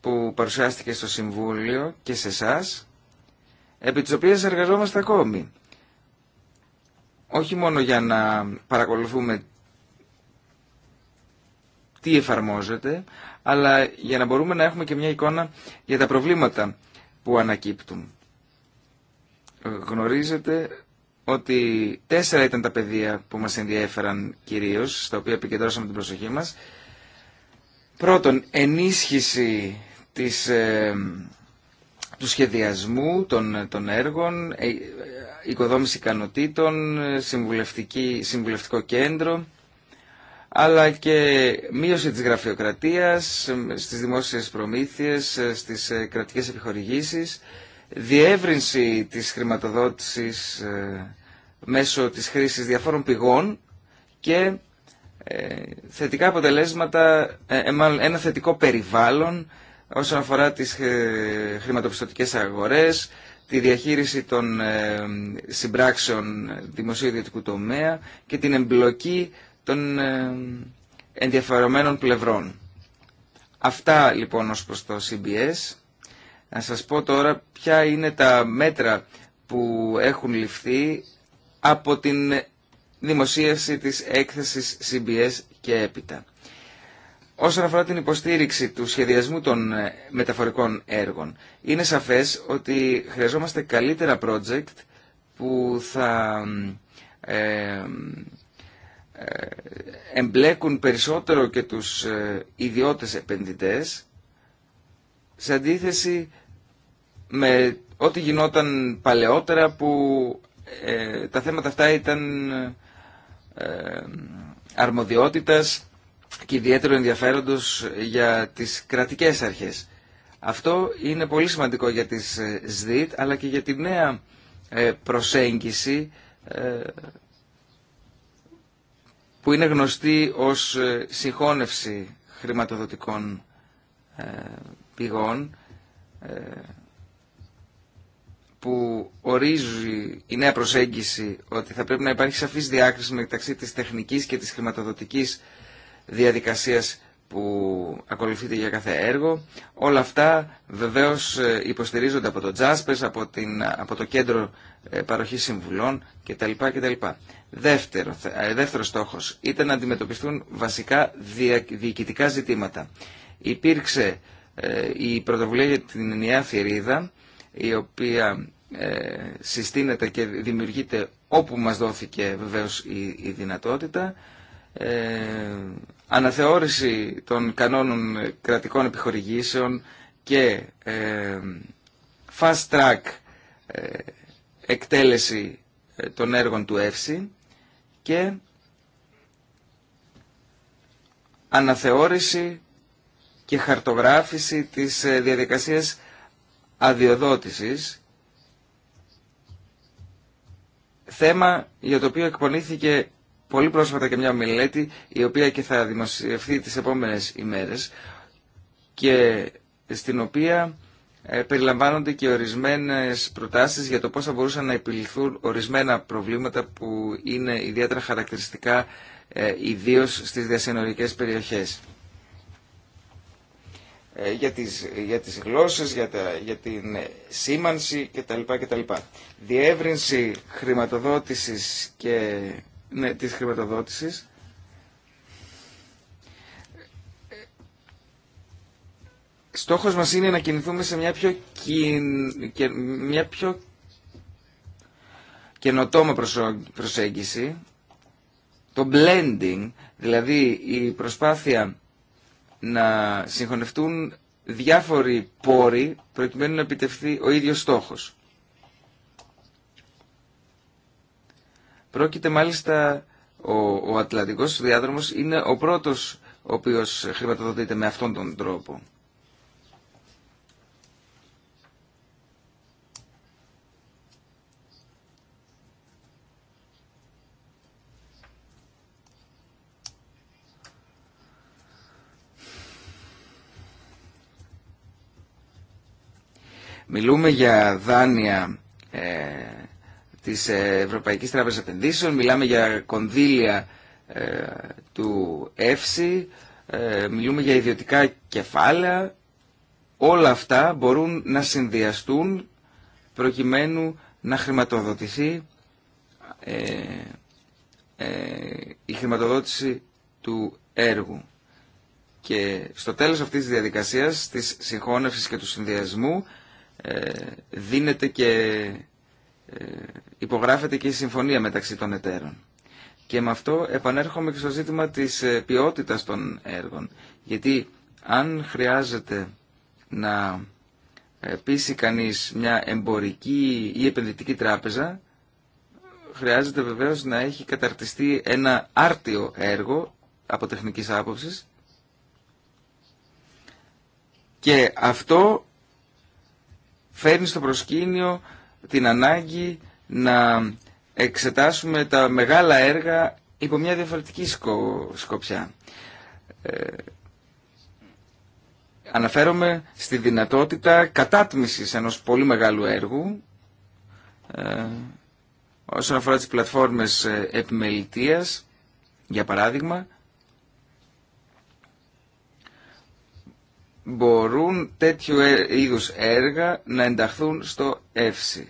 S4: που παρουσιάστηκε στο Συμβούλιο και σε εσά, επί της οποίας εργαζόμαστε ακόμη όχι μόνο για να παρακολουθούμε τι εφαρμόζεται, αλλά για να μπορούμε να έχουμε και μια εικόνα για τα προβλήματα που ανακύπτουν. Γνωρίζετε ότι τέσσερα ήταν τα πεδία που μας ενδιέφεραν κυρίως, στα οποία επικεντρώσαμε την προσοχή μας. Πρώτον, ενίσχυση της, ε, του σχεδιασμού των, των έργων, ε, οικοδόμηση ικανοτήτων, συμβουλευτικό κέντρο, αλλά και μείωση της γραφειοκρατίας στις δημόσιες προμήθειες, στις ε, κρατικές επιχορηγήσεις, διεύρυνση της χρηματοδότησης ε, μέσω της χρήσης διαφόρων πηγών και ε, θετικά αποτελέσματα, ένα θετικό περιβάλλον όσον αφορά τις χρηματοπιστωτικές αγορές, τη διαχείριση των ε, συμπράξεων δημοσίου ιδιωτικού τομέα και την εμπλοκή των ε, ενδιαφερομένων πλευρών. Αυτά λοιπόν ως προς το CBS. Να σας πω τώρα ποια είναι τα μέτρα που έχουν ληφθεί από την δημοσίευση της έκθεσης CBS και έπειτα. Όσον αφορά την υποστήριξη του σχεδιασμού των ε, μεταφορικών έργων, είναι σαφές ότι χρειαζόμαστε καλύτερα project που θα ε, ε, εμπλέκουν περισσότερο και τους ιδιώτες επενδυτές σε αντίθεση με ό,τι γινόταν παλαιότερα που τα θέματα αυτά ήταν αρμοδιότητας και ιδιαίτερο ενδιαφέροντος για τις κρατικές αρχές. Αυτό είναι πολύ σημαντικό για τις ε, ΣΔΙΤ αλλά και για τη νέα ε, προσέγγιση ε, που είναι γνωστή ως συγχώνευση χρηματοδοτικών πηγών που ορίζει η νέα προσέγγιση ότι θα πρέπει να υπάρχει σαφής διάκριση μεταξύ της τεχνικής και της χρηματοδοτικής διαδικασίας που ακολουθείται για κάθε έργο. Όλα αυτά βεβαίως ε, υποστηρίζονται από το Τζάσπες, από, την, από το κέντρο ε, παροχής συμβουλών κτλ. κτλ. Δεύτερο, ε, δεύτερο στόχος ήταν να αντιμετωπιστούν βασικά διοικητικά ζητήματα. Υπήρξε η πρωτοβουλία για την ενιαία θηρίδα, η οποία συστήνεται και δημιουργείται όπου μας δόθηκε βεβαίως η δυνατότητα. Ε, αναθεώρηση των κανόνων κρατικών επιχορηγήσεων και ε, fast track ε, εκτέλεση των έργων του ΕΦΣΥ και αναθεώρηση και χαρτογράφηση της διαδικασίας αδειοδότησης θέμα για το οποίο εκπονήθηκε πολύ πρόσφατα και μια μελέτη η οποία και θα δημοσιευθεί τις επόμενες ημέρες και στην οποία ε, περιλαμβάνονται και ορισμένες προτάσεις για το πώς θα μπορούσαν να επιληθούν ορισμένα προβλήματα που είναι ιδιαίτερα χαρακτηριστικά ε, ιδίως στις διασυνορικές περιοχές. Ε, για τις, για τις γλώσσες, για, τα, την σήμανση κτλ. κτλ. Διεύρυνση χρηματοδότησης και ναι, της χρηματοδότησης. Στόχος μας είναι να κινηθούμε σε μια πιο, και... μια πιο καινοτόμα προσέγγιση, το blending, δηλαδή η προσπάθεια να συγχωνευτούν διάφοροι πόροι προκειμένου να επιτευχθεί ο ίδιος στόχος. Πρόκειται μάλιστα, ο, ο Ατλαντικός διάδρομος είναι ο πρώτος ο οποίος χρηματοδοτείται με αυτόν τον τρόπο. Μιλούμε για δάνεια ε, της ε, Ευρωπαϊκής Τράπεζας Επενδύσεων, μιλάμε για κονδύλια ε, του ΕΦΣΙ, ε, μιλούμε για ιδιωτικά κεφάλαια. Όλα αυτά μπορούν να συνδυαστούν προκειμένου να χρηματοδοτηθεί η χρηματοδότηση του έργου. Και στο τέλος αυτής της διαδικασίας, της συγχώνευσης και του συνδυασμού, δίνεται και υπογράφεται και η συμφωνία μεταξύ των εταίρων. Και με αυτό επανέρχομαι και στο ζήτημα της ε, ποιότητας των έργων. Γιατί αν χρειάζεται να ε, πείσει κανείς μια εμπορική ή επενδυτική τράπεζα, χρειάζεται βεβαίως να έχει καταρτιστεί ένα άρτιο έργο από τεχνικής άποψης και αυτό φέρνει στο προσκήνιο την ανάγκη να εξετάσουμε τα μεγάλα έργα υπό μια διαφορετική σκοπιά. Ε, αναφέρομαι στη δυνατότητα κατάτμισης ενός πολύ μεγάλου έργου ε, όσον αφορά τις πλατφόρμες ε, επιμελητίας, για παράδειγμα, μπορούν τέτοιου είδους έργα να ενταχθούν στο ΕΦΣΥ.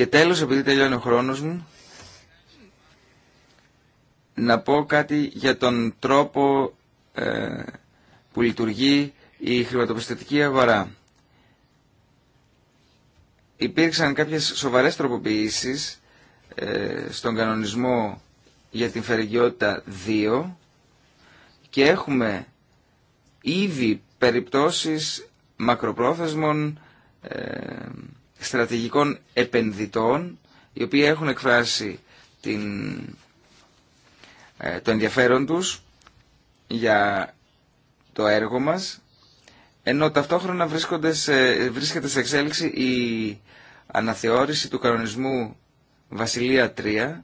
S4: Και τέλος, επειδή τελειώνει ο χρόνος μου, να πω κάτι για τον τρόπο ε, που λειτουργεί η χρηματοπιστωτική αγορά. Υπήρξαν κάποιες σοβαρές τροποποιήσεις ε, στον κανονισμό για την φερικιότητα 2 και έχουμε ήδη περιπτώσεις μακροπρόθεσμων ε, στρατηγικών επενδυτών οι οποίοι έχουν εκφράσει την, ε, το ενδιαφέρον τους για το έργο μας ενώ ταυτόχρονα βρίσκονται σε, βρίσκεται σε εξέλιξη η αναθεώρηση του κανονισμού Βασιλεία 3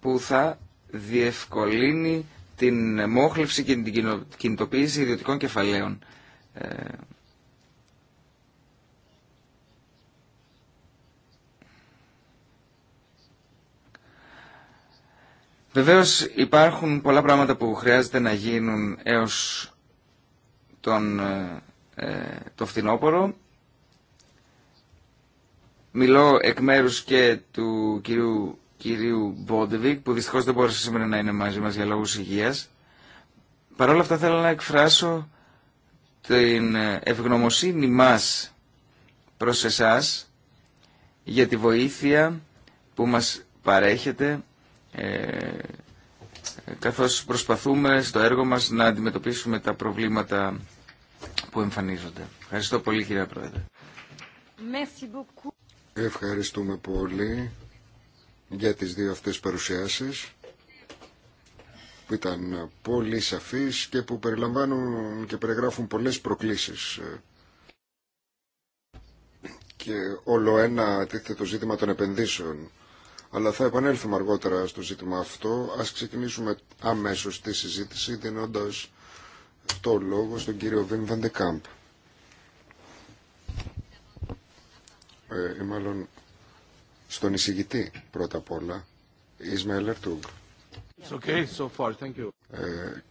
S4: που θα διευκολύνει την μόχλευση και την κινητοποίηση ιδιωτικών κεφαλαίων ε, Βεβαίω υπάρχουν πολλά πράγματα που χρειάζεται να γίνουν έως τον, ε, το φθινόπωρο. Μιλώ εκ μέρους και του κυρίου, κυρίου Μπόντεβικ που δυστυχώς δεν μπόρεσε σήμερα να είναι μαζί μας για λόγους υγείας. Παρ' όλα αυτά θέλω να εκφράσω την ευγνωμοσύνη μας προς εσάς για τη βοήθεια που μας παρέχετε ε, καθώς προσπαθούμε στο έργο μας να αντιμετωπίσουμε τα προβλήματα που εμφανίζονται. Ευχαριστώ πολύ κυρία Πρόεδρε.
S1: Ευχαριστούμε πολύ για τις δύο αυτές παρουσιάσεις που ήταν πολύ σαφείς και που περιλαμβάνουν και περιγράφουν πολλές προκλήσεις. Και όλο ένα τίθεται το ζήτημα των επενδύσεων αλλά θα επανέλθουμε αργότερα στο ζήτημα αυτό. Ας ξεκινήσουμε αμέσως τη συζήτηση, δίνοντας το λόγο στον κύριο Βιν Βαντεκάμπ. Ε, μάλλον στον εισηγητή πρώτα απ' όλα, Ισμαήλ Ερτούγκ. Okay, ε,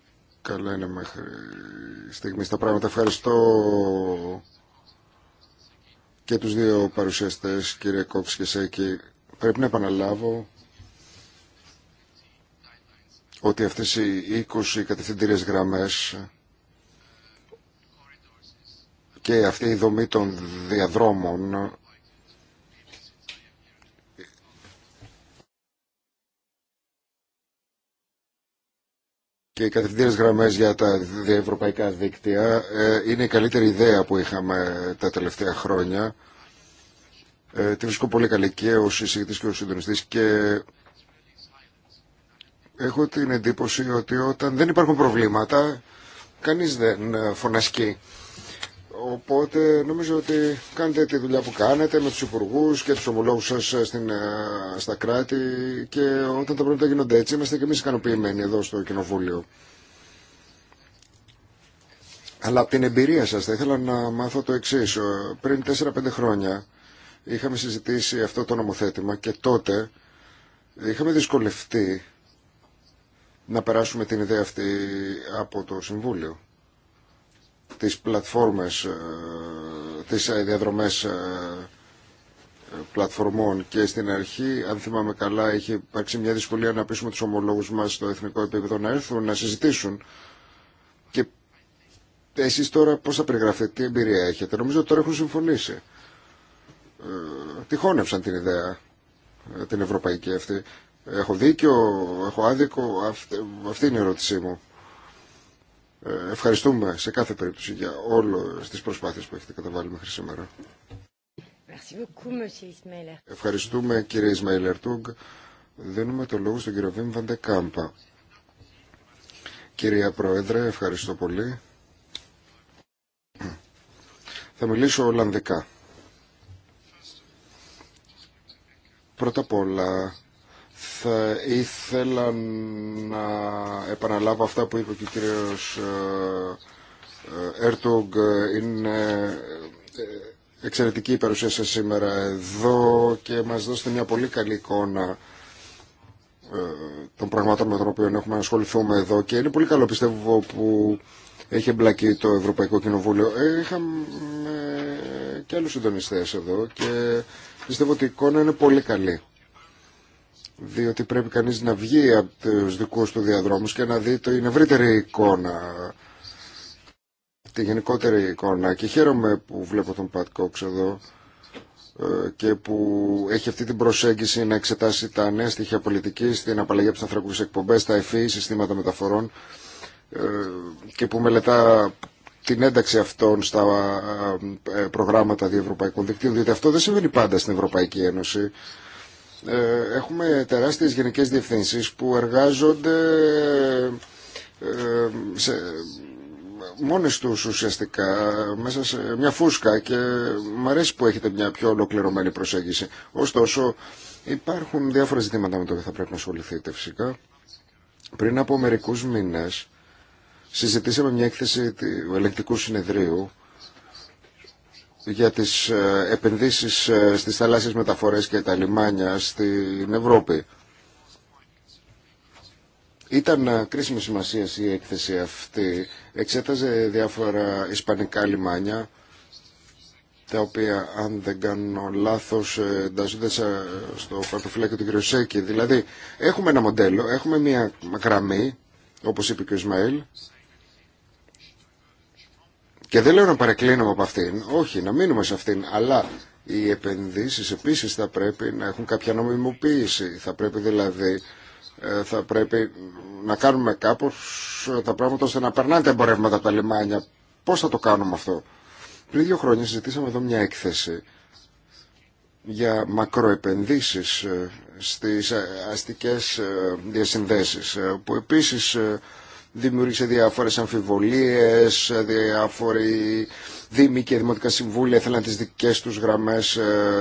S1: καλά είναι μέχρι στιγμή τα πράγματα. Ευχαριστώ και τους δύο παρουσιαστές, κύριε Κόψ και Σέκη. Πρέπει να επαναλάβω ότι αυτές οι 20 κατευθυντήριες γραμμές και αυτή η δομή των διαδρόμων και οι κατευθυντήρες γραμμές για τα διευρωπαϊκά δίκτυα ε, είναι η καλύτερη ιδέα που είχαμε τα τελευταία χρόνια ε, τη βρίσκω πολύ καλή και ο συζητητή και ο συντονιστής και έχω την εντύπωση ότι όταν δεν υπάρχουν προβλήματα κανείς δεν ε, φωνασκεί. Οπότε νομίζω ότι κάνετε τη δουλειά που κάνετε με τους υπουργού και τους ομολόγους σας ε, στην, ε, στα κράτη και όταν τα πράγματα γίνονται έτσι είμαστε και εμείς ικανοποιημένοι εδώ στο Κοινοβούλιο. Αλλά από την εμπειρία σας θα ήθελα να μάθω το εξής. Πριν 4-5 χρόνια είχαμε συζητήσει αυτό το νομοθέτημα και τότε είχαμε δυσκολευτεί να περάσουμε την ιδέα αυτή από το Συμβούλιο. Τις πλατφόρμες, ε, τις ε, διαδρομές ε, πλατφορμών και στην αρχή, αν θυμάμαι καλά, είχε υπάρξει μια δυσκολία να πείσουμε τους ομολόγους μας στο εθνικό επίπεδο να έρθουν, να συζητήσουν. Και εσείς τώρα πώς θα περιγραφείτε, τι εμπειρία έχετε. Νομίζω τώρα έχουν συμφωνήσει. Ε, τυχόνευσαν την ιδέα ε, την ευρωπαϊκή αυτή. Έχω δίκιο, έχω άδικο, αυτή, αυτή είναι η ερώτησή μου. Ε, ευχαριστούμε σε κάθε περίπτωση για όλο τις προσπάθειες που έχετε καταβάλει μέχρι σήμερα. Ευχαριστούμε κύριε Ισμαήλ Ερτούγκ. Δίνουμε το λόγο στον κύριο Βίμ Βαντεκάμπα. Κυρία Πρόεδρε, ευχαριστώ πολύ. Θα μιλήσω Ολλανδικά. Πρώτα απ' όλα θα ήθελα να επαναλάβω αυτά που είπε και ο κύριος Έρτογκ. Ε, ε, είναι ε, εξαιρετική η παρουσία σας σήμερα εδώ και μας δώσετε μια πολύ καλή εικόνα των πραγμάτων με τον οποίο έχουμε να ασχοληθούμε εδώ και είναι πολύ καλό πιστεύω που έχει εμπλακεί το Ευρωπαϊκό Κοινοβούλιο. Είχαμε και άλλους συντονιστές εδώ και Πιστεύω ότι η εικόνα είναι πολύ καλή. Διότι πρέπει κανείς να βγει από τους δικούς του διαδρόμους και να δει την ευρύτερη εικόνα, τη γενικότερη εικόνα. Και χαίρομαι που βλέπω τον Πατ Κόξ εδώ ε, και που έχει αυτή την προσέγγιση να εξετάσει τα νέα στοιχεία πολιτικής, την απαλλαγή από τις ανθρακούς εκπομπές, τα ΕΦΗ, συστήματα μεταφορών ε, και που μελετά την ένταξη αυτών στα ε, προγράμματα διευρωπαϊκών δικτύων, διότι αυτό δεν συμβαίνει πάντα στην Ευρωπαϊκή Ένωση. Ε, έχουμε τεράστιες γενικές διευθύνσεις που εργάζονται ε, σε μόνες τους ουσιαστικά μέσα σε μια φούσκα και μου αρέσει που έχετε μια πιο ολοκληρωμένη προσέγγιση. Ωστόσο υπάρχουν διάφορα ζητήματα με τα οποία θα πρέπει να ασχοληθείτε φυσικά. Πριν από μερικούς μήνες συζητήσαμε μια έκθεση του Ελεκτικού συνεδρίου για τις ε, επενδύσεις ε, στις θαλάσσιες μεταφορές και τα λιμάνια στην Ευρώπη. Ήταν ε, κρίσιμη σημασία η έκθεση αυτή. Εξέταζε διάφορα ισπανικά λιμάνια, τα οποία, αν δεν κάνω λάθος, εντάσσονται στο χαρτοφυλάκιο του κ. Σέκη. Δηλαδή, έχουμε ένα μοντέλο, έχουμε μια γραμμή, όπως είπε και ο Ισμαήλ, και δεν λέω να παρεκκλίνουμε από αυτήν, όχι, να μείνουμε σε αυτήν, αλλά οι επενδύσεις επίσης θα πρέπει να έχουν κάποια νομιμοποίηση. Θα πρέπει δηλαδή ε, θα πρέπει να κάνουμε κάπως ε, τα πράγματα ώστε να περνάνε τα εμπορεύματα από τα λιμάνια. Πώς θα το κάνουμε αυτό. Πριν δύο χρόνια συζητήσαμε εδώ μια έκθεση για μακροεπενδύσεις ε, στις αστικές διασυνδέσεις που επίσης δημιούργησε διάφορες αμφιβολίες, διάφοροι δήμοι και δημοτικά συμβούλια θέλαν τις δικές τους γραμμές ε,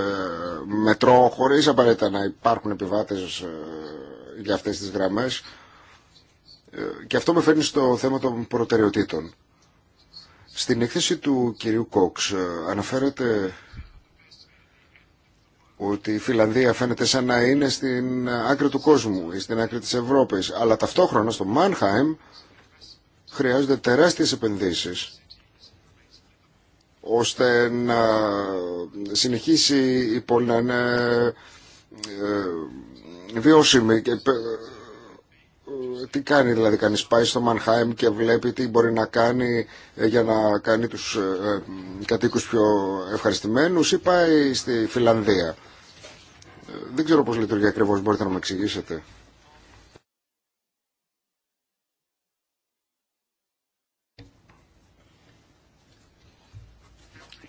S1: μετρό χωρίς απαραίτητα να υπάρχουν επιβάτες ε, για αυτές τις γραμμές. Ε, και αυτό με φέρνει στο θέμα των προτεραιοτήτων. Στην έκθεση του κυρίου Κόξ αναφέρεται ότι η Φιλανδία φαίνεται σαν να είναι στην άκρη του κόσμου ή στην άκρη της Ευρώπης, αλλά ταυτόχρονα στο Μάνχαεμ χρειάζονται τεράστιες επενδύσεις ώστε να συνεχίσει η πόλη να είναι ε, ε, βιώσιμη. Ε, τι κάνει δηλαδή κανείς πάει στο Μανχάιμ και βλέπει τι μπορεί να κάνει για να κάνει τους κατοίκους πιο ευχαριστημένους ή πάει στη Φιλανδία δεν ξέρω πώς λειτουργεί ακριβώς, μπορείτε να μου εξηγήσετε.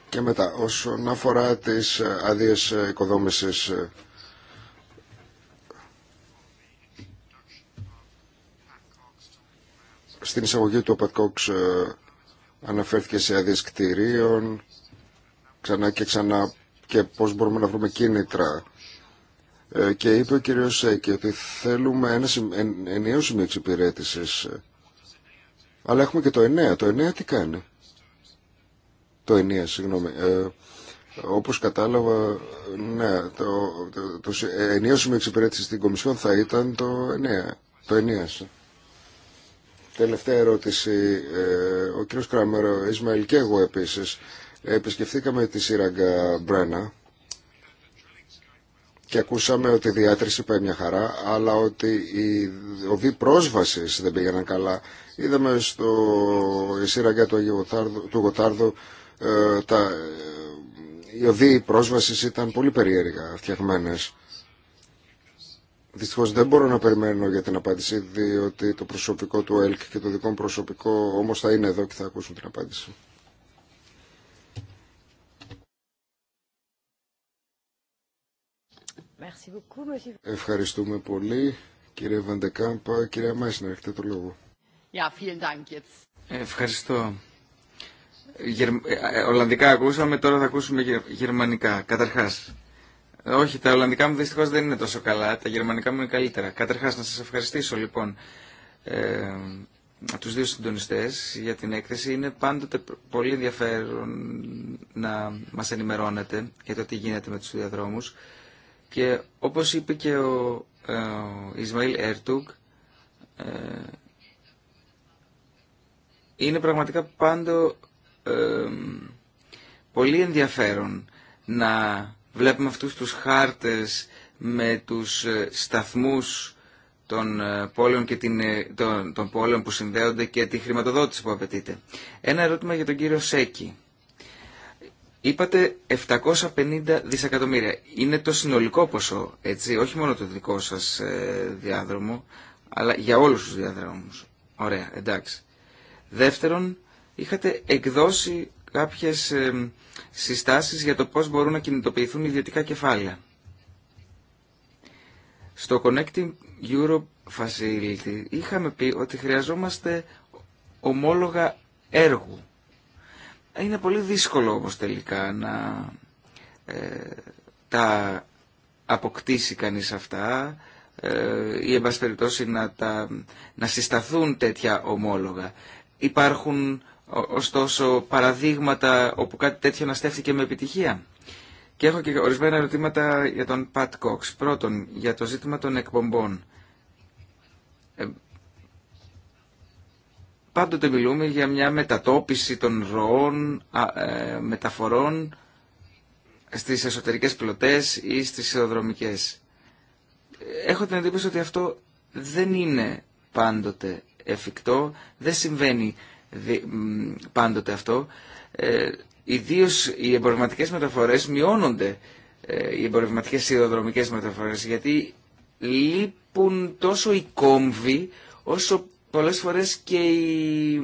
S1: Και μετά, όσον αφορά τις άδειες ε, ε, οικοδόμησης, ε, στην εισαγωγή του ο Πατκόξ αναφέρθηκε σε άδειε κτηρίων, ξανά και ξανά και πώς μπορούμε να βρούμε κίνητρα ε, και είπε ο κύριος Σέκη ότι θέλουμε ένα ενιαίο σημείο εξυπηρέτησης. Αλλά έχουμε και το εννέα. Το εννέα τι κάνει. Το εννέα, συγγνώμη. Ε, όπως κατάλαβα, ναι, το, το, το, το ε, ενιαίο σημείο εξυπηρέτηση στην Κομισιόν θα ήταν το εννέα. Το 9. Τελευταία ερώτηση. Ε, ο κύριος Κράμερο, Ισμαήλ και εγώ επίσης, επισκεφθήκαμε τη σύραγγα Μπρένα και ακούσαμε ότι η διάτρηση πάει μια χαρά, αλλά ότι οι οδοί πρόσβαση δεν πήγαιναν καλά. Είδαμε στο σύραγγα του Γοτάρδου, ε, τα, οι ε, οδοί πρόσβαση ήταν πολύ περίεργα φτιαγμένε. Δυστυχώ δεν μπορώ να περιμένω για την απάντηση, διότι το προσωπικό του ΕΛΚ και το δικό μου προσωπικό όμω θα είναι εδώ και θα ακούσουν την απάντηση. Ευχαριστούμε πολύ. Κύριε Βαντεκάμπα, κύριε Μάισνερ, έχετε το λόγο. Ευχαριστώ.
S4: Ε, ε, Ολλανδικά ακούσαμε, τώρα θα ακούσουμε γερμανικά. Καταρχά. όχι, τα Ολλανδικά μου δυστυχώ δεν είναι τόσο καλά. Τα Γερμανικά μου είναι καλύτερα. Καταρχά, να σα ευχαριστήσω λοιπόν ε, του δύο συντονιστέ για την έκθεση. Είναι πάντοτε πολύ ενδιαφέρον να μα ενημερώνετε για το τι γίνεται με του διαδρόμου. Και όπως είπε και ο, ε, ο Ισμαήλ Ερτούγκ, ε, είναι πραγματικά πάντο ε, πολύ ενδιαφέρον να βλέπουμε αυτούς τους χάρτες με τους σταθμούς των πόλεων, και την, των, των πόλεων που συνδέονται και τη χρηματοδότηση που απαιτείται. Ένα ερώτημα για τον κύριο Σέκη. Είπατε 750 δισεκατομμύρια. Είναι το συνολικό ποσό, έτσι, όχι μόνο το δικό σας ε, διάδρομο, αλλά για όλους τους διαδρόμους. Ωραία, εντάξει. Δεύτερον, είχατε εκδώσει κάποιες ε, συστάσεις για το πώς μπορούν να κινητοποιηθούν ιδιωτικά κεφάλαια. Στο Connecting Europe Facility είχαμε πει ότι χρειαζόμαστε ομόλογα έργου είναι πολύ δύσκολο όμως τελικά να ε, τα αποκτήσει κανείς αυτά ε, ή εν να, τα, να συσταθούν τέτοια ομόλογα. Υπάρχουν ωστόσο παραδείγματα όπου κάτι τέτοιο να στέφθηκε με επιτυχία. Και έχω και ορισμένα ερωτήματα για τον Πατ Κόξ. Πρώτον, για το ζήτημα των εκπομπών. Ε, πάντοτε μιλούμε για μια μετατόπιση των ροών ε, μεταφορών στις εσωτερικές πλωτές ή στις ισοδρομικές. Έχω την εντύπωση ότι αυτό δεν είναι πάντοτε εφικτό, δεν συμβαίνει πάντοτε αυτό. Ε, ιδίως οι εμπορευματικές μεταφορές μειώνονται, ε, οι εμπορευματικές ειδοδρομικές μεταφορές, γιατί λείπουν τόσο οι κόμβοι όσο πολλές φορές και η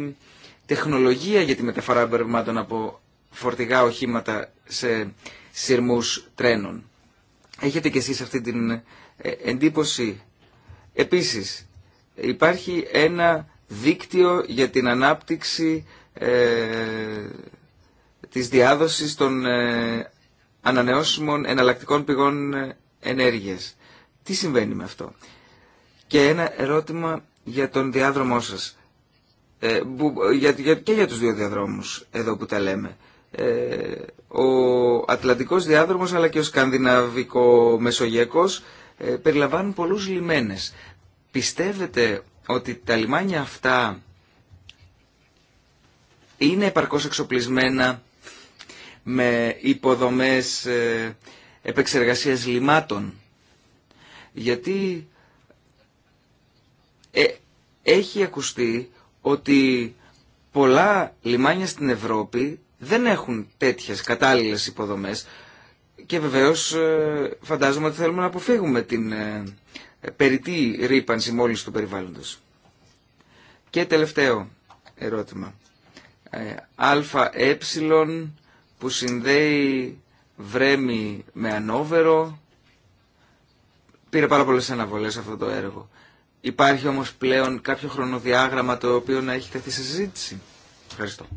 S4: τεχνολογία για τη μεταφορά εμπορευμάτων από φορτηγά οχήματα σε σειρμούς τρένων. Έχετε κι εσείς αυτή την ε, εντύπωση. Επίσης, υπάρχει ένα δίκτυο για την ανάπτυξη ε, της διάδοσης των ε, ανανεώσιμων εναλλακτικών πηγών ε, ενέργειας. Τι συμβαίνει με αυτό. Και ένα ερώτημα για τον διάδρομό σας. Ε, για, για, και για τους δύο διαδρόμους εδώ που τα λέμε. Ε, ο Ατλαντικός διάδρομος αλλά και ο Σκανδιναβικό-Μεσογειακός ε, περιλαμβάνουν πολλούς λιμένες. Πιστεύετε ότι τα λιμάνια αυτά είναι επαρκώς εξοπλισμένα με υποδομές επεξεργασίας λιμάτων. Γιατί ε, έχει ακουστεί ότι πολλά λιμάνια στην Ευρώπη δεν έχουν τέτοιες κατάλληλες υποδομές και βεβαίως ε, φαντάζομαι ότι θέλουμε να αποφύγουμε την ε, περιττή ρήπανση μόλις του περιβάλλοντος. Και τελευταίο ερώτημα. ΑΕ που συνδέει βρέμι με ανόβερο. Πήρε πάρα πολλές αναβολές αυτό το έργο. Υπάρχει όμως πλέον κάποιο χρονοδιάγραμμα το οποίο να έχει τεθεί σε συζήτηση. Ευχαριστώ.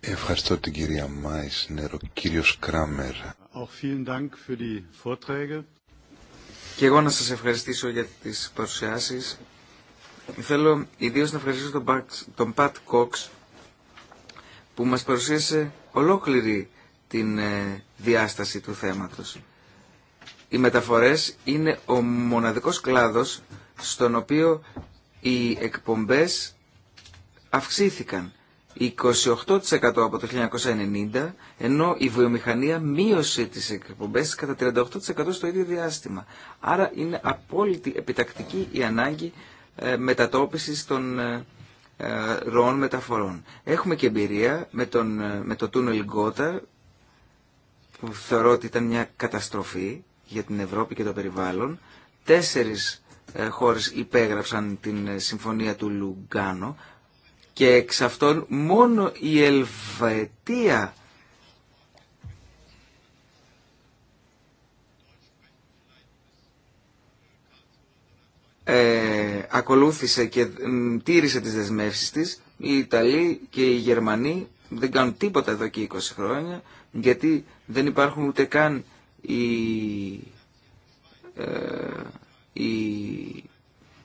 S3: Ευχαριστώ την κυρία Μάισνερ, ο κύριος Κράμερ.
S4: Και εγώ να σας ευχαριστήσω για τις παρουσιάσεις. Θέλω ιδίως να ευχαριστήσω τον Πατ Κόξ που μας παρουσίασε ολόκληρη την ε, διάσταση του θέματος. Οι μεταφορές είναι ο μοναδικός κλάδος στον οποίο οι εκπομπές αυξήθηκαν 28% από το 1990, ενώ η βιομηχανία μείωσε τις εκπομπές κατά 38% στο ίδιο διάστημα. Άρα είναι απόλυτη επιτακτική η ανάγκη ε, μετατόπισης των ε, ροών μεταφορών. Έχουμε και εμπειρία με, τον, με το τούνελ που θεωρώ ότι ήταν μια καταστροφή για την Ευρώπη και το περιβάλλον. Τέσσερις ε, χώρες υπέγραψαν την ε, συμφωνία του Λουγκάνο και εξ αυτών μόνο η Ελβετία ε, ακολούθησε και τήρησε τις δεσμεύσεις της. Οι Ιταλοί και οι Γερμανοί δεν κάνουν τίποτα εδώ και 20 χρόνια γιατί δεν υπάρχουν ούτε καν οι, ε,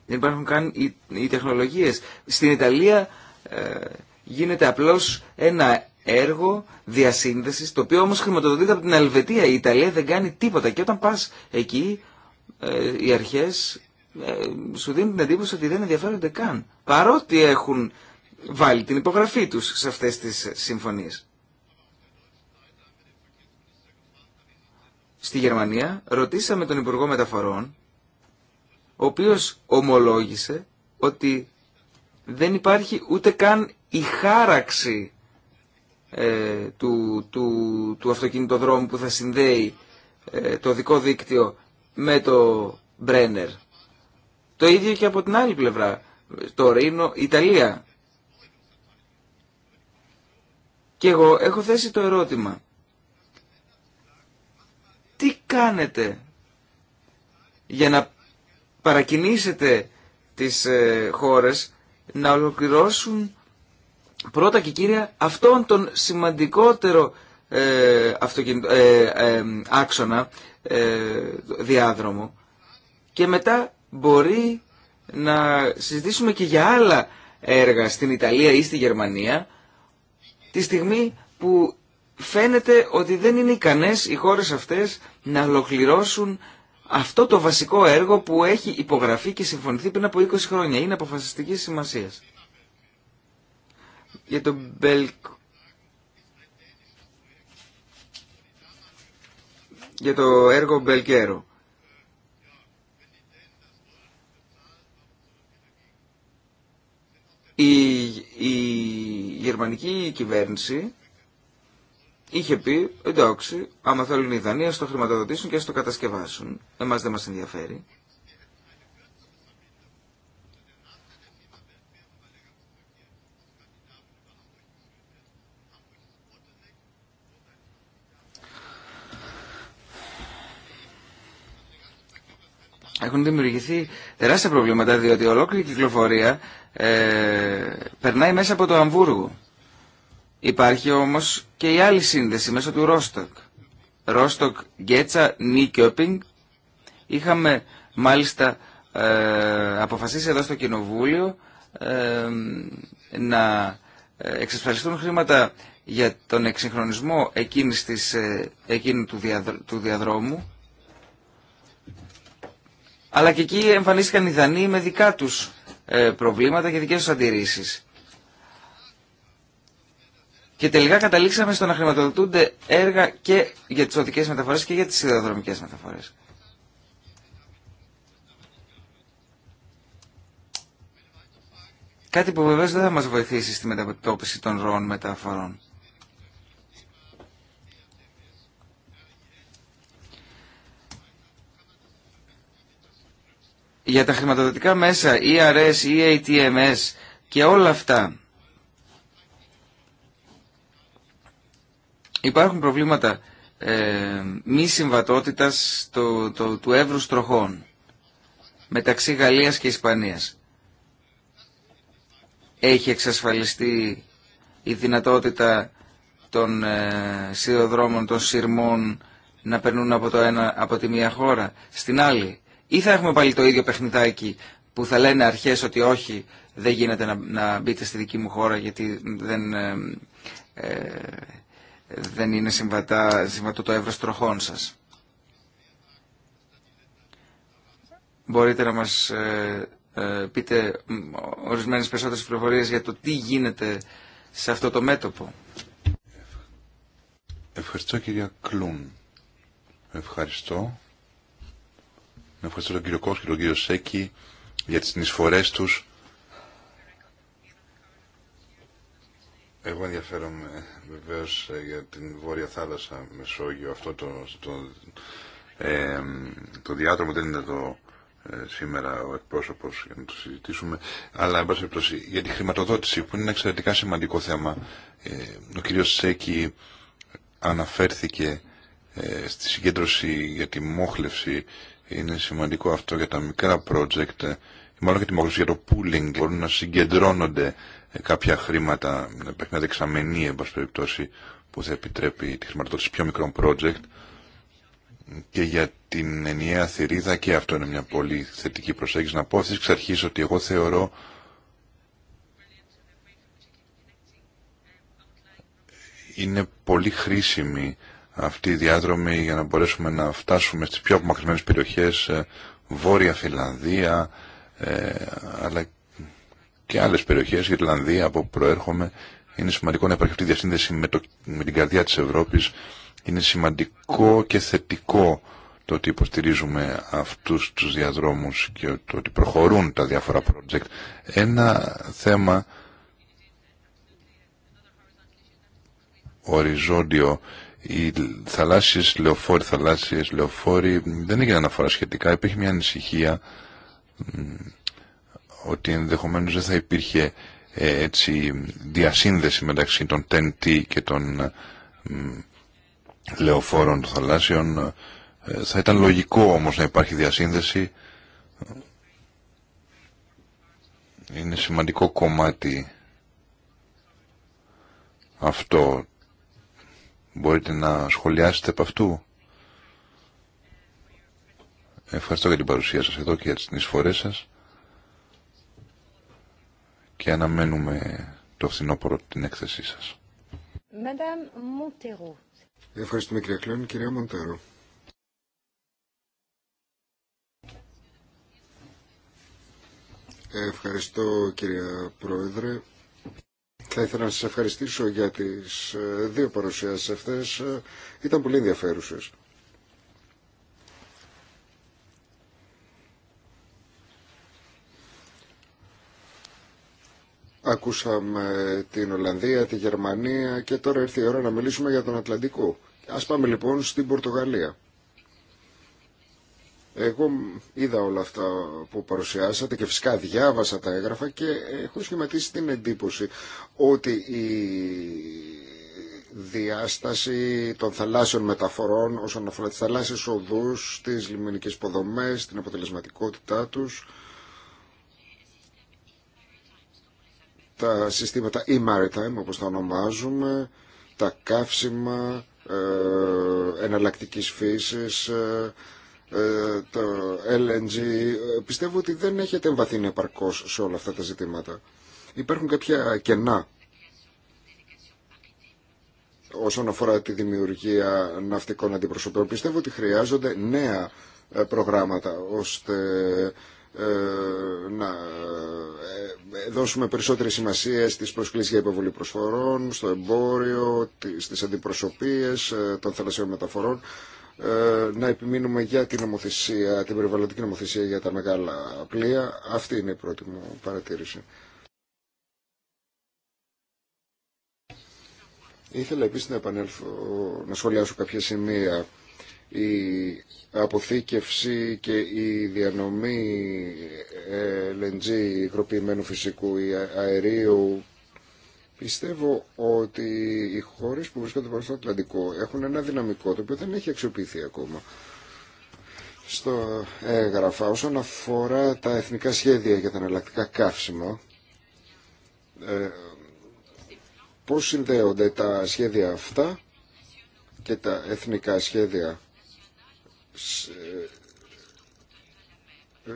S4: δεν υπάρχουν καν οι, τεχνολογίες. Στην Ιταλία ε, γίνεται απλώς ένα έργο διασύνδεσης, το οποίο όμως χρηματοδοτείται από την Ελβετία. Η Ιταλία δεν κάνει τίποτα και όταν πας εκεί ε, οι αρχές ε, σου δίνουν την εντύπωση ότι δεν ενδιαφέρονται καν. Παρότι έχουν βάλει την υπογραφή τους σε αυτές τις συμφωνίες. στη Γερμανία, ρωτήσαμε τον Υπουργό Μεταφορών, ο οποίος ομολόγησε ότι δεν υπάρχει ούτε καν η χάραξη ε, του, του, του αυτοκινητοδρόμου που θα συνδέει ε, το δικό δίκτυο με το Brenner. Το ίδιο και από την άλλη πλευρά, το Ρήνο, Ιταλία. Και εγώ έχω θέσει το ερώτημα τι κάνετε για να παρακινήσετε τις ε, χώρες να ολοκληρώσουν πρώτα και κύρια αυτόν τον σημαντικότερο ε, ε, ε άξονα διάδρομο και μετά μπορεί να συζητήσουμε και για άλλα έργα στην Ιταλία ή στη Γερμανία τη στιγμή που φαίνεται ότι δεν είναι ικανές οι χώρες αυτές να ολοκληρώσουν αυτό το βασικό έργο που έχει υπογραφεί και συμφωνηθεί πριν από 20 χρόνια. Είναι αποφασιστική σημασία. Για τον για το έργο Μπελκέρο. η γερμανική κυβέρνηση είχε πει εντάξει, άμα θέλουν οι Δανείοι το χρηματοδοτήσουν και το κατασκευάσουν. Εμάς δεν μας ενδιαφέρει. Έχουν δημιουργηθεί τεράστια προβλήματα διότι η ολόκληρη κυκλοφορία ε, περνάει μέσα από το Αμβούργο. Υπάρχει όμως και η άλλη σύνδεση μέσω του Ρόστοκ. Ρόστοκ, Γκέτσα, Νίκιόπινγκ. Είχαμε μάλιστα ε, αποφασίσει εδώ στο Κοινοβούλιο ε, να εξασφαλιστούν χρήματα για τον εξυγχρονισμό εκείνης της, ε, εκείνου του, διαδρόμου αλλά και εκεί εμφανίστηκαν οι Δανείοι με δικά τους προβλήματα και δικές τους αντιρρήσεις. Και τελικά καταλήξαμε στο να χρηματοδοτούνται έργα και για τις οδικές μεταφορές και για τις σιδηροδρομικές μεταφορές. Κάτι που βεβαίως δεν θα μας βοηθήσει στη μεταπιτώπιση των ροών μεταφορών. Για τα χρηματοδοτικά μέσα, ERS, EATMS και όλα αυτά Υπάρχουν προβλήματα ε, μη συμβατότητας το, το, του εύρου τροχών μεταξύ Γαλλίας και Ισπανίας. Έχει εξασφαλιστεί η δυνατότητα των ε, των σειρμών να περνούν από, το ένα, από τη μία χώρα στην άλλη. Ή θα έχουμε πάλι το ίδιο παιχνιδάκι που θα λένε αρχές ότι όχι, δεν γίνεται να, να μπείτε στη δική μου χώρα γιατί δεν... Ε, ε, δεν είναι συμβατά, συμβατό το εύρος τροχών σας. Μπορείτε να μας ε, ε, πείτε ορισμένες περισσότερες πληροφορίες για το τι γίνεται σε αυτό το μέτωπο.
S3: Ευχαριστώ κυρία Κλούν. Ευχαριστώ. Ευχαριστώ τον κύριο Κόσκη, τον κύριο Σέκη για τις συνεισφορές τους Εγώ ενδιαφέρομαι βεβαίω ε, για την Βόρεια Θάλασσα, Μεσόγειο, αυτό το, το, ε, το διάδρομο δεν είναι εδώ ε, σήμερα ο εκπρόσωπο για να το συζητήσουμε, αλλά εν πάση για τη χρηματοδότηση που είναι ένα εξαιρετικά σημαντικό θέμα. Ε, ο κ. Σέκη αναφέρθηκε ε, στη συγκέντρωση για τη μόχλευση, είναι σημαντικό αυτό για τα μικρά project, μάλλον και τη μόχλευση για το pooling, μπορούν να συγκεντρώνονται ε, κάποια χρήματα, ε, να υπάρχει μια δεξαμενή, εν περιπτώσει, που θα επιτρέπει τη χρηματοδότηση πιο μικρών project. Και για την ενιαία θηρίδα και αυτό είναι μια πολύ θετική προσέγγιση. Να πω αυτή εξ αρχή ότι εγώ θεωρώ είναι πολύ χρήσιμη αυτή η διάδρομη για να μπορέσουμε να φτάσουμε στις πιο απομακρυσμένες περιοχές, ε, Βόρεια Φιλανδία, αλλά και άλλες περιοχές, η Ιρλανδία από που προέρχομαι, είναι σημαντικό να υπάρχει αυτή η διασύνδεση με, το, με την καρδιά της Ευρώπης. Είναι σημαντικό και θετικό το ότι υποστηρίζουμε αυτούς τους διαδρόμους και το ότι προχωρούν τα διάφορα project. Ένα θέμα οριζόντιο, οι θαλάσσιες λεωφόροι, θαλάσσιες λεωφόροι δεν έγινε αναφορά σχετικά, υπήρχε μια ανησυχία ότι ενδεχομένως δεν θα υπήρχε ε, έτσι διασύνδεση μεταξύ των TNT και των λεωφόρων των θαλάσσιων. Ε, θα ήταν λογικό όμως να υπάρχει διασύνδεση. Είναι σημαντικό κομμάτι αυτό. Μπορείτε να σχολιάσετε από αυτού. Ευχαριστώ για την παρουσία σας εδώ και για τις εισφορές σας και αναμένουμε το φθινόπωρο την έκθεσή σας.
S1: Ευχαριστούμε κυρία Κλέον. Κυρία Μοντέρο. Ευχαριστώ κυρία Πρόεδρε. Θα ήθελα να σας ευχαριστήσω για τις ε, δύο παρουσιάσεις αυτές. Ε, ήταν πολύ ενδιαφέρουσες. Ακούσαμε την Ολλανδία, τη Γερμανία και τώρα ήρθε η ώρα να μιλήσουμε για τον Ατλαντικό. Ας πάμε λοιπόν στην Πορτογαλία. Εγώ είδα όλα αυτά που παρουσιάσατε και φυσικά διάβασα τα έγγραφα και έχω σχηματίσει την εντύπωση ότι η διάσταση των θαλάσσιων μεταφορών όσον αφορά τις θαλάσσιες οδούς, τις λιμενικές υποδομές, την αποτελεσματικότητά τους τα συστήματα e-maritime όπως τα ονομάζουμε, τα καύσιμα ε, εναλλακτικής φύσης, ε, ε, το LNG. Πιστεύω ότι δεν έχετε εμβαθύνει επαρκώς σε όλα αυτά τα ζητήματα. Υπάρχουν κάποια κενά όσον αφορά τη δημιουργία ναυτικών αντιπροσωπών. Πιστεύω ότι χρειάζονται νέα ε, προγράμματα ώστε ε, να ε, ε, δώσουμε περισσότερη σημασία στις προσκλήσεις για υποβολή προσφορών, στο εμπόριο, στις αντιπροσωπείες των θαλασσιών μεταφορών, να επιμείνουμε για την, νομοθεσία, την περιβαλλοντική νομοθεσία για τα μεγάλα πλοία. Αυτή είναι η πρώτη μου παρατήρηση. Ήθελα επίσης να επανέλθω, να σχολιάσω κάποια σημεία η αποθήκευση και η διανομή ε, LNG υγροποιημένου φυσικού ή αερίου Πιστεύω ότι οι χώρες που βρίσκονται προς το Ατλαντικό έχουν ένα δυναμικό το οποίο δεν έχει αξιοποιηθεί ακόμα στο έγγραφα. Όσον αφορά τα εθνικά σχέδια για τα εναλλακτικά καύσιμα, ε, πώς συνδέονται τα σχέδια αυτά και τα εθνικά σχέδια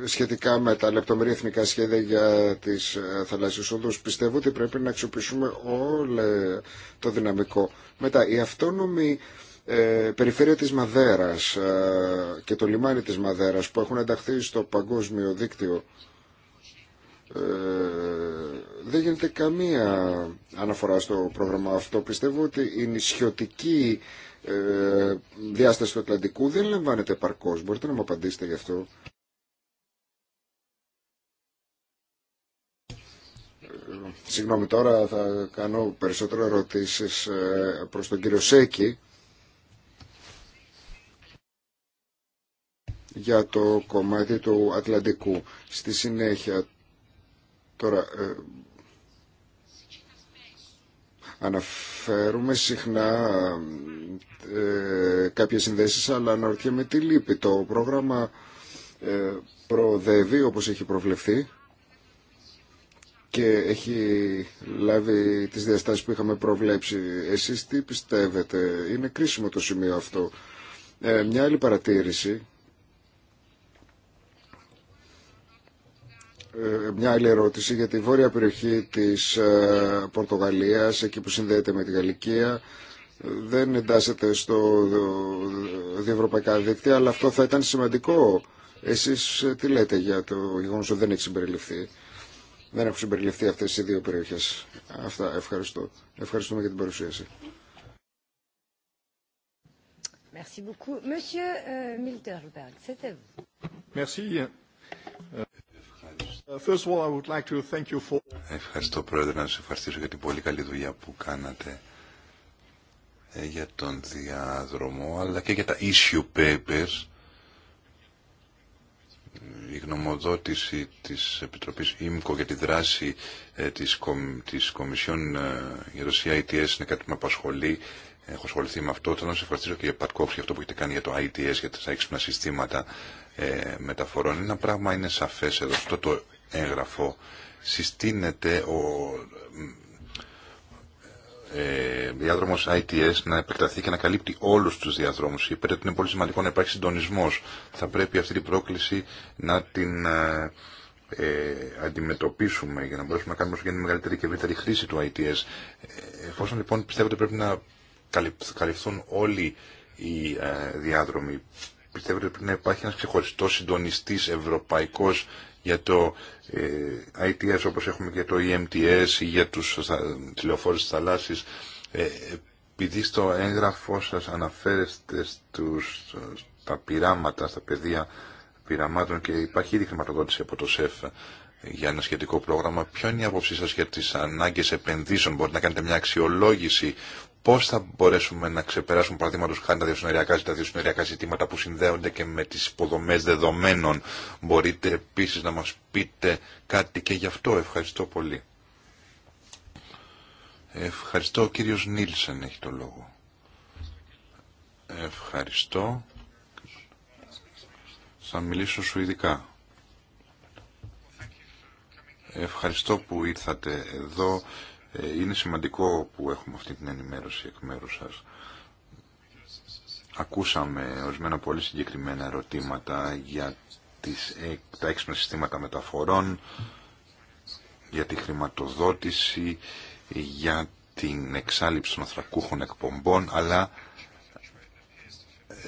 S1: σχετικά με τα λεπτομερή εθνικά σχέδια για τις ε, θαλάσσιες οδούς. Πιστεύω ότι πρέπει να αξιοποιήσουμε όλο το δυναμικό. Μετά, η αυτόνομη ε, περιφέρεια της Μαδέρας ε, και το λιμάνι της Μαδέρας που έχουν ενταχθεί στο παγκόσμιο δίκτυο ε, δεν γίνεται καμία αναφορά στο πρόγραμμα αυτό. Πιστεύω ότι η νησιωτική ε, διάσταση του Ατλαντικού δεν λαμβάνεται επαρκώς. Μπορείτε να μου απαντήσετε γι' αυτό. Ε, συγγνώμη τώρα θα κάνω περισσότερο ερωτήσεις ε, προς τον κύριο Σέκη για το κομμάτι του Ατλαντικού. Στη συνέχεια τώρα Αναφέρουμε συχνά ε, κάποιες συνδέσεις, αλλά αναρωτιέμαι τι λείπει. Το πρόγραμμα ε, προοδεύει όπως έχει προβλεφθεί και έχει λάβει τις διαστάσεις που είχαμε προβλέψει. Εσείς τι πιστεύετε, είναι κρίσιμο το σημείο αυτό. Ε, μια άλλη παρατήρηση Ε, μια άλλη ερώτηση για τη βόρεια περιοχή της ε, Πορτογαλίας, εκεί που συνδέεται με τη Γαλλικία, δεν εντάσσεται στο διευρωπαϊκά δίκτυα, αλλά αυτό θα ήταν σημαντικό. Εσείς ε, τι λέτε για το γεγονό ότι δεν έχει συμπεριληφθεί. Δεν έχουν συμπεριληφθεί αυτές οι δύο περιοχές. Αυτά ευχαριστώ. Ευχαριστούμε για την παρουσίαση.
S2: Merci beaucoup. Monsieur euh, Milterberg, c'était
S3: Merci. Ευχαριστώ Πρόεδρε να σας ευχαριστήσω για την πολύ καλή δουλειά που κάνατε ε, για τον διάδρομο αλλά και για τα issue papers η γνωμοδότηση της Επιτροπής ΙΜΚΟ για τη δράση ε, της, Κομ, της Κομισιόν ε, για το CITS είναι κάτι που με απασχολεί έχω ασχοληθεί με αυτό. Θέλω να σα ευχαριστήσω και για Πατκόφ για αυτό που έχετε κάνει για το ITS, για τα έξυπνα συστήματα ε, μεταφορών. Ένα πράγμα είναι σαφέ εδώ. Αυτό το έγγραφο συστήνεται ο ε, ε διάδρομος ITS να επεκταθεί και να καλύπτει όλους τους διαδρόμους. Είπατε ότι είναι πολύ σημαντικό να υπάρχει συντονισμός. Θα πρέπει αυτή την πρόκληση να την ε, ε, αντιμετωπίσουμε για να μπορέσουμε να κάνουμε όσο γίνεται μεγαλύτερη και ευρύτερη χρήση του ITS. Εφόσον λοιπόν πιστεύετε πρέπει να καλυφθούν όλοι οι ε, διάδρομοι, πιστεύετε πρέπει να υπάρχει ένας ξεχωριστός συντονιστής ευρωπαϊκός για το ε, ITS όπως έχουμε και το EMTS ή για τους τηλεοφόρους της θαλάσσης ε, επειδή στο έγγραφό σας αναφέρεστε στους, στα πειράματα, στα πεδία πειραμάτων και υπάρχει ήδη χρηματοδότηση από το ΣΕΦ για ένα σχετικό πρόγραμμα. Ποια είναι η άποψή σας για τις ανάγκες επενδύσεων. Μπορείτε να κάνετε μια αξιολόγηση πώ θα μπορέσουμε να ξεπεράσουμε παραδείγματο χάρη τα διασυνοριακά, τα ζητήματα που συνδέονται και με τι υποδομέ δεδομένων. Μπορείτε επίση να μα πείτε κάτι και γι' αυτό. Ευχαριστώ πολύ. Ευχαριστώ. Ο κύριο Νίλσεν έχει το λόγο. Ευχαριστώ. Θα μιλήσω σου ειδικά. Ευχαριστώ που ήρθατε εδώ. Ε, είναι σημαντικό που έχουμε αυτή την ενημέρωση εκ μέρους σας. Ακούσαμε ορισμένα πολύ συγκεκριμένα ερωτήματα για τις, ε, τα έξυπνα συστήματα μεταφορών, για τη χρηματοδότηση, για την εξάλληψη των ανθρακούχων εκπομπών, αλλά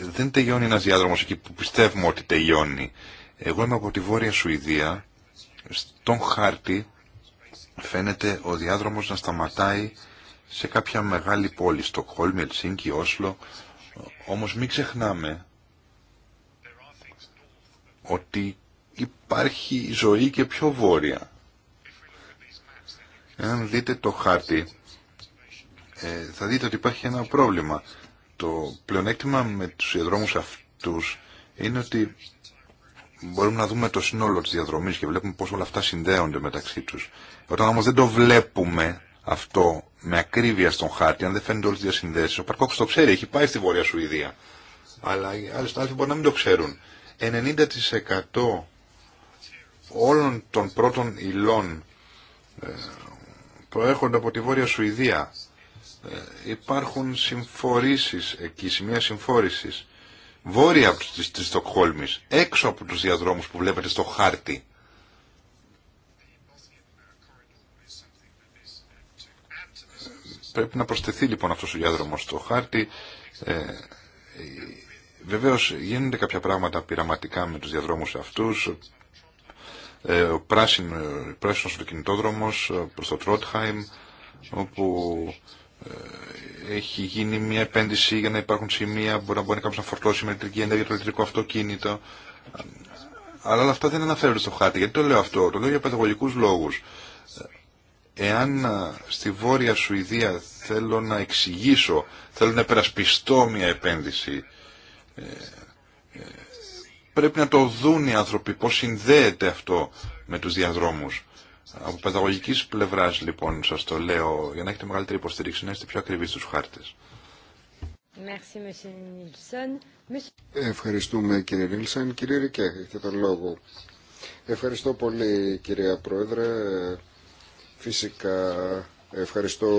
S3: δεν τελειώνει ένας διάδρομος εκεί που πιστεύουμε ότι τελειώνει. Εγώ είμαι από τη Βόρεια Σουηδία, στον χάρτη φαίνεται ο διάδρομος να σταματάει σε κάποια μεγάλη πόλη, Στοκχόλμη, Ελσίνκη, Όσλο. Όμως μην ξεχνάμε ότι υπάρχει ζωή και πιο βόρεια. Εάν δείτε το χάρτη, ε, θα δείτε ότι υπάρχει ένα πρόβλημα. Το πλεονέκτημα με τους διαδρόμους αυτούς είναι ότι μπορούμε να δούμε το σύνολο της διαδρομής και βλέπουμε πώς όλα αυτά συνδέονται μεταξύ τους. Όταν όμως δεν το βλέπουμε αυτό με ακρίβεια στον χάρτη, αν δεν φαίνονται όλες τις διασυνδέσεις, ο Παρκόκος το ξέρει, έχει πάει στη Βόρεια Σουηδία, αλλά οι άλλοι μπορεί να μην το ξέρουν. 90% όλων των πρώτων υλών ε, προέρχονται από τη Βόρεια Σουηδία. Ε, υπάρχουν συμφορήσεις εκεί, σημεία συμφόρησης βόρεια από τις, της έξω από τους διαδρόμους που βλέπετε στο χάρτη. Πρέπει να προσθεθεί λοιπόν αυτός ο διάδρομος στο χάρτη. Ε, βεβαίως γίνονται κάποια πράγματα πειραματικά με τους διαδρόμους αυτούς. Ε, ο πράσινο, πράσινος κινητόδρομος ε, προς το Τρότχαιμ, όπου ε, έχει γίνει μια επένδυση για να υπάρχουν σημεία που να μπορεί κάποιο να φορτώσει με ηλεκτρική ενέργεια το ηλεκτρικό αυτοκίνητο. Αλλά όλα αυτά δεν αναφέρονται στο χάρτη. Γιατί το λέω αυτό, το λέω για παιδαγωγικού λόγου. Ε, εάν στη Βόρεια Σουηδία θέλω να εξηγήσω, θέλω να περασπιστώ μια επένδυση, ε, πρέπει να το δουν οι άνθρωποι πώ συνδέεται αυτό με του διαδρόμου. Από παιδαγωγική πλευρά, λοιπόν, σα το λέω, για να έχετε μεγαλύτερη υποστήριξη, να είστε πιο ακριβεί στου
S1: χάρτε. Ευχαριστούμε κύριε Νίλσεν. Κύριε Ρικέ, έχετε τον λόγο. Ευχαριστώ πολύ κυρία Πρόεδρε. Φυσικά ευχαριστώ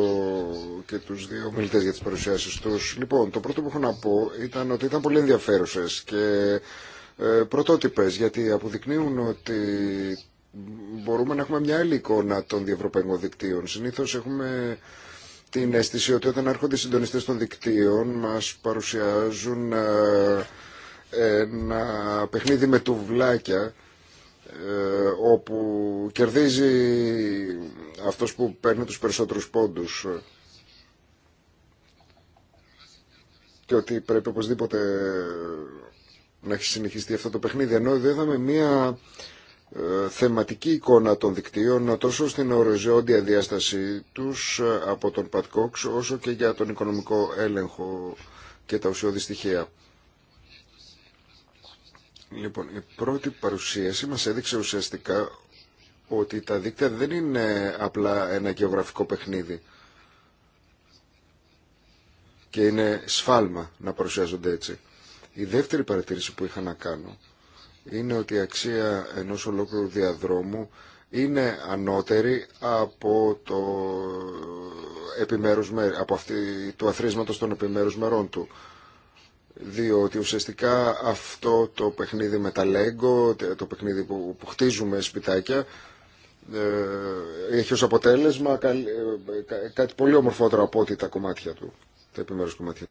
S1: και τους δύο μιλητές για τις παρουσιάσει τους. Λοιπόν, το πρώτο που έχω να πω ήταν ότι ήταν πολύ ενδιαφέρουσε και ε, πρωτότυπες γιατί αποδεικνύουν ότι μπορούμε να έχουμε μια άλλη εικόνα των διευρωπαϊκών δικτύων. Συνήθως έχουμε την αίσθηση ότι όταν έρχονται οι συντονιστές των δικτύων μας παρουσιάζουν ε, ένα παιχνίδι με τουβλάκια ε, όπου κερδίζει αυτός που παίρνει τους περισσότερους πόντους και ότι πρέπει οπωσδήποτε να έχει συνεχιστεί αυτό το παιχνίδι ενώ εδώ είδαμε μια θεματική εικόνα των δικτύων τόσο στην οριζόντια διάστασή τους ε, από τον Πατκόξ όσο και για τον οικονομικό έλεγχο και τα ουσιώδη στοιχεία. Λοιπόν, η πρώτη παρουσίαση μας έδειξε ουσιαστικά ότι τα δίκτυα δεν είναι απλά ένα γεωγραφικό παιχνίδι και είναι σφάλμα να παρουσιάζονται έτσι. Η δεύτερη παρατήρηση που είχα να κάνω είναι ότι η αξία ενός ολόκληρου διαδρόμου είναι ανώτερη από, το επιμέρους, από αυτή, το αθροίσματος των επιμέρους μερών του. Διότι ουσιαστικά αυτό το παιχνίδι με τα λέγκο, το παιχνίδι που, χτίζουμε σπιτάκια, ε, έχει ως αποτέλεσμα ε, κάτι πολύ ομορφότερο από ό,τι τα κομμάτια του, τα επιμέρους κομμάτια.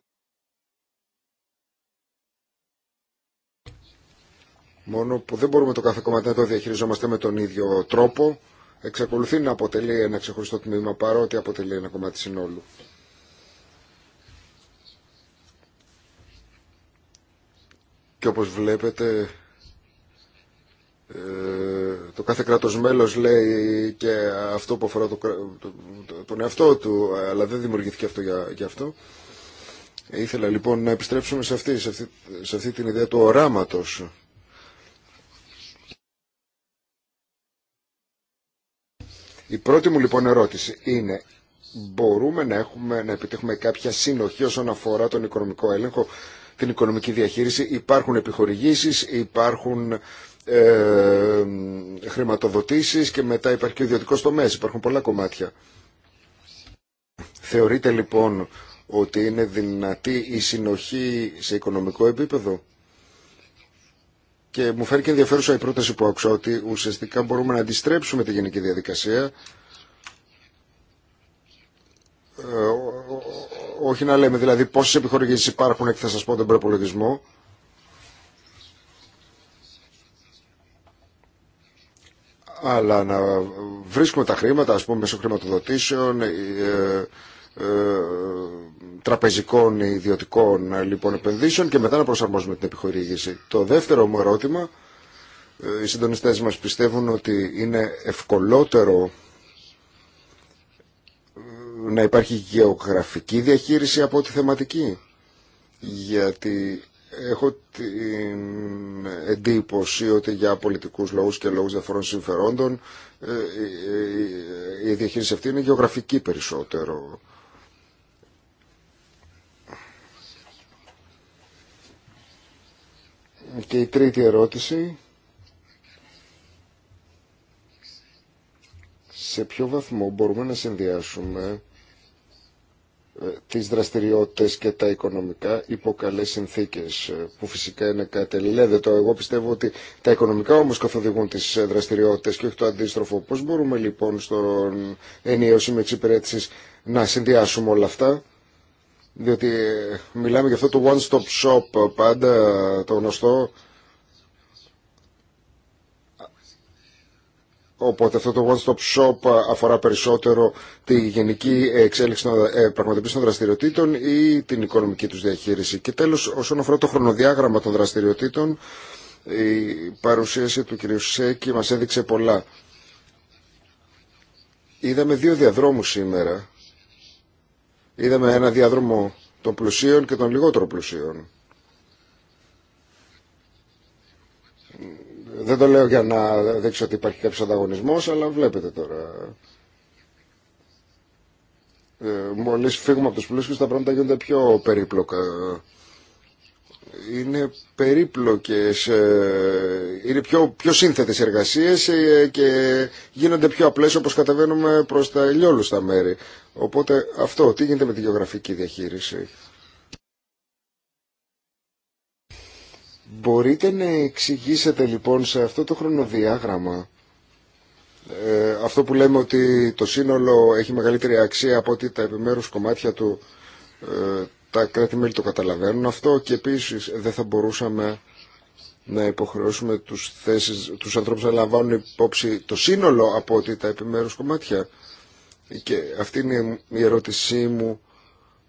S1: Μόνο που δεν μπορούμε το κάθε κομμάτι να το διαχειριζόμαστε με τον ίδιο τρόπο. Εξακολουθεί να αποτελεί ένα ξεχωριστό τμήμα παρότι αποτελεί ένα κομμάτι συνόλου. Και όπως βλέπετε ε, το κάθε κράτος μέλος λέει και αυτό που αφορά το, το, τον εαυτό του, αλλά δεν δημιουργήθηκε αυτό για, αυτό. Ήθελα λοιπόν να επιστρέψουμε σε αυτή, σε αυτή, σε αυτή την ιδέα του οράματος Η πρώτη μου λοιπόν ερώτηση είναι μπορούμε να, έχουμε, να επιτύχουμε κάποια συνοχή όσον αφορά τον οικονομικό έλεγχο, την οικονομική διαχείριση. Υπάρχουν επιχορηγήσεις, υπάρχουν ε, χρηματοδοτήσεις και μετά υπάρχει και ο ιδιωτικός τομέας. Υπάρχουν πολλά κομμάτια. Θεωρείτε λοιπόν ότι είναι δυνατή η συνοχή σε οικονομικό επίπεδο. Και μου φέρει και ενδιαφέρουσα η πρόταση που άκουσα ότι ουσιαστικά μπορούμε να αντιστρέψουμε τη γενική διαδικασία ε, όχι να λέμε δηλαδή πόσες επιχορηγήσεις υπάρχουν και θα σας πω τον προπολογισμό αλλά να βρίσκουμε τα χρήματα ας πούμε μέσω χρηματοδοτήσεων ε, ε, τραπεζικών ή ιδιωτικών ε, λοιπόν επενδύσεων και μετά να προσαρμόζουμε την επιχορήγηση. Το δεύτερο μου ερώτημα, ε, οι συντονιστές μας πιστεύουν ότι είναι ευκολότερο να υπάρχει γεωγραφική διαχείριση από τη θεματική. Γιατί έχω την εντύπωση ότι για πολιτικούς λόγους και λόγους διαφορών συμφερόντων η διαχείριση αυτή είναι γεωγραφική περισσότερο. Και η τρίτη ερώτηση. Σε ποιο βαθμό μπορούμε να συνδυάσουμε ε, τις δραστηριότητες και τα οικονομικά υπό καλές συνθήκες ε, που φυσικά είναι κάτι το Εγώ πιστεύω ότι τα οικονομικά όμως καθοδηγούν τις ε, δραστηριότητες και όχι το αντίστροφο. Πώς μπορούμε λοιπόν στον με τις εξυπηρέτησης να συνδυάσουμε όλα αυτά διότι μιλάμε για αυτό το one-stop shop πάντα, το γνωστό. Οπότε αυτό το one-stop shop αφορά περισσότερο τη γενική εξέλιξη των ε, των δραστηριοτήτων ή την οικονομική τους διαχείριση. Και τέλος, όσον αφορά το χρονοδιάγραμμα των δραστηριοτήτων, η παρουσίαση του κ. Σέκη μας έδειξε πολλά. Είδαμε δύο διαδρόμους σήμερα Είδαμε ένα διάδρομο των πλουσίων και των λιγότερο πλουσίων. Δεν το λέω για να δείξω ότι υπάρχει κάποιος ανταγωνισμός, αλλά βλέπετε τώρα. Ε, μόλις φύγουμε από τους πλούσιους τα πράγματα γίνονται πιο περίπλοκα είναι περίπλοκες, ε, είναι πιο, πιο σύνθετες εργασίες ε, και γίνονται πιο απλές όπως καταβαίνουμε προς τα στα μέρη. Οπότε αυτό, τι γίνεται με τη γεωγραφική διαχείριση. Μπορείτε να εξηγήσετε λοιπόν σε αυτό το χρονοδιάγραμμα ε, αυτό που λέμε ότι το σύνολο έχει μεγαλύτερη αξία από ότι τα επιμέρους κομμάτια του ε, τα κράτη-μέλη το καταλαβαίνουν αυτό και επίσης δεν θα μπορούσαμε να υποχρεώσουμε τους, θέσεις, τους ανθρώπους να λαμβάνουν υπόψη το σύνολο από ότι τα επιμέρους κομμάτια. Και αυτή είναι η ερώτησή μου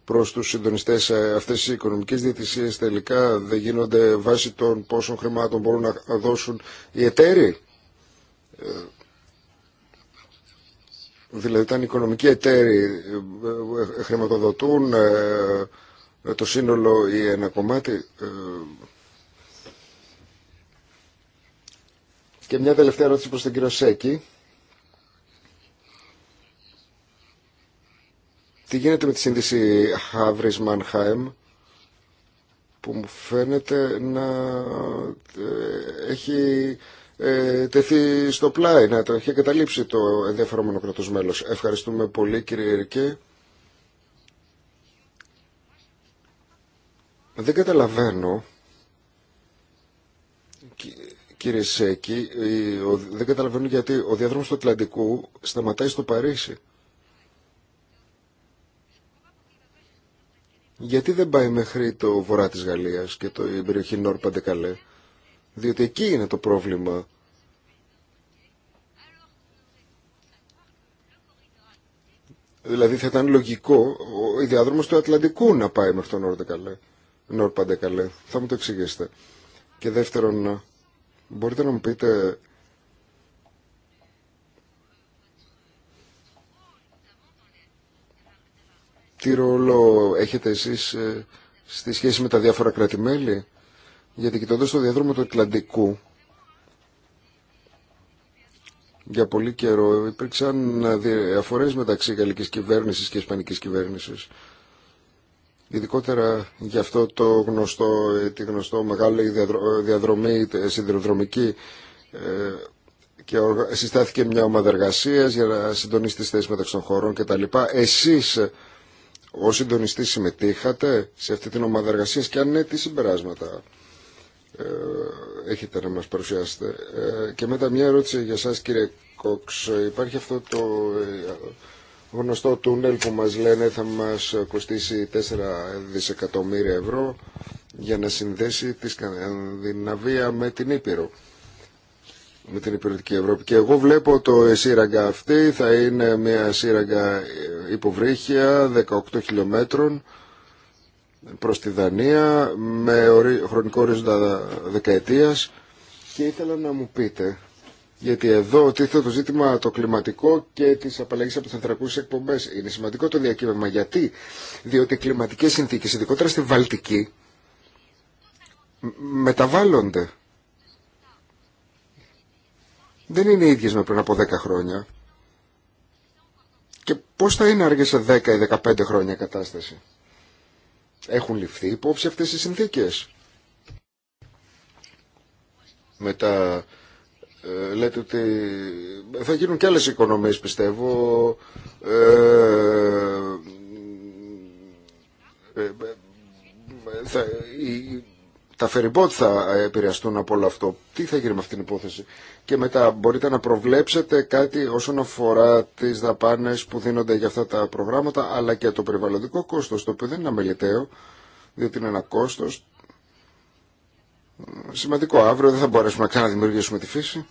S1: προς τους συντονιστές. Ε, αυτές οι οικονομικές διατησίε τελικά δεν γίνονται βάσει των πόσων χρημάτων μπορούν να δώσουν οι εταίροι. Ε, δηλαδή, όταν οι οικονομικοί εταίροι ε, χρηματοδοτούν το σύνολο ή ένα κομμάτι. Ε, και μια τελευταία ερώτηση προς τον κύριο Σέκη. Τι γίνεται με τη συνδεση havris Χαύρις-Μανχάιμ που μου φαίνεται να ε, έχει ε, τεθεί στο πλάι, να το έχει καταλήψει το ενδιαφερόμενο κρατός μέλος. Ευχαριστούμε πολύ κύριε Ερικέ. Δεν καταλαβαίνω, κύριε Σέκη, δεν καταλαβαίνω γιατί ο διάδρομος του Ατλαντικού σταματάει στο Παρίσι. Γιατί δεν πάει μέχρι το βορρά της Γαλλίας και το, περιοχή Νόρ Παντεκαλέ. Διότι εκεί είναι το πρόβλημα. Δηλαδή θα ήταν λογικό ο, διάδρομος του Ατλαντικού να πάει μέχρι τον Νόρ Παντεκαλέ. Νορ Παντεκαλέ. Θα μου το εξηγήσετε. Και δεύτερον, μπορείτε να μου πείτε τι ρόλο έχετε εσείς ε, στη σχέση με τα διάφορα κράτη-μέλη. Γιατί κοιτώντας το διαδρόμο του Ατλαντικού, για πολύ καιρό υπήρξαν ε, διαφορές μεταξύ γαλλικής κυβέρνησης και ισπανικής κυβέρνησης ειδικότερα για αυτό το γνωστό, ε, τη γνωστό μεγάλη διαδρομή ε, συνδυοδρομική ε, και συστάθηκε μια ομάδα εργασία για να συντονίσει τι θέσει μεταξύ των χωρών κτλ. Εσεί ω συντονιστή συμμετείχατε σε αυτή την ομάδα εργασία και αν ναι, τι συμπεράσματα έχετε να μας παρουσιάσετε. και μετά μια ερώτηση για σας κύριε Κόξ. Υπάρχει αυτό το γνωστό τούνελ που μας λένε θα μας κοστίσει 4 δισεκατομμύρια ευρώ για να συνδέσει τη Σκανδιναβία με την Ήπειρο με την υπηρετική Ευρώπη. Και εγώ βλέπω το σύραγγα αυτή θα είναι μια σύραγγα υποβρύχια 18 χιλιόμετρων προς τη Δανία με χρονικό ορίζοντα δεκαετίας και ήθελα να μου πείτε γιατί εδώ τίθεται το ζήτημα το κλιματικό και τη απαλλαγή από τι ανθρακούσε εκπομπέ. Είναι σημαντικό το διακύβευμα. Γιατί? Διότι οι κλιματικέ συνθήκε, ειδικότερα στη Βαλτική, μεταβάλλονται. Δεν είναι ίδιε με πριν από 10 χρόνια. Και πώ θα είναι άργε σε 10 ή 15 χρόνια η κατάσταση. Έχουν ληφθεί υπόψη αυτέ οι συνθήκε. Με τα ε, λέτε ότι θα γίνουν και άλλες οικονομίες πιστεύω ε, ε θα, τα φεριμπότ θα επηρεαστούν από όλο αυτό. Τι θα γίνει με αυτήν την υπόθεση. Και μετά μπορείτε να προβλέψετε κάτι όσον αφορά τις δαπάνες που δίνονται για αυτά τα προγράμματα αλλά και το περιβαλλοντικό κόστος το οποίο δεν είναι αμεληταίο διότι είναι ένα κόστος σημαντικό. Αύριο δεν θα μπορέσουμε να ξαναδημιουργήσουμε τη φύση.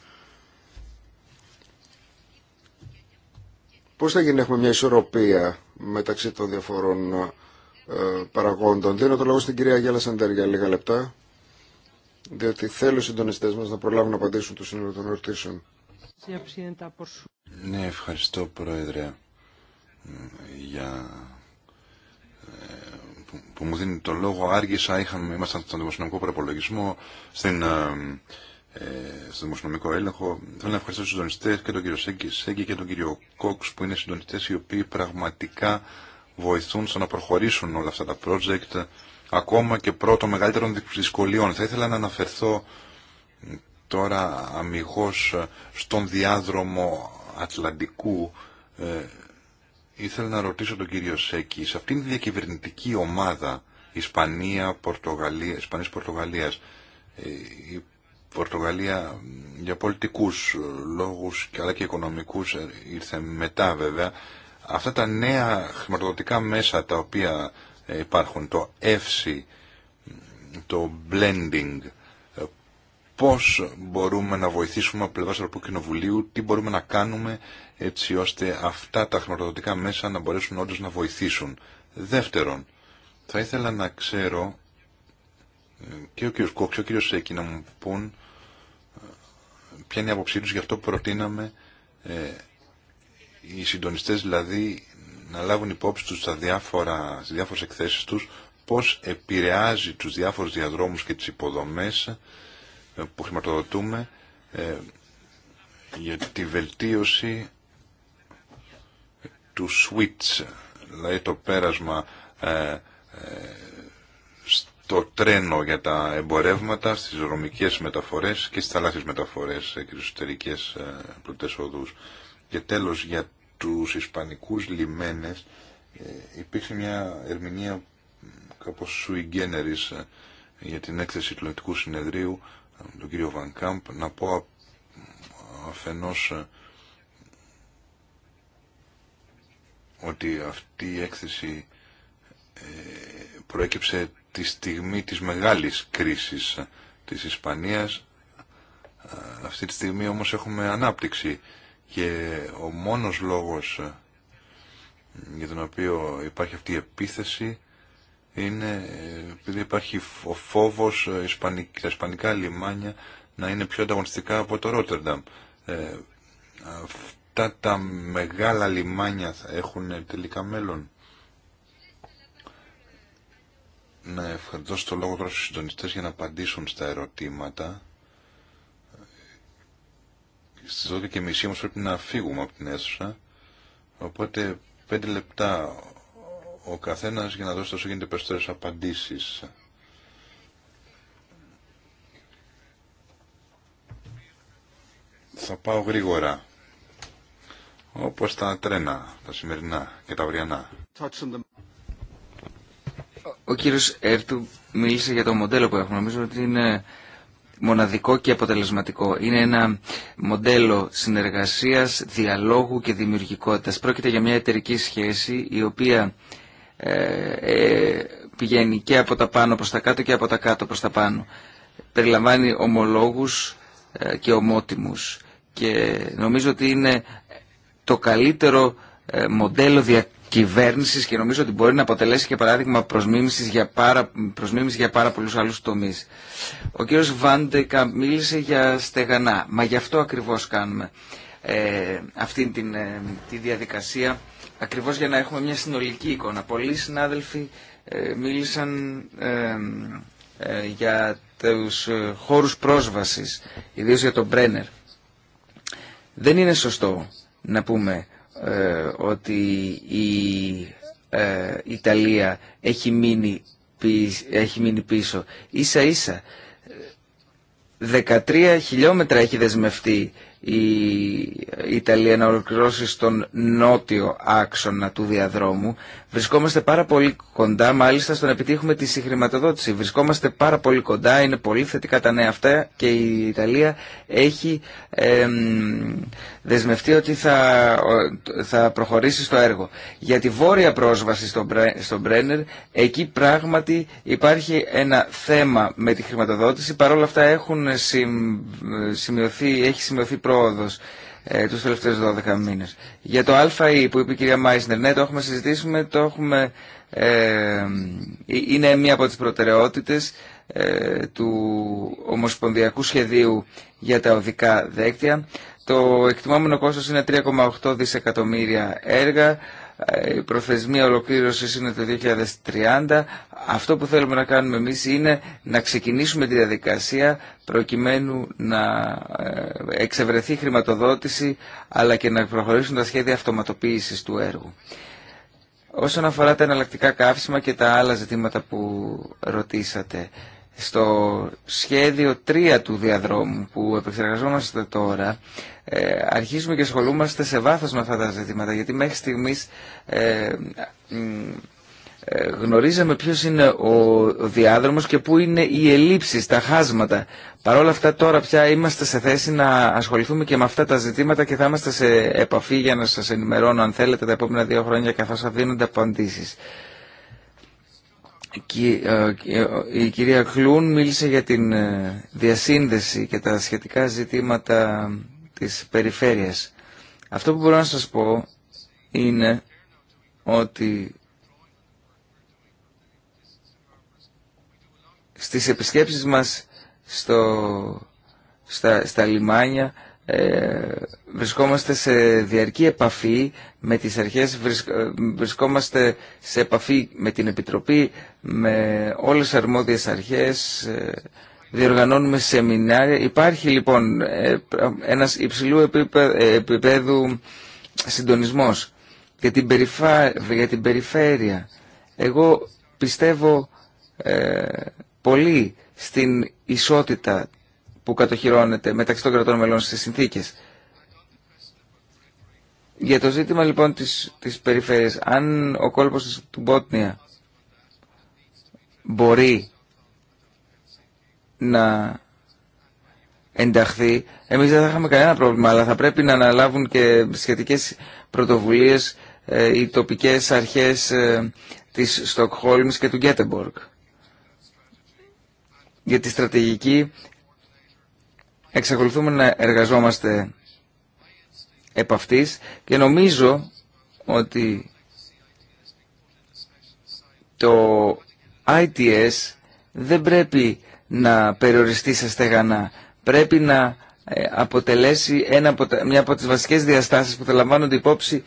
S1: Πώς θα γίνει να έχουμε μια ισορροπία μεταξύ των διαφορών ε, παραγόντων. Δίνω το λόγο στην κυρία Γιάλα Σαντέρ για λίγα λεπτά, διότι θέλω οι συντονιστές μας να προλάβουν να απαντήσουν το σύνολο των ερωτήσεων. Ναι,
S3: ευχαριστώ Πρόεδρε για ε, που, μου δίνει τον λόγο άργησα, είχαμε, ήμασταν στον δημοσιονομικό προπολογισμό, στην, ε, ε δημοσιονομικό έλεγχο. Θέλω να ευχαριστήσω τους συντονιστές και τον κύριο Σέγγι, και τον κύριο Κόξ που είναι συντονιστές οι οποίοι πραγματικά βοηθούν στο να προχωρήσουν όλα αυτά τα project ακόμα και πρώτο μεγαλύτερων δυσκολιών. Θα ήθελα να αναφερθώ τώρα αμυγός στον διάδρομο Ατλαντικού ε, ήθελα να ρωτήσω τον κύριο Σέκη, σε αυτήν την διακυβερνητική ομάδα Ισπανία, Πορτογαλία, Ισπανίας Πορτογαλίας, ε, η Πορτογαλία για πολιτικούς ε, λόγους αλλά και οικονομικούς ε, ήρθε μετά βέβαια, αυτά τα νέα χρηματοδοτικά μέσα τα οποία υπάρχουν, το ΕΦΣΙ, το blending, πώς μπορούμε να βοηθήσουμε από πλευράς του Κοινοβουλίου, τι μπορούμε να κάνουμε έτσι ώστε αυτά τα χρηματοδοτικά μέσα να μπορέσουν όντως να βοηθήσουν. Δεύτερον, θα ήθελα να ξέρω και ο κ. Κόξ και ο κ. Σέκη να μου πούν ποια είναι η άποψή τους, γι' αυτό προτείναμε ε, οι συντονιστές δηλαδή να λάβουν υπόψη τους στα διάφορα, στις διάφορες εκθέσεις τους πώς επηρεάζει τους διάφορους διαδρόμους και τις υποδομές ε, που χρηματοδοτούμε ε, για τη βελτίωση του switch, δηλαδή το πέρασμα ε, στο τρένο για τα εμπορεύματα, στις ρομικές μεταφορές και στις θαλάσσιες μεταφορές και στις εσωτερικές πλουτές οδούς. Και τέλος για τους ισπανικούς λιμένες υπήρχε μια ερμηνεία κάπως sui generis για την έκθεση του Ελληνικού Συνεδρίου τον κύριο κάμπ να πω αφενός ε, ότι αυτή η έκθεση ε, προέκυψε τη στιγμή της μεγάλης κρίσης ε, της Ισπανίας. Αυτή τη στιγμή όμως έχουμε ανάπτυξη και ο μόνος λόγος για τον οποίο υπάρχει αυτή η επίθεση είναι επειδή υπάρχει ο φόβος ε, τα ισπανικά λιμάνια να είναι πιο ανταγωνιστικά από το Ρότερνταμ. Ε, αυτά τα μεγάλα λιμάνια θα έχουν τελικά μέλλον. Να ευχαριστώ στο λόγο τώρα στους συντονιστές για να απαντήσουν στα ερωτήματα. Στις 12.30 όμως πρέπει να φύγουμε από την αίθουσα, οπότε πέντε λεπτά ο καθένας για να δώσει τόσο γίνεται περισσότερες απαντήσεις. Θα πάω γρήγορα,
S4: όπως τα τρένα, τα σημερινά και τα αυριανά. Ο κύριος Έρτου μίλησε για το μοντέλο που έχουμε. Νομίζω ότι είναι μοναδικό και αποτελεσματικό. Είναι ένα μοντέλο συνεργασίας, διαλόγου και δημιουργικότητας. Πρόκειται για μια εταιρική σχέση η οποία ε, ε, πηγαίνει και από τα πάνω προς τα κάτω και από τα κάτω προς τα πάνω. Περιλαμβάνει ομολόγους ε, και ομότιμους και νομίζω ότι είναι το καλύτερο μοντέλο διακυβέρνησης και νομίζω ότι μπορεί να αποτελέσει και παράδειγμα προσμίμησης για πάρα, προσμίμησης για πάρα πολλούς άλλους τομείς. Ο κύριος Βάντεκα μίλησε για στεγανά, μα γι' αυτό ακριβώς κάνουμε. Ε, αυτή την, ε, τη διαδικασία ακριβώς για να έχουμε μια συνολική εικόνα. Πολλοί συνάδελφοι ε, μίλησαν για τους χώρους πρόσβασης, ιδίως για τον Μπρένερ. Δεν είναι σωστό να πούμε ότι η Ιταλία έχει μείνει, έχει μείνει πίσω. Ίσα ίσα 13 χιλιόμετρα έχει δεσμευτεί η Ιταλία να ολοκληρώσει στον νότιο άξονα του διαδρόμου. Βρισκόμαστε πάρα πολύ κοντά, μάλιστα στο να επιτύχουμε τη συγχρηματοδότηση. Βρισκόμαστε πάρα πολύ κοντά, είναι πολύ θετικά τα νέα αυτά και η Ιταλία έχει δεσμευτεί ότι θα, θα προχωρήσει στο έργο. Για τη βόρεια πρόσβαση στον στο Μπρένερ, εκεί πράγματι υπάρχει ένα θέμα με τη χρηματοδότηση. Παρ' όλα αυτά έχουν ε, σημειωθεί, έχει σημειωθεί ε, τους τελευταίους 12 μήνες. Για το ΑΕ που είπε η κυρία Μάισνερ, ναι, το έχουμε συζητήσει, το έχουμε, ε, ε, είναι μία από τις προτεραιότητες ε, του Ομοσπονδιακού Σχεδίου για τα οδικά δέκτυα. Το εκτιμόμενο κόστος είναι 3,8 δισεκατομμύρια έργα, ε, η προθεσμία ολοκλήρωσης είναι το 2030. Αυτό που θέλουμε να κάνουμε εμείς είναι να ξεκινήσουμε τη διαδικασία προκειμένου να ε, εξευρεθεί χρηματοδότηση αλλά και να προχωρήσουν τα σχέδια αυτοματοποίησης του έργου. Όσον αφορά τα εναλλακτικά καύσιμα και τα άλλα ζητήματα που ρωτήσατε, στο σχέδιο 3 του διαδρόμου που επεξεργαζόμαστε τώρα ε, αρχίζουμε και ασχολούμαστε σε βάθος με αυτά τα ζητήματα γιατί μέχρι στιγμής ε, ε, γνωρίζαμε ποιος είναι ο διάδρομος και πού είναι οι ελλείψεις, τα χάσματα. παρόλα αυτά τώρα πια είμαστε σε θέση να ασχοληθούμε και με αυτά τα ζητήματα και θα είμαστε σε επαφή για να σας ενημερώνω αν θέλετε τα επόμενα δύο χρόνια καθώς θα δίνονται απαντήσεις. Ε, ε, η κυρία Κλούν μίλησε για την ε, διασύνδεση και τα σχετικά ζητήματα της περιφέρειας. Αυτό που μπορώ να σας πω είναι ότι στις επισκέψεις μας στο, στα, στα λιμάνια ε, βρισκόμαστε σε διαρκή επαφή με τις αρχές, ε, βρισκόμαστε σε επαφή με την Επιτροπή, με όλες τις αρμόδιες αρχές, ε, διοργανώνουμε σεμινάρια. Υπάρχει λοιπόν ένας υψηλού επίπεδου συντονισμός για την, περιφά... την περιφέρεια. Εγώ πιστεύω πολύ στην ισότητα που κατοχυρώνεται μεταξύ των κρατών μελών στις συνθήκες. Για το ζήτημα λοιπόν της, της περιφέρειας, αν ο κόλπος του Μπότνια μπορεί να ενταχθεί, εμείς δεν θα είχαμε κανένα πρόβλημα, αλλά θα πρέπει να αναλάβουν και σχετικές πρωτοβουλίες ε, οι τοπικές αρχές ε, της Στοκχόλμης και του Γκέτεμπορκ για τη στρατηγική Εξακολουθούμε να εργαζόμαστε επ' αυτής και νομίζω ότι το ITS δεν πρέπει να περιοριστεί σε στεγανά. Πρέπει να ε, αποτελέσει ένα, μια από τις βασικές διαστάσεις που θα λαμβάνονται υπόψη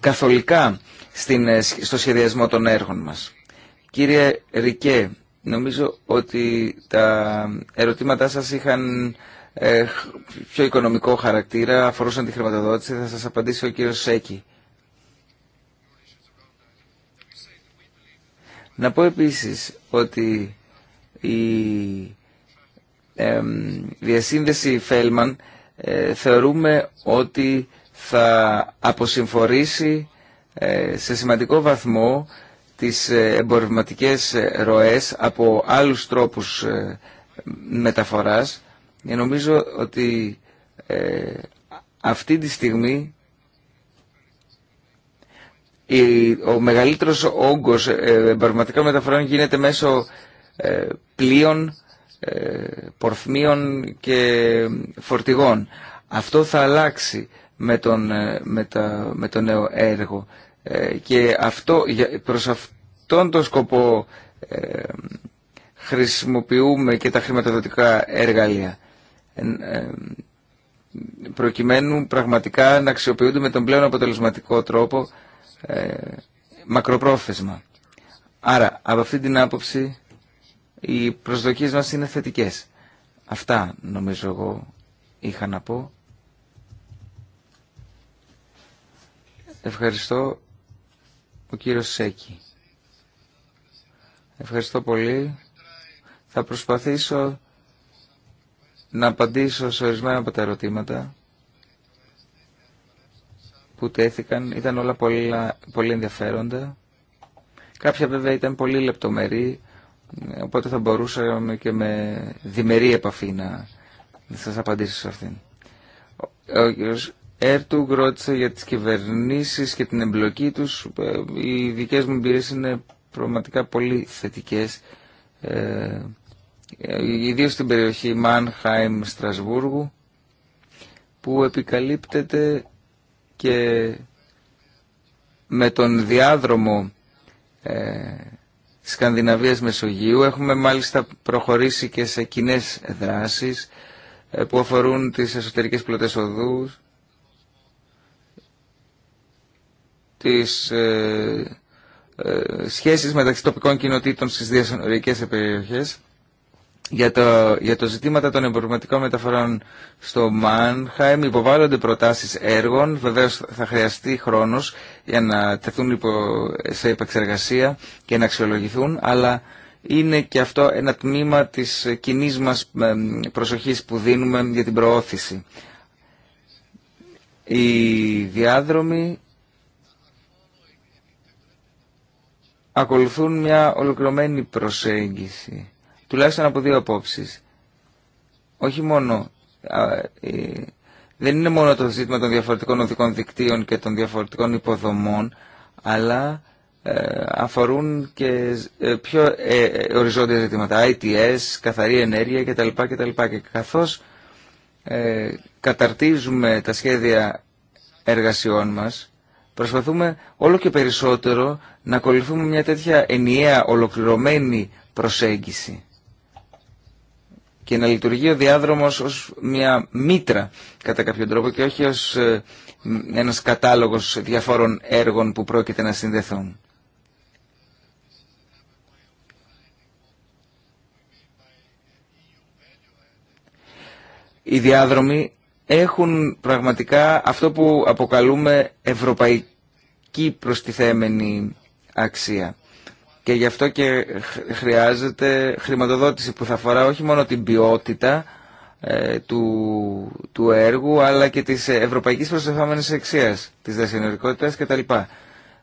S4: καθολικά στην, ε, στο σχεδιασμό των έργων μας. Κύριε Ρικέ, νομίζω ότι τα ερωτήματά σας είχαν ε, πιο οικονομικό χαρακτήρα αφορούσαν τη χρηματοδότηση. Θα σας απαντήσει ο κύριος Σέκη. Να πω επίσης ότι η διασύνδεση Φέλμαν ε, θεωρούμε ότι θα αποσυμφορήσει ε, σε σημαντικό βαθμό τις εμπορευματικές ροές από άλλους τρόπους μεταφοράς ε, νομίζω ότι ε, αυτή τη στιγμή η, ο μεγαλύτερος όγκος ε, πραγματικά μεταφορών γίνεται μέσω ε, πλοίων, ε, πορθμίων και φορτηγών. Αυτό θα αλλάξει με, τον, με, τα, με το νέο έργο και αυτό, προς αυτόν τον σκοπό χρησιμοποιούμε και τα χρηματοδοτικά εργαλεία. Ε, προκειμένου πραγματικά να αξιοποιούνται με τον πλέον αποτελεσματικό τρόπο ε, μακροπρόθεσμα. Άρα, από αυτή την άποψη, οι προσδοκίες μας είναι θετικές. Αυτά, νομίζω εγώ, είχα να πω. Ευχαριστώ, ο κύριος Σέκη. Ευχαριστώ πολύ. Θα προσπαθήσω να απαντήσω σε ορισμένα από τα ερωτήματα που τέθηκαν. Ήταν όλα πολύ, πολύ ενδιαφέροντα. Κάποια βέβαια ήταν πολύ λεπτομερή, οπότε θα μπορούσαμε και με διμερή επαφή να σας απαντήσω σε αυτήν. Ο κύριος Έρτουγκ ρώτησε για τις κυβερνήσεις και την εμπλοκή τους. Ε, οι δικές μου εμπειρίες είναι πραγματικά πολύ θετικές. Ε, ιδίως στην περιοχή Μάνχαιμ Στρασβούργου που επικαλύπτεται και με τον διάδρομο ε, Σκανδιναβίας Μεσογείου έχουμε μάλιστα προχωρήσει και σε κοινέ δράσεις ε, που αφορούν τις εσωτερικές πλωτές οδούς τις ε, ε σχέσεις μεταξύ τοπικών κοινοτήτων στις διασυνοριακές περιοχές για, το, για το ζητήματα των εμπορευματικών μεταφορών στο Μάνχαιμ υποβάλλονται προτάσεις έργων. Βεβαίως θα χρειαστεί χρόνος για να τεθούν υπο, σε επεξεργασία και να αξιολογηθούν, αλλά είναι και αυτό ένα τμήμα της κοινή μας προσοχής που δίνουμε για την προώθηση. Οι διάδρομοι ακολουθούν μια ολοκληρωμένη προσέγγιση τουλάχιστον από δύο απόψεις. Όχι μόνο, ε, δεν είναι μόνο το ζήτημα των διαφορετικών οδικών δικτύων και των διαφορετικών υποδομών, αλλά ε, αφορούν και ε, πιο οριζόντια ζητήματα, ITS, καθαρή ενέργεια κτλ. Και, Και καθώς καταρτίζουμε τα σχέδια εργασιών μας, προσπαθούμε όλο και περισσότερο να ακολουθούμε μια τέτοια ενιαία, ολοκληρωμένη προσέγγιση και να λειτουργεί ο διάδρομος ως μια μήτρα κατά κάποιο τρόπο και όχι ως ε, ένας κατάλογος διαφόρων έργων που πρόκειται να συνδεθούν. Οι διάδρομοι έχουν πραγματικά αυτό που αποκαλούμε ευρωπαϊκή προστιθέμενη αξία. Και γι' αυτό και χρειάζεται χρηματοδότηση που θα αφορά όχι μόνο την ποιότητα ε, του, του έργου αλλά και της ευρωπαϊκής προσδεχόμενης αξίας, της δασυνορικότητας κτλ.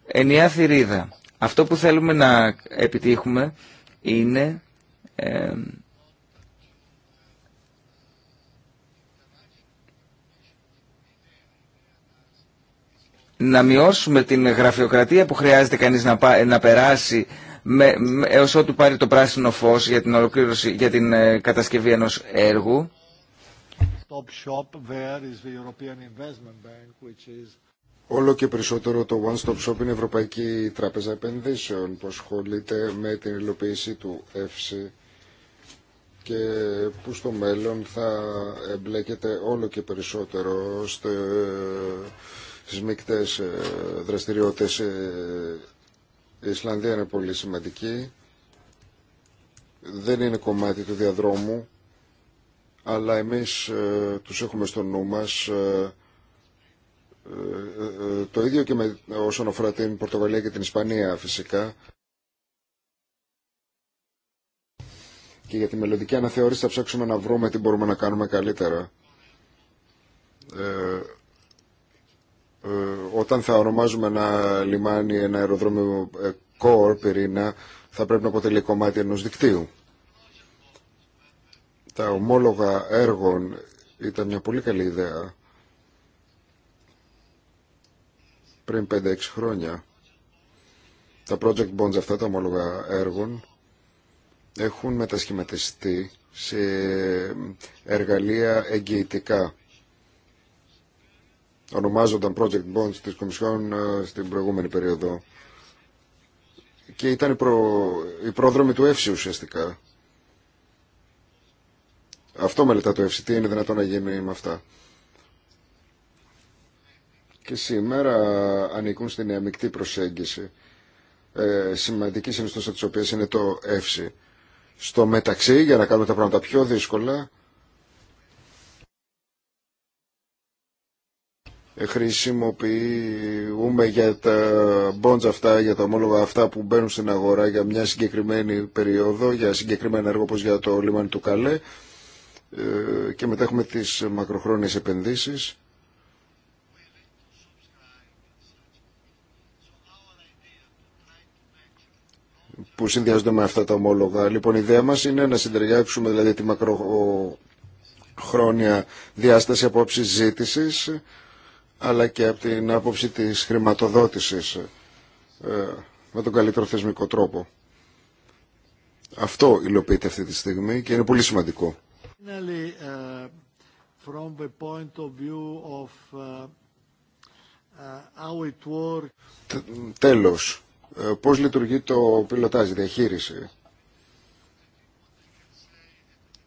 S4: Ενιά θηρίδα. Αυτό που θέλουμε να επιτύχουμε είναι να μειώσουμε την γραφειοκρατία που χρειάζεται κανείς να, να περάσει με, με, έως ότου πάρει το πράσινο φως για την, ολοκλήρωση, για την ε, κατασκευή ενός έργου. Όλο και
S1: περισσότερο το One Stop Shop είναι η Ευρωπαϊκή Τράπεζα Επενδύσεων που ασχολείται με την υλοποίηση του ΕΦΣΥ και που στο μέλλον θα εμπλέκεται όλο και περισσότερο ε, στις μεικτές ε, δραστηριότητες η Ισλανδία είναι πολύ σημαντική. Δεν είναι κομμάτι του διαδρόμου, αλλά εμείς ε, τους έχουμε στο νου μας. Ε, ε, το ίδιο και με, όσον αφορά την Πορτογαλία και την Ισπανία φυσικά. Και για τη μελλοντική αναθεώρηση θα ψάξουμε να βρούμε τι μπορούμε να κάνουμε καλύτερα. Ε, όταν θα ονομάζουμε ένα λιμάνι, ένα αεροδρόμιο core ε, πυρήνα, θα πρέπει να αποτελεί κομμάτι ενός δικτύου. Τα ομόλογα έργων ήταν μια πολύ καλή ιδέα πριν 5-6 χρόνια. Τα project bonds αυτά, τα ομόλογα έργων, έχουν μετασχηματιστεί σε εργαλεία εγγυητικά ονομάζονταν project bonds της Κομισιόν ε, στην προηγούμενη περίοδο και ήταν η, προ... η πρόδρομη του ΕΦΣΙ ουσιαστικά. Αυτό μελετά το ΕΦΣΙ, τι είναι δυνατόν να γίνει με αυτά. Και σήμερα ανήκουν στην αμυκτή προσέγγιση, ε, σημαντική συνιστόσα της οποίας είναι το ΕΦΣΙ. Στο μεταξύ, για να κάνουμε τα πράγματα πιο δύσκολα, χρησιμοποιούμε για τα bonds αυτά, για τα ομόλογα αυτά που μπαίνουν στην αγορά για μια συγκεκριμένη περίοδο, για συγκεκριμένα έργο όπως για το λιμάνι του Καλέ ε, και μετά έχουμε τις μακροχρόνιες επενδύσεις. που συνδυάζονται με αυτά τα ομόλογα. Λοιπόν, η ιδέα μας είναι να συντεριάξουμε δηλαδή τη μακροχρόνια διάσταση απόψης ζήτησης αλλά και από την άποψη της χρηματοδότησης ε, με τον καλύτερο θεσμικό τρόπο. Αυτό υλοποιείται αυτή τη στιγμή και είναι πολύ σημαντικό. Τέλος, πώς λειτουργεί το πιλωτάζ, διαχείριση.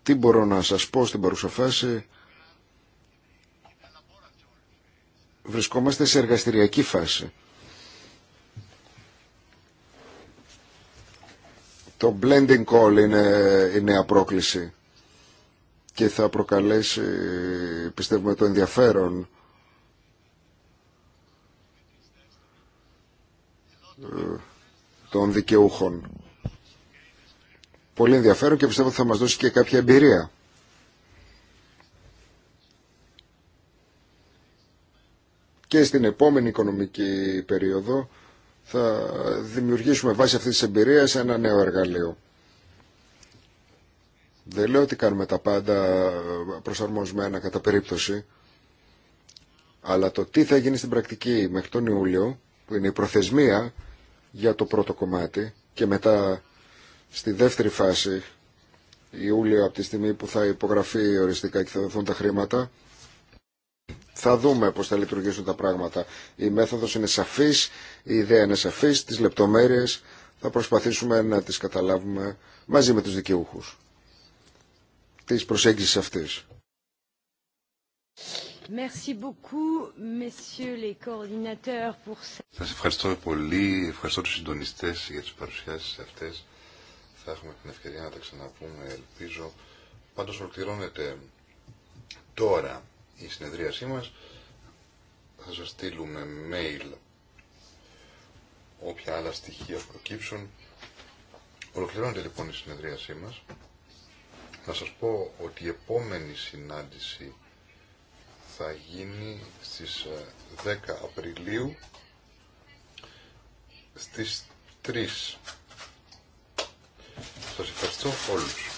S1: Τι μπορώ να σας πω στην παρουσιαφάση... βρισκόμαστε σε εργαστηριακή φάση. Το blending call είναι η νέα πρόκληση και θα προκαλέσει πιστεύουμε το ενδιαφέρον ε, των δικαιούχων. Πολύ ενδιαφέρον και πιστεύω ότι θα μας δώσει και κάποια εμπειρία. και στην επόμενη οικονομική περίοδο θα δημιουργήσουμε βάσει αυτής της εμπειρίας ένα νέο εργαλείο. Δεν λέω ότι κάνουμε τα πάντα προσαρμοσμένα κατά περίπτωση, αλλά το τι θα γίνει στην πρακτική μέχρι τον Ιούλιο, που είναι η προθεσμία για το πρώτο κομμάτι και μετά στη δεύτερη φάση, Ιούλιο από τη στιγμή που θα υπογραφεί οριστικά και θα δοθούν τα χρήματα, θα δούμε πώς θα λειτουργήσουν τα πράγματα. Η μέθοδος είναι σαφής, η ιδέα είναι σαφής, τις λεπτομέρειες θα προσπαθήσουμε να τις καταλάβουμε μαζί με τους δικαιούχους της προσέγγισης αυτής.
S2: Merci
S3: Σας ευχαριστώ πολύ, ευχαριστώ τους συντονιστές για τις παρουσιάσεις αυτές. Θα έχουμε την ευκαιρία να τα ξαναπούμε, ελπίζω. Πάντως ολοκληρώνεται τώρα η συνεδρίασή μας. Θα σας στείλουμε mail όποια άλλα στοιχεία προκύψουν. Ολοκληρώνεται λοιπόν η συνεδρίασή μας. Να σας πω ότι η επόμενη συνάντηση θα γίνει στις 10 ε, Απριλίου στις 3. Σας ευχαριστώ όλους.